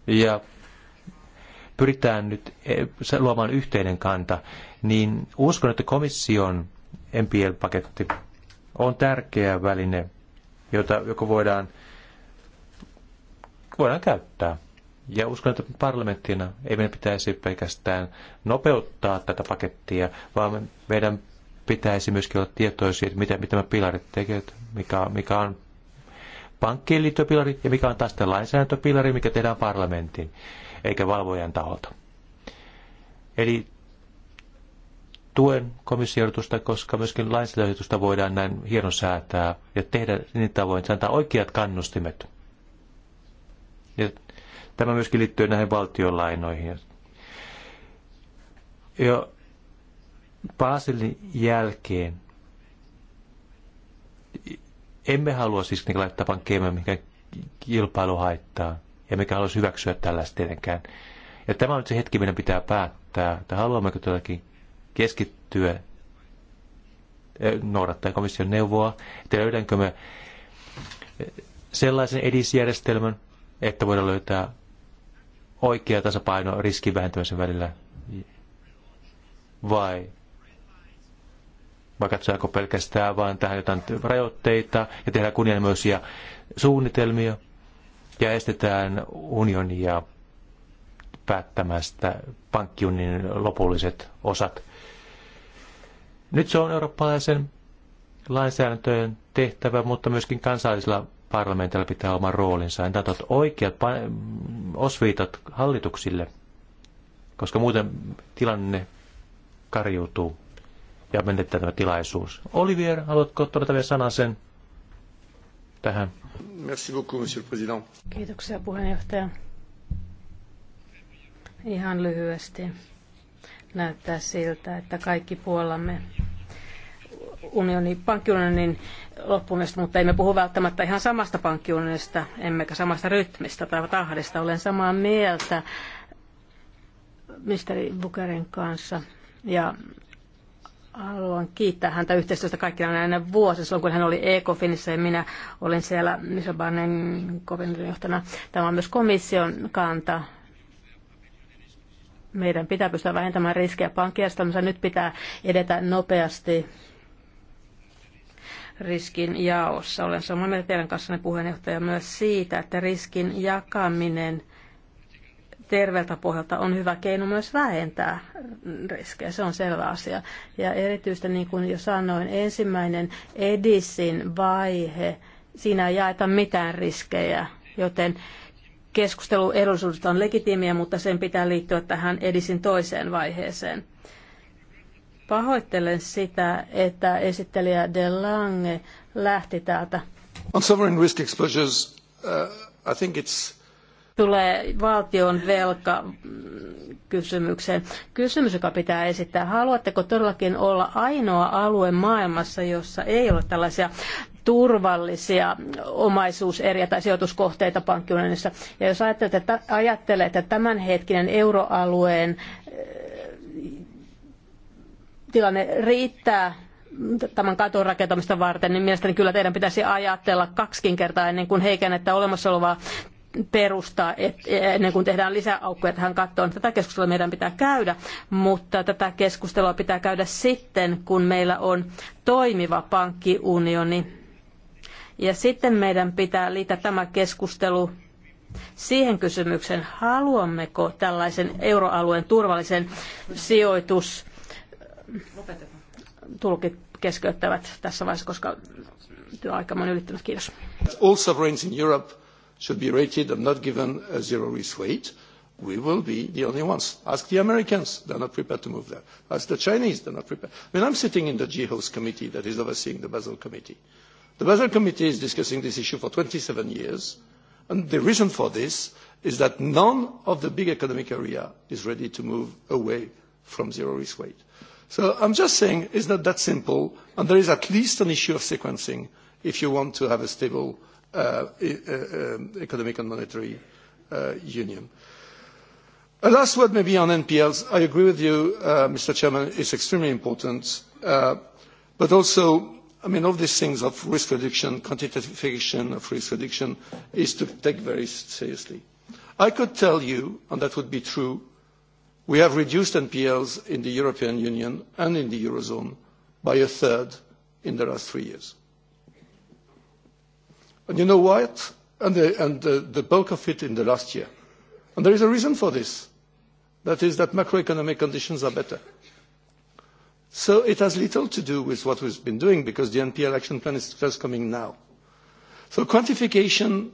Speaker 2: ja pyritään nyt e, luomaan yhteinen kanta, niin uskon, että komission MPL-paketti on tärkeä väline, jota, joko voidaan voidaan käyttää. Ja uskon, että parlamenttina ei meidän pitäisi pelkästään nopeuttaa tätä pakettia, vaan meidän pitäisi myöskin olla tietoisia, että mitä, mitä me pilarit tekevät, mikä, mikä on pankkien liittypilari ja mikä on taas lainsäädäntöpilari, mikä tehdään parlamentin eikä valvojan taholta. Eli tuen komissioitusta, koska myöskin lainsäädäntöehdotusta voidaan näin säätää ja tehdä niin tavoin, että antaa oikeat kannustimet ja tämä myöskin liittyy näihin valtionlainoihin. Jo Baselin jälkeen emme halua siis niinku laittaa pankkeemme mikä kilpailu haittaa, emmekä halua hyväksyä tällaista tietenkään. Ja tämä on nyt se hetki, meidän pitää päättää, että haluammeko todellakin keskittyä, eh, noudattaa komission neuvoa, että löydänkö me eh, sellaisen edisjärjestelmän, että voidaan löytää oikea tasapaino riskin vähentämisen välillä? Vai, vai katsotaanko pelkästään vain tähän jotain rajoitteita ja tehdään kunnianhimoisia suunnitelmia ja estetään unionia päättämästä pankkiunionin lopulliset osat? Nyt se on eurooppalaisen lainsäädäntöjen tehtävä, mutta myöskin kansallisilla parlamentilla pitää oma roolinsa. Ja tuot oikeat osviitat hallituksille, koska muuten tilanne karjuutuu ja menettää tämä tilaisuus. Olivier, haluatko todeta vielä sanan sen tähän? Merci
Speaker 1: beaucoup, monsieur le président.
Speaker 5: Kiitoksia puheenjohtaja. Ihan lyhyesti. Näyttää siltä, että kaikki puolamme unioni, pankkiunionin loppumisesta, mutta emme puhu välttämättä ihan samasta pankkiunionista, emmekä samasta rytmistä tai tahdesta. Olen samaa mieltä ministeri Bukerin kanssa ja haluan kiittää häntä yhteistyöstä kaikkina näinä vuosina, silloin kun hän oli ECOFINissa ja minä olin siellä Michel kovin johtajana. Tämä on myös komission kanta meidän pitää pystyä vähentämään riskejä pankkijärjestelmässä. Nyt pitää edetä nopeasti riskin jaossa. Olen samaa mieltä teidän kanssanne puheenjohtaja myös siitä, että riskin jakaminen terveeltä pohjalta on hyvä keino myös vähentää riskejä. Se on selvä asia. Ja erityisesti, niin kuin jo sanoin, ensimmäinen edisin vaihe, siinä ei jaeta mitään riskejä, joten keskustelu edullisuudesta on legitiimiä, mutta sen pitää liittyä tähän edisin toiseen vaiheeseen. Pahoittelen sitä, että esittelijä De Lange lähti täältä.
Speaker 1: On sovereign risk exposures, uh, I think it's
Speaker 5: tulee valtion velka mm, kysymykseen. Kysymys, joka pitää esittää. Haluatteko todellakin olla ainoa alue maailmassa, jossa ei ole tällaisia turvallisia omaisuuseriä tai sijoituskohteita pankkiunionissa? Ja jos ajattelet, että tämänhetkinen euroalueen tilanne riittää tämän katon rakentamista varten, niin mielestäni kyllä teidän pitäisi ajatella kaksikin kertaa ennen kuin heikennettä olemassa olevaa perustaa, et, ennen kuin tehdään lisää tähän kattoon. Tätä keskustelua meidän pitää käydä, mutta tätä keskustelua pitää käydä sitten, kun meillä on toimiva pankkiunioni. Ja sitten meidän pitää liittää tämä keskustelu siihen kysymykseen, haluammeko tällaisen euroalueen turvallisen sijoitus Tulkit keskeyttävät tässä vaiheessa, koska työaika on ylittynyt. Kiitos.
Speaker 1: All sovereigns in Europe should be rated and not given a zero risk weight. We will be the only ones. Ask the Americans, they're not prepared to move there. Ask the Chinese, they're not prepared. I mean, I'm sitting in the GHOS committee that is overseeing the Basel Committee. The Basel Committee is discussing this issue for 27 years, and the reason for this is that none of the big economic area is ready to move away from zero risk weight. So i am just saying it is not that simple, and there is at least an issue of sequencing if you want to have a stable uh, e, e, um, economic and monetary uh, union. A last word maybe on NPLs. I agree with you, uh, Mr. Chairman, it's extremely important. Uh, but also, I mean, all these things of risk reduction, quantification of risk reduction is to take very seriously. I could tell you, and that would be true, We have reduced NPLs in the European Union and in the Eurozone by a third in the last three years. And you know what? And the, and the, the bulk of it in the last year. And there is a reason for this. That is that macroeconomic conditions are better. So it has little to do with what we've been doing because the NPL action plan is just coming now. So quantification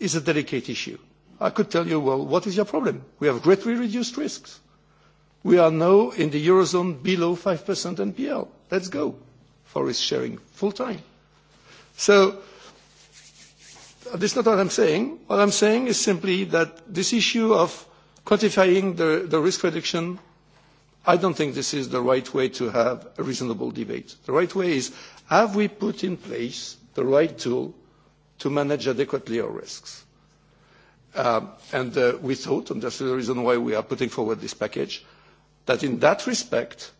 Speaker 1: is a delicate issue. I could tell you, well, what is your problem? We have greatly reduced risks. We are now in the Eurozone below 5% NPL. Let's go for risk sharing full time. So this is not what I'm saying. What I'm saying is simply that this issue of quantifying the, the risk reduction, I don't think this is the right way to have a reasonable debate. The right way is, have we put in place the right tool to manage adequately our risks? Uh, and uh, we thought, and that's the reason why we are putting forward this package, that in that respect,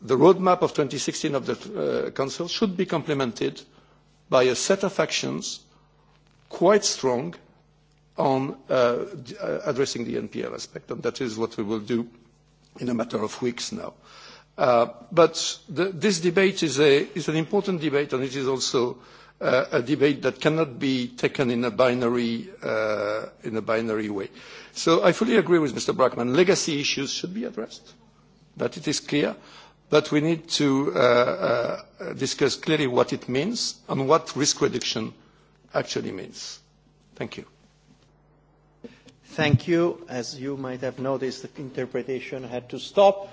Speaker 1: the roadmap of 2016 of the uh, Council should be complemented by a set of actions quite strong on addressing the NPL aspect, and that is what we will do in a matter of weeks now. But this debate is an important debate, and it is also Uh, a debate that cannot be taken in a binary uh, in a binary way. So I fully agree with Mr. Brackman. Legacy issues should be addressed. That it is clear, but we need to uh, uh, discuss clearly what it means and what risk reduction actually means. Thank you. Thank you. As you might have noticed, the interpretation had to stop